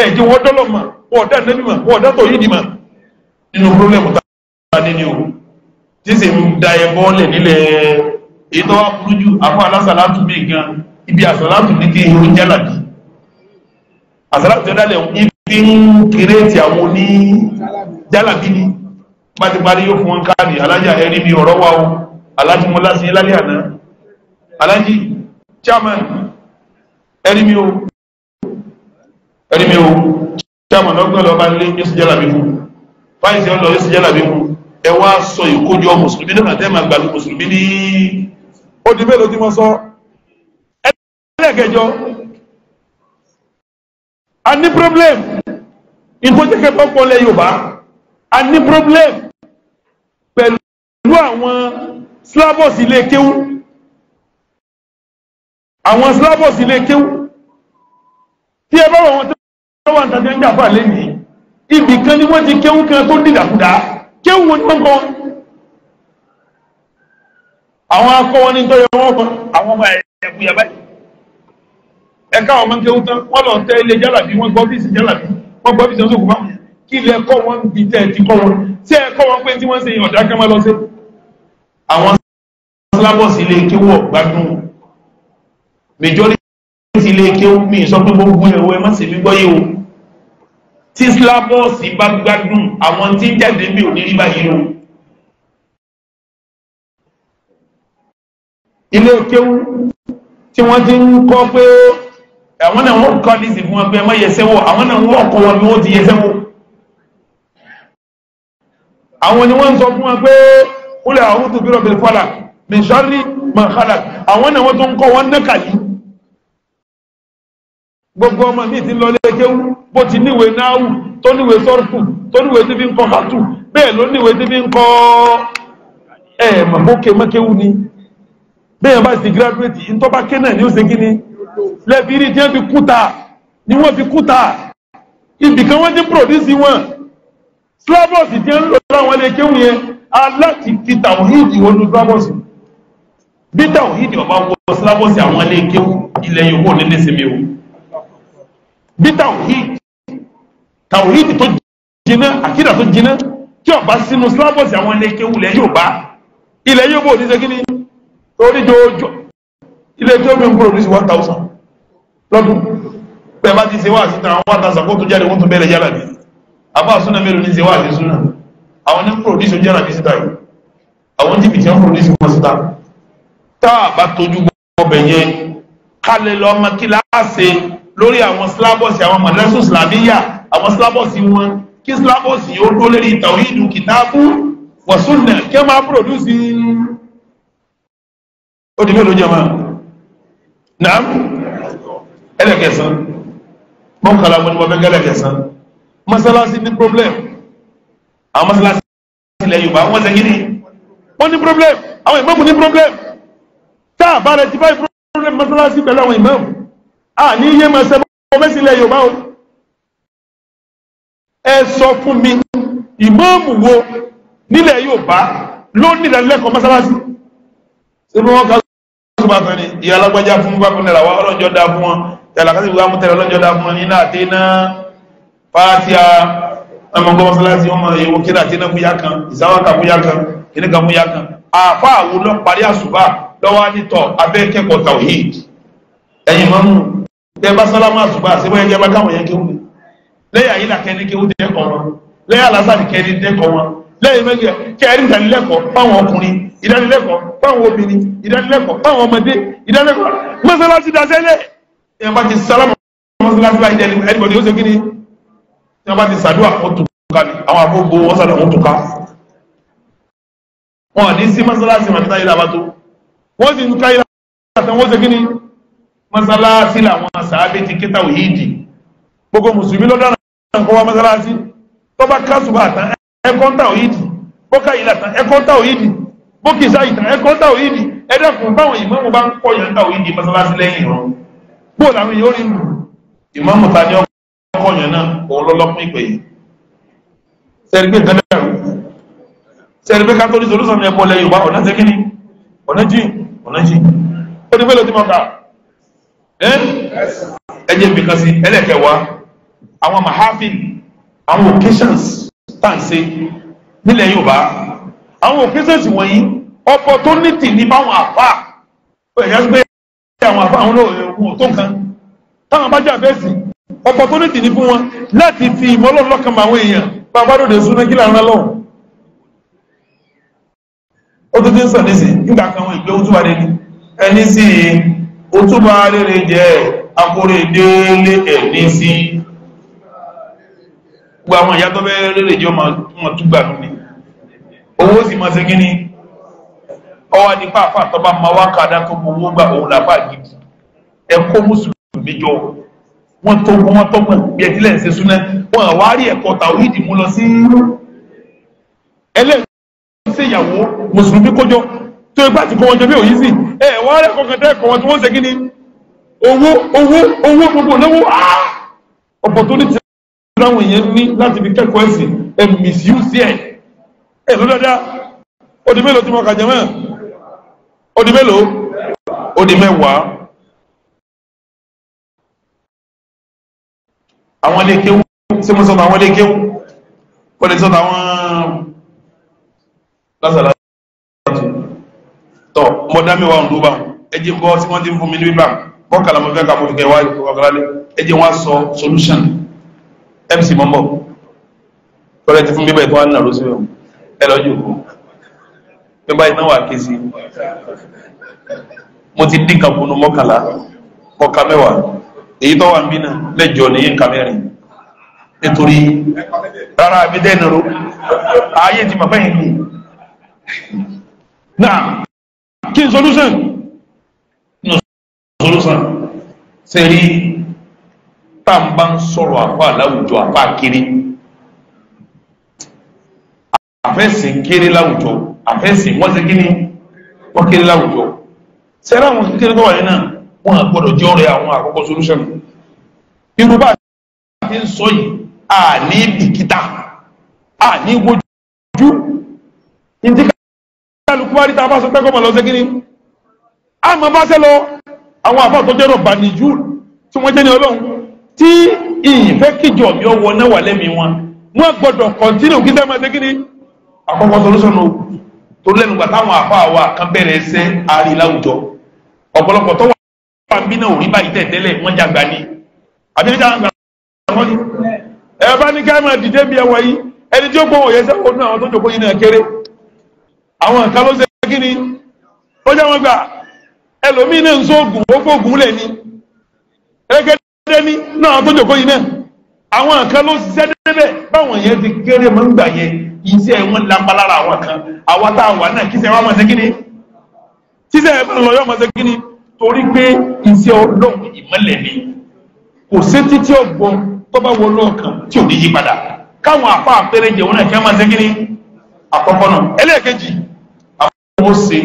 Speaker 1: ẹ̀jẹ̀ wọ́n dọ́lọ̀ mà wọ́n dá nẹ́bí mà wọ́n dá tọ̀ yìí mà nínú pírọ́lẹ́mù tá a ní ní o tí sì ń da ẹ bọ́ọ̀lẹ̀ nílẹ̀ èyí tó wá burú jù afọ alásàlátù mí gan ibi àsàlátù ní ti ìhun jálàbí àsàlátù tó dálẹ̀ ibi ń kéré ti àwọn oní jálàbí ni pátipárí yóò fún wọn káàdì alájà ẹni mi ọ̀rọ̀ wa o alájì mo lásìí lálẹ́ àná alájì chairman ẹni mi o ẹ̀rí mi o chairman ọgbọ́n lọ́ba lé yẹ́sì jẹ́ làbí fún fáìsì ọ̀lọ́ yẹ́sì jẹ́ làbí fún ẹ wá sọ ìkójọ mùsùlùmí nígbà tẹ́ máa gbàlú mùsùlùmí ní. ó di mélòó tí mo sọ ẹlẹ́kẹjọ a ní problem ìtọ́jẹ́kẹ́ pọ́pọ́ lẹ Yorùbá a ní problem pẹ̀lú àwọn slavos ilé kéwú àwọn slavos ilé kéwú tí ẹ bá wọn wà tàbí ń dàfà lẹ́nìí ibì kan ni wọ́n ti kéhùn kan tó dìdàkúdà kéhùn wọn tó ń kọ́ àwọn akọ́ wọn ní tó yẹ wọ́n kan àwọn ọmọ ẹ̀kú yẹ báyìí ẹ̀ka ọmọ kéhùn tán wọ́n lọ tẹ́ ilé jálàbí wọ́n gbọ́ ọ́fíìsì jálàbí wọ́n gbọ́ ọ́fíìsì ọ̀sọ́kù báwọn kí ilé ẹ̀kọ́ wọn bí tẹ́ ẹ̀ ti kọ́ wọn tí ẹ̀kọ́ wọn pé tí wọ́n ṣe ọ̀dà kan máa lọ sí àwọn sílábọ̀sì ilé kéwọ́ gbádùn majority ilé kéwọ́ mi sọ pé gbogbo ẹ̀wọ́ ẹ má ṣe mí gbọ́ yìí o tí sílábọ̀sì bá gbádùn àwọn tí ń jáde bí òní rí báyìí o. ilé kéwú tí wọ́n ti ń kọ́ pé àwọn náà wọ́n kọ́ ní ìsìnkú wọn pé ẹ má yẹsẹ́ wò àwọn náà wọ́n kọ́ wọn bí wọ́n ti yẹsẹ́ wò. àwọn ni wọ́n ń sọ fún wọn pé kúlẹ̀ àwọn tó bí rọ̀bì fọlá min sharri man khalaq àwọn náà wọ́n tó ń kọ́ wọn nákàlí gbogbo ọmọ mi ti lọ lékéwú bó ti níwèé náàwù tó níwèé sọ́rùkù tó níwèé tí fi ń kọ́ hátù bẹ́ẹ̀ ló níwèé tí fi ń kọ́ ẹ̀ẹ̀mọ̀ mókè mọ́kéwú ni bẹ́ẹ̀ bá sì gírádúrétì ìtọ́bá ké náà ní ó ṣe kí ni lẹ́fi fi kúta ni wọ́n fi kúta ibìkan wọ́n ti pòdúsì wọn slavos tí wọ́n lò láwọn lékéwú yẹn aláti ti tàwíìdì wọnú slavos bí tàwíìdì ọba wọ bí tawhid tawhid tó jiná àkídà tó jiná tí ọba sínú sílábọ̀sì àwọn ilé kéwù ilẹ̀ yóò bá ilẹ̀ yóò bó ní ṣe kíní oníjọ́jọ́ ilé tó bí n kúrò lùsí one thousand lọ́dún bẹ́ẹ̀ bá ti ṣe wáàsí tán àwọn one thousand kó tó jáde wọ́n tó bẹ̀rẹ̀ yálà bí àbá súnà mélòó ní ṣe wáàsí súnà àwọn ní kúrò lùsí ojú yàrá bí síta yìí àwọn jìbìtì ń kúrò lùsí wọn síta tá a bá tójú gbọ́ ọbẹ̀ kálẹ̀ lọ́mọ kíláàsì lórí àwọn sílábọ̀sì àwọn mọ̀lẹ́sùn sìlámíyà àwọn sílábọ̀sì wọn kí sílábọ̀sì ó dó lórí tàwíìdù kìtàbù wa sunnah kí wọ́n máa pòròdúsì ó di mélòó jẹ́ máa náà ẹlẹ́kẹsán mọ́kànlá mo ní mo fẹ́ gẹ́lẹ́kẹsán mọ́sálásí ní problem àwọn mọ́sálásí ilẹ̀ Yorùbá wọ́n ṣe gíní wọ́n ní problem àwọn ìmáàmù ní problem táà bá rẹ̀ ti báyìí problem mọ́sálásí pẹ̀lú àwọn ìmáàmù a ah, ní yé mọ̀ sẹ́bọ̀ mẹ́sílẹ̀ yorùbá o ẹ sọ fún mi ìmáàmù wo nílẹ̀ yorùbá ló nílẹ̀ lẹ́kọ̀ọ́ mọ́sálásí ṣé bí wọ́n ká sọ́kùn bá fẹ́ ni ìyá alágbájá fún bá fún ẹ̀rọ ọlọ́jọ́ dá fún wọn ìyá alágbájá fún bá fún ọlọ́jọ́ dá fún wọn nínú àti iná fàtíà ọmọgbọ́n mọ́sálásí ọmọ ìwọ kí láti iná fúyà kan ìsáwọ́ta fúyà kan kìnnìkan fúyà kan àfa tẹ bá sálámà àsùbá àṣẹwọ́ ẹ̀jẹ̀ bá káwọn yẹn kéwù lẹ́yìn àyílà kẹ́ni kéwù tẹ́ kọ́ wọn lẹ́yìn alásàdì kẹ́ni tẹ́ kọ́ wọn lẹ́yìn mẹ́jẹ kẹ́ni ìdánilẹ́kọ̀ọ́ fáwọn ọkùnrin ìdánilẹ́kọ̀ọ́ fáwọn obìnrin ìdánilẹ́kọ̀ọ́ fáwọn ọmọdé ìdánilẹ́kọ̀ọ́ mọ́sálásí dasẹ́lẹ̀ ẹ̀ bá ti sálámà mọ́sálásí láì dẹ́ni ẹ̀dìbọ̀dì ó ṣe kí ni tí wọ́n bá ti sàdúrà ó tún ká ní àwọn àbógbó wọ́n sàdúrà ó tún ká wọn ní sí mọ́sálásí màtí táyé làbátó wọ́n sì ń ká yìí látàn wọ́n ṣe kí ni mọ́sálásí làwọn sàábé ti kíta òyìndì gbogbo mùsùlùmí lọ́dọ̀ náà kọ́ wá mọ́sálásí tó bá kásùbà tán ẹkọ́ ta òyìndì bókà ìlà tán ẹkọ́ ta òyìndì bókì sáyì tán ẹkọ́ ta òyìndì ẹ̀dẹ́kùn báwọn ìmáàmù bá ń kọ́ yàn ta òyìndì mọ́sálásí lẹ́yìn rán bó làwọn yóò rí mù ìmáàmù ta ni ọkọ̀ yàn náà kò lọ́lọ́pìn ìpè yìí sẹ́rìgbé kan dẹ́rù sẹ́rìgbé kátólì solúsàn ní ẹ̀kọ́ lẹ́yìn ọ̀nà sẹ́kínì ọ̀nà jìn ọ̀nà jìn ó ti pẹ́ lọ́tí mọ́ta ẹjẹ́ nìkan sí ẹlẹ́kẹ̀wàá àwọn mahafil àwọn occasions tàǹsẹ̀ nílẹ̀ Yorùbá àwọn occasions wọ̀nyí opportunity ní báwọn àfà ẹ̀yà pé àwọn àfà àwọn olóòwò tó nǹkan táwọn bá jà bẹ́ẹ̀ opportunity ní fún wọn láti fi ìmọ̀lọ́lọ́kan bá àwọn èèyàn bá a bá dòde sún náà kí làwọn lọ́wọ́ ó ti ń sọ nísìnyí nígbà kan ìgbé ojú wa dé ní ẹni ó tún máa rere jẹ́ akúrè délé ẹ̀ní sí gbogbo àwọn ìyá tó bẹ́ rere jẹ́ ọmọ túgbà lónìí owó sì máa ṣe kí ni ọwọ́ ní pàápà tó bá máa wá kàdá tó gbogbo gbà òun làpá gidi ẹ̀kọ́ mùsùlùmí jọ wọ́n tó gbọ́n wọ́n tó gbọ́n bí ẹ̀ tilẹ̀ ń ṣe súná wọ́n wá rí ẹ̀kọ́ tàwídì mú lọ sí ẹlẹ́yìn ṣèyàwó mùsùlùmí kójọ tó ipá ti kọ́ wọn jọ bí òyìn sí ẹ wọ́n rẹ̀ kọ́kàn tẹ́ ẹ̀kọ́ wọn tí wọ́n ṣe kí ni owó owó owó gbogbo náwó ah! opportunity láwọn èèyàn ní láti fi kẹ́kọ̀ọ́ ẹ̀sìn ẹ̀ misuse ẹ̀ ẹ̀ ló dáadáa odi mélòó tí mo kà jẹ́ mẹ́rin odi mélòó odi mẹ́wàá àwọn ilé kéwú sí mo sọ̀tọ̀ àwọn ilé kéwú kò lè sọ̀tọ̀ àwọn lásàlá mọ dámì wa ǹdó bá ẹ jẹ́ kọ́ tí wọ́n ti ń fún mi ní bíbá kọ́ kàlámọ́ fẹ́ kà mọ́tò kẹ́ wá ọ̀gáláàlẹ́ ẹ jẹ́ sọ solution mc mọ́mọ́ tọ́lẹ̀ ti fún bíbá ẹ̀ tó wà nínú àròsí rẹ̀ ẹ lọ́jọ́ òkú bíbá iná wà ké sí mo ti dín kankunu mọ́kànlá mọ́ka mẹ́wàá èyí tó wà ń bí náà lẹ́jọ́ ní yín kàmẹ́rin nítorí rárá àbídẹ́ ìnirú ayé ti mọ̀ fẹ́yìn náà kí n solution no solution sẹ́rí tàbá ń sọ̀rọ̀ àpá láwùjọ àpá kiri àfẹ́sìn kéré láwùjọ àfẹ́sìn wọ́n ṣe kí ni wọ́n kéré láwùjọ sẹ́rí àwọn kékeré tó wà nínú wọn àgbọ́dọ̀ jọ́ rẹ̀ àwọn àkọ́kọ́ solution irú bá ti ń sọ yìí à ní bìkítà à ní wojú ní kálukú wárí tá a bá sọ pé kó mọ̀ lọ kí ni a mọ̀ bá sẹ́ lọ àwọn àbá tó jẹ́ rọ̀bà nìjú tí wọ́n jẹ́ ní ọlọ́run tí ìfẹ́ kíjọ mi ọwọ́ náà wà lẹ́mìí wọn wọ́n gbọ́dọ̀ kọ̀ntínú kí sẹ́mọ̀ sí kí ni àkọ́kọ́ solúsọ̀nù tó lẹ́nu gbà táwọn àbá wa kan bẹ̀rẹ̀ ẹsẹ̀ àárí láwùjọ ọ̀pọ̀lọpọ̀ tó wà ń bí náà rí báyìí tẹ̀tẹ́lẹ̀ wọ́n jàgbá ni àbí níta àgbà wọn ni ẹ bá ní ká máa dìde bí ẹwà yìí ẹni tí ó gbọ́ wọ̀nyẹsẹ̀ wọnú àwọn tó jòkó yìí náà kéré àwọn nǹkan ló ṣe kí ni ó jẹ́ wọn gbà ẹlòmíì náà ń sóògùn lẹ̀ ni ẹgẹ́dẹ́ ní náà tó jòkó yìí náà àwọn nǹkan ló ṣiṣẹ́ débẹ̀ báwọn yẹn ti kéré máa gbà yẹn iṣẹ́ wọn lápá àwọn kan àwa tá a wà náà kí sẹ́wọ́n máa ṣe kí ni ṣíṣẹ́ ẹ̀ máa lọ yọ máa ṣe kí ni torí pé iṣẹ́ ọlọ́run ìmọ̀lẹ̀ ni kò sí títí ọgbọ́n tó bá wọ lọ́ọ̀kan tí ò ní yí padà káwọn àpá àpẹẹrẹ jẹ̀wọ́n náà kí wọ́n máa ṣe kí ni àkọ́kọ́ náà ẹlẹ́ẹ̀kejì wọ́n ṣe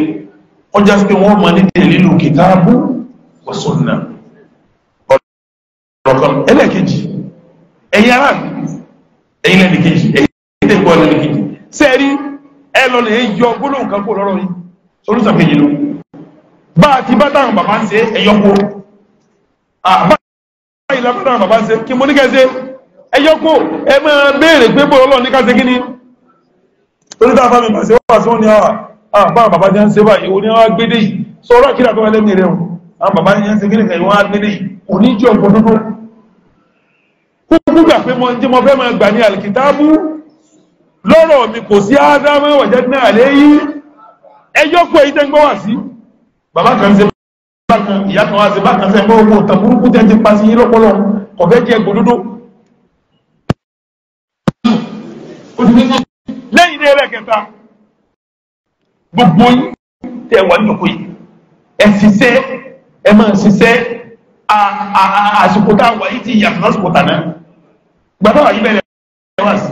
Speaker 1: ọjà sí pé wọ́n mọ̀ ní tẹ̀lé lílo kìtàbù wa sunna ọ̀rọ̀kan ẹlẹ́ẹ̀kejì ẹ̀yin ará ẹ̀yin lẹ́nìkejì ẹ̀yin tẹ̀gbọ́ lẹ́nìkejì sẹ́ẹ̀rí ẹ lọ lè yọ gbólóhùn kan kó lọ́rọ̀ yìí solúsàn kejì ló bá a ti bá táwọn bàbá ń ṣe ẹ̀yọ́ kó àbá báyìí lábẹ́ táwọn bàbá ń ṣe kí mo ní kẹ́ ṣe ẹ̀yọ́ kó ẹ máa béèrè pé bó ọlọ́run ní ká ṣe kí ni torí táwọn bàbá mi bá ṣe wọ́n wá sí wọn ní àwà àbára ah, bàbá jẹ́ ń ṣe báyìí oní wọ́n gbédé yìí sọ́rọ̀ kí làtọ́ ẹlẹ́mì rẹ̀ àwọn bàbá jẹ́ ń ṣe gíníkà ìwọ́n gbédé yìí òní jẹ́ ọ̀pọ̀ dúdú kúkú gbà pé mo ń jẹ́ mo fẹ́ máa gbà ní àlìkìtábù lọ́rọ̀ mi kò sí ádámà wàjẹ́ ní àlẹ́ yìí ẹjọ́ pé èyí tẹ́gbọ́ wà sí bàbá kan ṣe bákan ìyá kan wá sí bákan ṣe mọ́ ogun ọ̀tàn burúkú tẹ́ ti pa sí yín lọ́pọ̀lọ́ kò fẹ́ jẹ́ ẹgbò dúdú lẹ́yìn ní ẹlẹ́kẹta gbogbo yín tẹ wà níjòkó yìí ẹ ṣiṣẹ́ ẹ máa a àsìkò tá a wà yìí ti yàtọ̀ lásìkò tàná gbàtà wà yìí bẹ̀rẹ̀ ẹ wá sí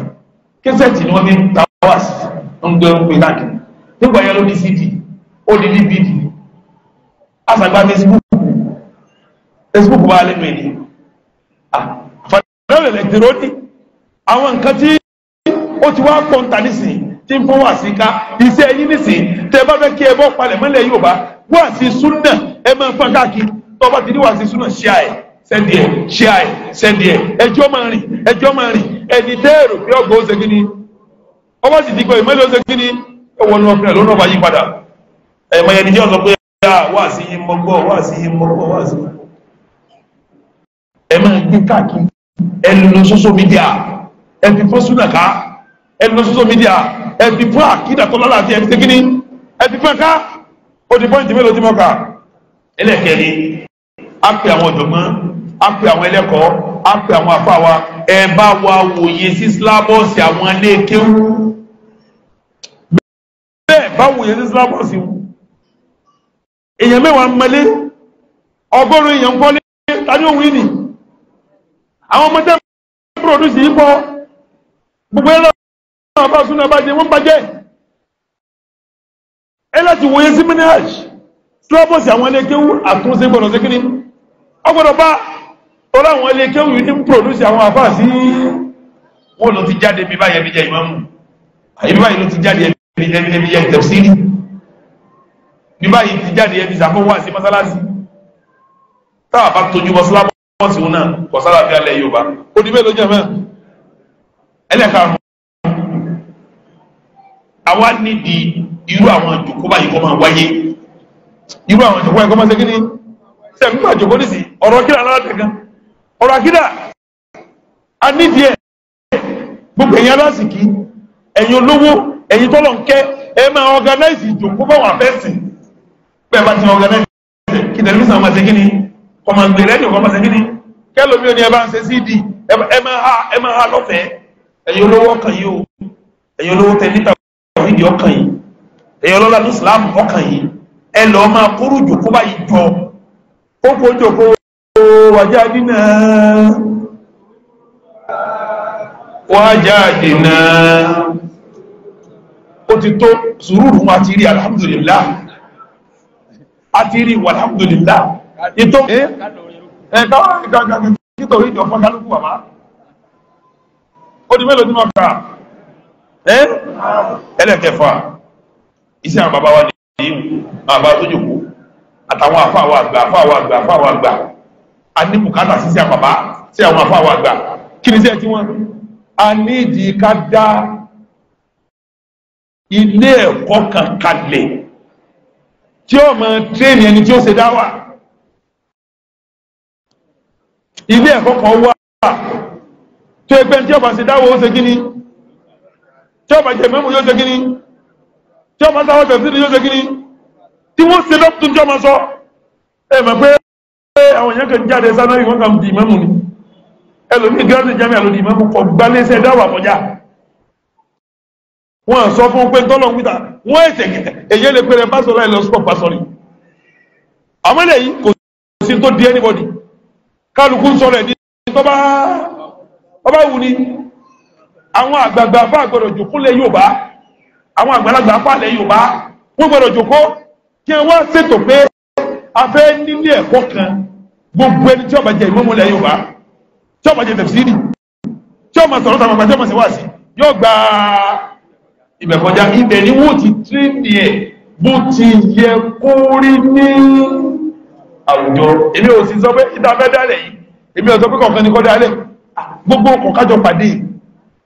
Speaker 1: kẹsẹ̀tì ni wọ́n fi ta wá sí ń gbé ń pè káàkiri nígbà yẹn ló di cd ó di dvd àṣàgbà facebook facebook wà lẹ́nu ẹ̀ ní àfàdánù ẹ̀lẹ́tìrónì àwọn nǹkan tí ó ti wá pọ̀ ń ta nísìnyí tí ń fún wà sí ká iṣẹ́ yín nìsín tẹ bá fẹ́ kí ẹ bọ́ palẹ̀ mọ́lẹ̀ Yorùbá wà sí súnà ẹ máa fọ́n káàkiri tó bá ti ní wà sí súnà ṣíà ẹ̀ sẹ́ndì ẹ̀ ṣíà ẹ̀ sẹ́ndì ẹ̀ ẹjọ́ máa rìn ẹjọ́ máa rìn ẹni tẹ́ẹ̀rù bí ọgbọ́n ṣe kí ni sì ti gbọ́ ìmọ̀lẹ́ ó ṣe kí ni ẹwọ́n ọkùnrin lọ́nà ọba yí padà ẹ̀mọ̀ ẹni jẹ́ ọ̀sọ̀ media ẹ̀fí fọ́sùnà ká ẹnu lọ media ẹ̀fì fún àkídà tó lọ́la àti ẹ̀fì kíní ẹ̀fì fún ẹ̀ká ó ti pọ́ǹtì mélòó tí mo kà ẹlẹ́kẹ̀ẹ́ni á pè àwọn ọ̀jọ̀gbọ́n á pè àwọn ẹlẹ́kọ̀ọ́ á pè àwọn afá wa ẹ bá wa wòye sí sílábọ̀sì àwọn ilé kéwú bẹ́ẹ̀ bá wòye sí sílábọ̀sì wù èèyàn mẹ́wàá mẹ́lẹ́ ọgọ́rùn èèyàn kọ́lé tani òun yìí nì àwọn ọmọdé produce yìí pọ̀ gbogbo àwọn afá súnà bàjẹ́ wọ́n bàjẹ́ ẹ láti wòye sí minhaj sílábọ̀sì àwọn ilékéwú àtúnṣe gbọ́dọ̀ sí kíní ọgbọ́dọ̀ bá ọlọ́ àwọn ilékéwú yìí ń pòdúsì àwọn afá sí wọn ló ti jáde bí báyẹ̀ bí jẹ́ ìmáàmù àyíbí báyìí ló ti jáde ẹbí ẹbí ẹbí ẹbí tẹ̀síìrì bí báyìí ti jáde ẹbí sàfọwọ́ àti mọ́sálásì táwa bá tójú bọ́ sílábọ̀sì wọn náà kọ̀ sálàfíà lẹ́ Yorùbá ó di mélòó jẹ́ mẹ́rin ẹlẹ́karùn àwa nídìí irú àwọn àjòkó báyìí kọ́ máa wáyé irú àwọn àjòkó báyìí kọ́ máa ṣe kíni sẹ́mi máa jòkó nísì ọ̀rọ̀ kíra náà tẹ̀ gan ọ̀rọ̀ àkídà a nídìí ẹ̀ gbogbo ẹ̀yin alásìkí ẹ̀yin olówó ẹ̀yin tọ́lọ̀ ń kẹ́ ẹ máa organize ìjòkó báwọn afẹ́sìn bẹ́ẹ̀ bá ti organize kí tẹlifíṣàn máa ṣe kíni kọ́ máa gbé rẹ́díò kọ́ máa ṣe ẹ bá ń ṣe cd ẹ máa ha lọ́fẹ̀ẹ́ ẹ̀yin olówó kan yìí o ẹ̀yin olówó tẹ níta tọ̀hídì ọkàn yìí èyàn lọ́la ní islam ọkàn yìí ẹ lọ máa kúrú jòkó báyìí jọ ó kó jòkó wàjá dínà wàjá dínà ó ti tó sùúrù wọn àti rí alhamdulillah àti rí alhamdulillah ìtò ẹ̀ẹ́dá ìgbàgbàgbà títọ̀ ìjọ fún kálukú wà máa ó di mélòó ní mọ̀ká Eh? ẹlẹ́kẹfà iṣẹ́ àwọn bàbá wa ní ìlú àwọn bàbá tó jòkó àtàwọn àfáwà àgbà àfáwà àgbà àfáwà àgbà a ní bùkátà sí sí àbàbá sí àwọn àfáwà àgbà kí ni iṣẹ́ tí wọ́n a ní ìdí ká dá ilé ẹ̀kọ́ kan kalẹ̀ tí ó mọ tírẹ́nì ẹni tí ó ṣe dá wà ilé ẹ̀kọ́ kan wà tó ẹgbẹ́ tí ọba ṣe dáwọ́ ó ṣe kí ni tí ọba jẹ mẹ́mú yóò ṣe kí ni tí ọba sáwọ́ tẹ̀sí ni yóò ṣe kí ni tí wọ́n ṣe lọ́pùtù tí ọba sọ ẹ mọ̀ pé àwọn èèyàn kan jáde sáná yìí wọ́n kàn di mẹ́mú ni ẹlòmíì gíláàsì jẹ́mi àlòdì mẹ́mú kọ gbálẹ́sẹ̀ dáwà kọjá wọ́n sọ fún pé tọ́lọ̀ wíta wọ́n ẹ̀sẹ̀ èyí lè pèrè pásọ̀rọ̀ ẹ̀ lọ sí pàṣọrí àwọn eléyìí kò sí tó di anybody kálukú sọ̀rọ̀ ẹ̀ ní tọ́ba wù ni àwọn àgbààgbà fà gbọdọ̀ jòkó lẹ Yorùbá àwọn àgbàlagbà fà lẹ Yorùbá wọ́n gbọdọ̀ jòkó kí wọ́n ṣètò pé a fẹ́ nílé ẹ̀kọ́ kan gbogbo ẹni tí ó bá jẹ́ ìmọ̀mọ́ lẹ Yorùbá tí ó bá jẹ́ tẹ̀síìrì tí ó máa sọ̀rọ̀ tàbí àgbàjọ́ máa ṣe wáàsí yóò gba ibẹ̀ kọjá ibẹ̀ ni wọ́n ti tírínì ẹ̀ bó ti yẹ kó rí ní àwùjọ èmi ò sì sọ pé ìta fẹ́ dálẹ̀ yìí èmi ò sọ pé kọ̀ọ̀kan ni kọ́ dálẹ̀ ah, gbogbo kọ̀ọ̀kájọ pàdé yìí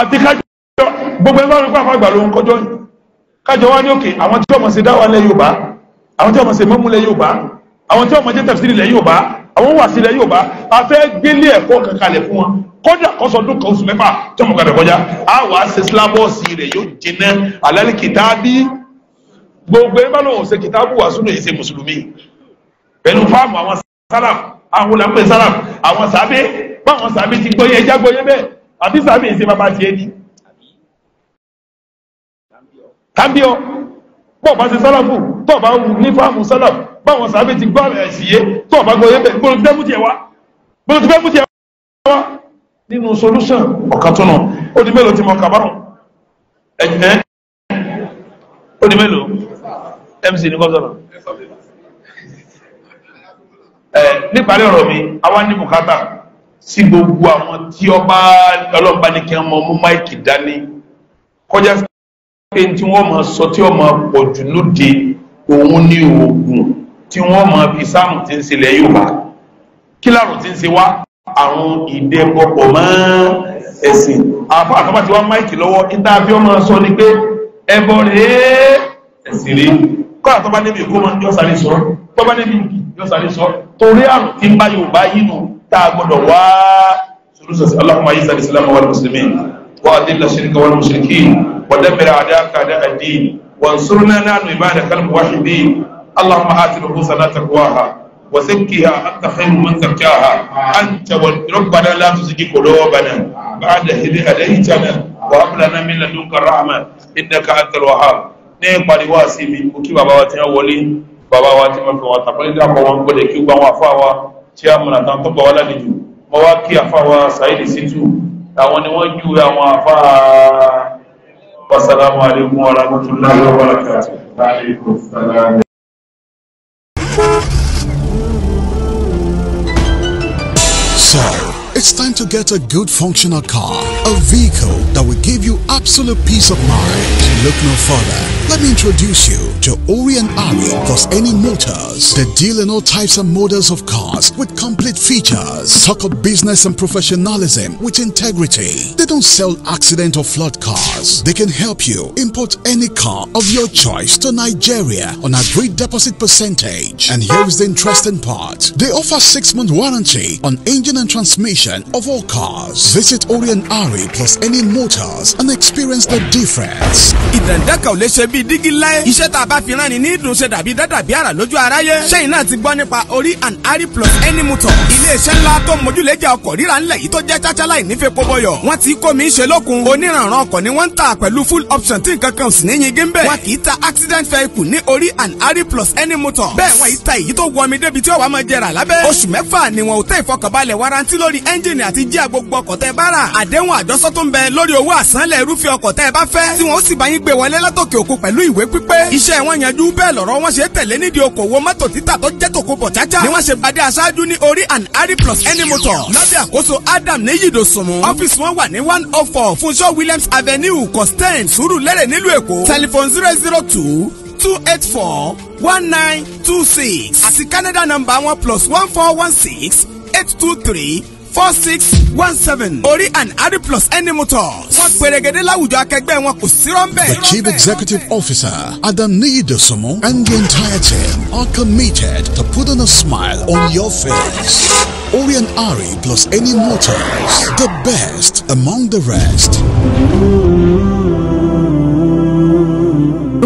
Speaker 1: àti kájọ gbogbo ẹgbẹ́ orí pàápàá gbà ló ń kọjọ́ yìí kájọ wá ní òkè àwọn tí ọmọ ṣe dáwà lẹ Yorùbá àwọn tí ọmọ ṣe mọ́mú lẹ Yorùbá àwọn tí ọmọ jẹ́ tẹ̀síìrì lẹ Yorùbá àwọn wà sí lẹ Yorùbá a fẹ́ gbélé ẹ̀kọ́ kankanlẹ̀ fún wọn kọjá kọsọdún kan oṣù mẹ́fà tí ọmọ kan kọjá a wà á ṣe sílábọ̀ọ̀sì rẹ̀ yóò jiná àlálì kìtàbí gbogbo ẹgbẹ́ ló ń ṣe kìtàbù wà súnú ìṣe mùsùlùmí pẹ̀lú fáàmù àwọn sálàm àwọn làpẹ̀ sálàm àwọn sàbẹ̀ báwọn sàbẹ̀ ti gbọ́yẹ ẹja gbọ́yẹ bẹ́ẹ̀ àbí sàbí ìṣe bàbá tiẹ̀ ní kábíọ́ pọ̀ bá ṣe sálàfù tọ́ bá wù ní fáàmù sálàfù báwọn sàbí ti gbọ́ ẹ̀sìyé tọ́ bá gbọ́ yẹ́bẹ̀ gbọ́n ti fẹ́ mú wá gbọ́n ti fẹ́ wá nínú solution ọ̀kan tó nà ó di mélòó ti mọ kàbárùn ẹ̀jẹ̀ ó di mélòó mc ní gọ́sọ̀rọ̀ níparí ọ̀rọ̀ mi àwa ní bùkátà sí gbogbo àwọn tí ọba ọlọ́mọba ní kí wọ́n mú máìkì dání kọjá pé tí wọ́n máa sọ tí wọ́n máa pọ̀ jù lóde òun ní oògùn tí wọ́n máa fi sáàmù tí ń ṣe ilẹ̀ Yorùbá kí láàrùn tí ń ṣe wá àrùn ìdẹ́gbọ̀pọ̀ mọ́ ẹ̀sìn àfa àtọ́bà tí wọ́n máìkì lọ́wọ́ níta bí wọ́n sọ ni pé ẹbọ rèé ẹ̀sìn rèé kọ́ àtọ́bà níbi ìkó máa sọ tọ́bà níbi ìkí yọ sọ torí àrùn tí ń bá Yorùbá yìí nù tá a gbọ́dọ̀ wá sùrùsù sí Allahumma ayé sàlẹ̀ islam wal muslimin wa adilla shirka wal mushrikin wa dammir a'da'aka a'da'a ad-din wansurna nanu ibadakal muwahhidin Allahumma ati nufusana taqwaha wa zakkiha anta khayru man zakkaha anta wa rabbana la tuzigh qulubana ba'da idh hadaytana wa hab lana min ladunka rahma innaka antal wahhab ní ìpàdé wá mi kí bàbá wa ti ń wọlé bàbá wa ti máa fi wọn tàbí nígbà kan wọn gbọ́dọ̀ kí tí a múra tán tó gbà wá lálejò mo wá kí àfáwa Saidi Shittu àwọn ni wọ́n ju àwọn àfá wasalaamu alaikum wa rahmatullahi wa barakatuh.
Speaker 3: Sir. It's time to get a good functional car, a vehicle that will give you absolute peace of mind. look no further. Let me introduce you to Orient Army Any Motors. They deal in all types and models of cars with complete features. talk of business and professionalism with integrity. They don't sell accident or flood cars. They can help you import any car of your choice to Nigeria on a agreed deposit percentage. And here's the interesting part. They offer 6-month warranty on engine and transmission inspection of all cars. Visit Orion Ari plus any motors and experience the difference. Ìdàndẹ́kẹ̀ ò lè ṣe bíi dígí láyé. Iṣẹ́ tá a bá fi rán ni ní ìdùn ṣe dàbí dàdàbí àrà lójú aráyé. Ṣẹ́yìn náà ti gbọ́ nípa Ori Ari plus any motor. Ilé-iṣẹ́ ńlá tó mójúlẹ́jà ọkọ̀ ríra ńlẹ̀ yìí tó jẹ́ chacha láì nífẹ̀ẹ́ kóbọyọ̀. Wọ́n ti kó mi ṣe lókun. Oníranran ọkọ̀ ni wọ́n ń tà pẹ̀lú full option tí nǹkan kan ò sì ní yin gẹ́ńbẹ̀. Wọ́n kì í ta accident vehicle ní Ori and Ari plus any motor. Bẹ́ẹ̀ wọ́n yìí ta èyí tó wọ mi débi tí ó wàá máa ni wọn ò tẹ́ warranty lórí ẹ́ńjìnì àti jíà gbogbo ọkọ̀ tẹ́ bá rà àdéhùn àjọsọ tó ń bẹ lórí owó àsánlẹ̀ irúfẹ́ ọkọ̀ tẹ́ bá fẹ́ tí wọ́n sì bá yín gbé wọlé látòkè òkun pẹ̀lú ìwé pípé iṣẹ́ wọn yanjú bẹ́ẹ̀ lọ́rọ̀ wọn ṣe tẹ̀lé nídìí okòwò mọ́tò títà tó jẹ́ tòkó bọ̀ cháchá ni wọ́n ṣe pàdé aṣáájú ní orí and ari plus any motor lábẹ́ àkóso Adam ní one oh two eight four one nine two six àti Canada number wọn plus one four one six eight two three four six one seven orí and ari plus any motors. wọ́n pèrègèdè láwùjọ akẹgbẹ́ wọn kò sí rọ́ńbẹ́. the chief executive officer Adam dosomo and the entire team are committed to putting a smile on your face. Ori and Ari plus any motors, the
Speaker 4: best among the rest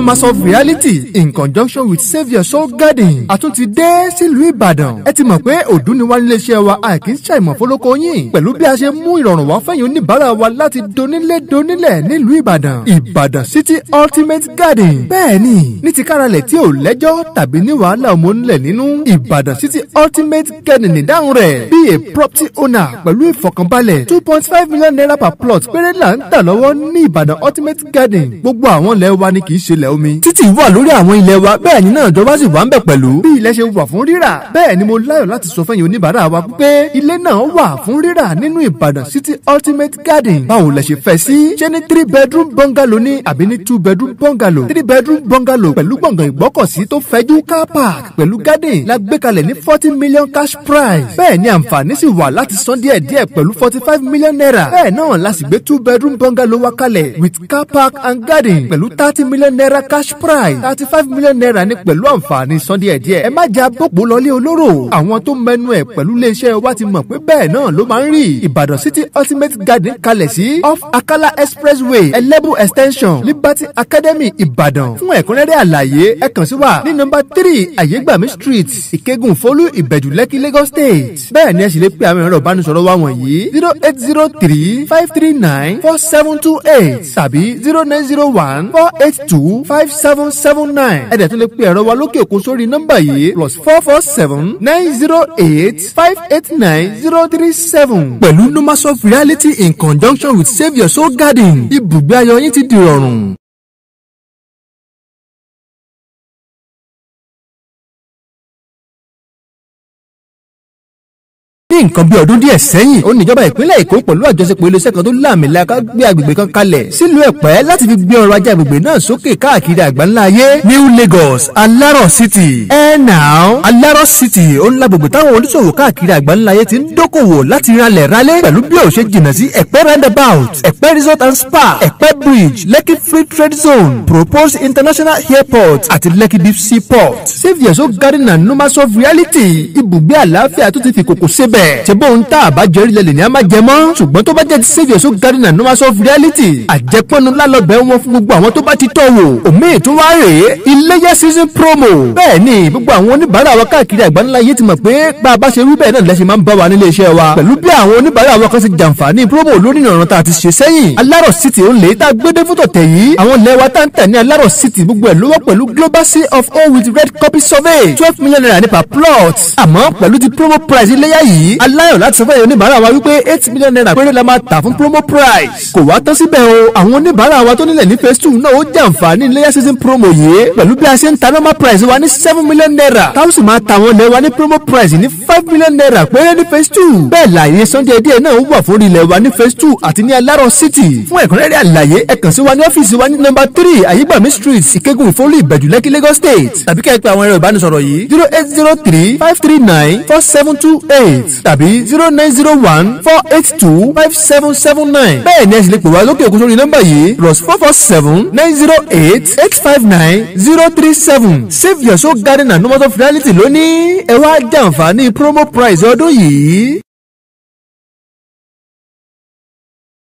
Speaker 4: mass of reality in conjunction with saviour soul garden àtúntì dé sílùú ìbàdàn ẹ ti mọ̀ pé òdú ni wá nílé iṣẹ́ wa àìkí ń ṣàìmọ̀ fólókó yín pẹ̀lú bí a ṣe mú ìrọ̀rùn wá fẹ́yìn oníbàárà wa láti donílé donílẹ̀ nílùú ìbàdàn ìbàdàn city ultimate garden bẹ́ẹ̀ ni ní ti káralẹ̀ tí ò lẹ́jọ́ tàbí ní wàhálà òmónilẹ̀ nínú ìbàdàn city ultimate garden ìdáhùn rẹ̀ bí a property owner pẹ̀lú ìfọkànbalẹ̀ two point five million naira per plot péré là ń tà lọ́wọ́ ní ìbàdàn ultimate garden gbogbo àwọn ilẹ̀ wa ni kì í ṣe ilẹ̀ omi. títì wà lórí àwọn ilẹ̀ wa bẹ́ẹ̀ ni náà ìjọba sì wà ń bẹ̀ pẹ̀lú. bí ilẹ̀ ṣe wà fún rírà bẹ́ẹ̀ ni mo láyọ̀ láti sọ fẹ́yìn oníbàárà wa pé ilé náà wà fún rírà nínú Ìbàdàn City Ultimate Garden. báwo lẹ ṣe fẹ́ sí. ṣé ní three bedroom bungalow ni àbí ní two bedroom bungalow. three bedroom bungalow pẹ̀lú gbọ̀ngàn ìgbọ́kọ̀sí tó fẹ̀jú car park pẹ̀lú garden la gbé kalẹ̀ ní forty million cash prize. bẹ́ẹ̀ ni àǹfààní sì wà láti san díẹ̀díẹ̀ pẹ̀lú forty five million naira. bẹ́ẹ̀ náà la sì gbé two bedroom bungalow wa kalẹ̀ with car park and garden pẹ̀lú thirty million naira cash prize thirty five million naira ní pẹ̀lú àǹfààní san díẹ̀ díẹ̀ ẹ má jẹ́ abópo lọlé olóró àwọn tó mẹnu ẹ̀ pẹ̀lú iléeṣẹ́ wa ti mọ̀ pé bẹ́ẹ̀ náà ló máa ń rí Ìbàdàn City Ultimate Garden kalẹ̀ sí off Akala Expressway Elebu extension Liberty Academy Ìbàdàn fún ẹ̀kúnrẹ́rẹ́ àlàyé ẹ kàn sí wa ní nọ́mbà three Ayégbàmí Street Ìkẹ́gùn Folu Ìbẹ̀jú Lẹ́kì Lagos State bẹ́ẹ̀ ni ẹ sì lè pe àwọn ẹ̀rọ ìbánisọ̀rọ̀ wa wọ̀nyí zero eight zero three five three nine four seven two eight tàbí zero nine zero one four eight two five seven seven nine ẹ̀dẹ̀ tún lè pe ẹ̀rọ wa lókè òkun sórí nọ́mbà yìí plus four four seven nine zero eight five eight nine zero three seven. pẹ̀lú numasoft reality in conjunction with save soul garden ibùgbé ayọ̀ yín ti dìrọ̀rùn. ní nǹkan bí ọdún díẹ̀ sẹ́yìn ó ìpínlẹ̀ èkó pẹ̀lú àjọṣepọ̀ iléeṣẹ́ kan tó láàmìlaka gbé agbègbè kan kalẹ̀ sílùú ẹ̀pẹ́ láti fi gbé ọrọ̀ ajé agbègbè náà sókè káàkiri àgbáńlá ayé new lagos alaro city ẹ̀ now alaro city ó ń lágbègbè táwọn oníṣòwò káàkiri àgbáńlá ayé ti ń dókòwò láti ralẹ̀ ralé pẹ̀lú bí ó ṣe jìnnà sí ẹ̀pẹ́ roundabout ẹ̀pẹ́ resort and spa ẹ̀pẹ́ bridge lekki free trade zone proposed international airport àti lekki deep sea port save your soul garden and numasoft reality ibùgbé àlàáfíà tó ti fi kòkò síbẹ̀ bẹ̀. ṣe bóun tá a bá jẹ orílẹ̀ lè ní a má jẹ mọ́. ṣùgbọ́n tó bá jẹ́ ti save your soul garden and numbers of reality. àjẹpọ́nu lálọ́bẹ̀ wọn fún gbogbo àwọn tó bá ti tọ̀ wò. òmíì tún wá rèé iléyà season promo. bẹ́ẹ̀ ni gbogbo àwọn oníbàárà wa káàkiri àgbáńlá yìí ti mọ̀ pé bá a bá ṣe rú bẹ́ẹ̀ náà lẹ́sìn máa ń bá wa nílé iṣẹ́ wa. pẹ̀lú bí àwọn oníbàárà wa kan ti jàǹfààní promo lórí ìrànràn tá a ti ṣe sẹ́yìn. alárò city ó lè tá a gbé dé fún city gbogbo ẹ̀ ló global sea of all with red copy survey twelve million naira per plot. àmọ́ pẹ̀lú ti promo price iléyà aláyọ̀ láti sọ fún ẹ̀yọ́ oníbàárà wa wípé eight million naira péré la máa tà fún promo price. kò wá tán síbẹ̀ o àwọn oníbàárà wa tó nílẹ̀ ní phase two náà ó jàǹfààní layer season promo yìí pẹ̀lú bí a ṣe ń ta normal price wa ní seven million naira táwọn sì máa ta wọn lẹ̀ wa ní promo price ní five million naira péré ní phase two. bẹ́ẹ̀ láàyè sunday díẹ̀ náà wà fún ilẹ̀ wa ní phase two àti ní alárọ̀ city. fún ẹ̀kúnrẹ́rẹ́ àlàyé ẹ kàn sí wa ní ọ́fíìsì wa ní nọ́mbà three àyígbàmí street ìkẹ́gùn ìfọ́lù ìbẹ̀jú lẹ́kí lagos state tàbí kẹ́ ẹ pé àwọn ẹ̀rọ ìbánisọ̀rọ̀ yìí zero eight zero three five three nine four seven two eight tàbí zero nine zero one four eight two five seven seven nine bẹ́ẹ̀ ni ẹ sì lè pè wá lókè òkú nọ́mbà yìí plus four four seven nine zero eight eight five nine zero three seven save your soul garden and no matter reality lónìí ẹ wá jàǹfààní promo price ọdún yìí.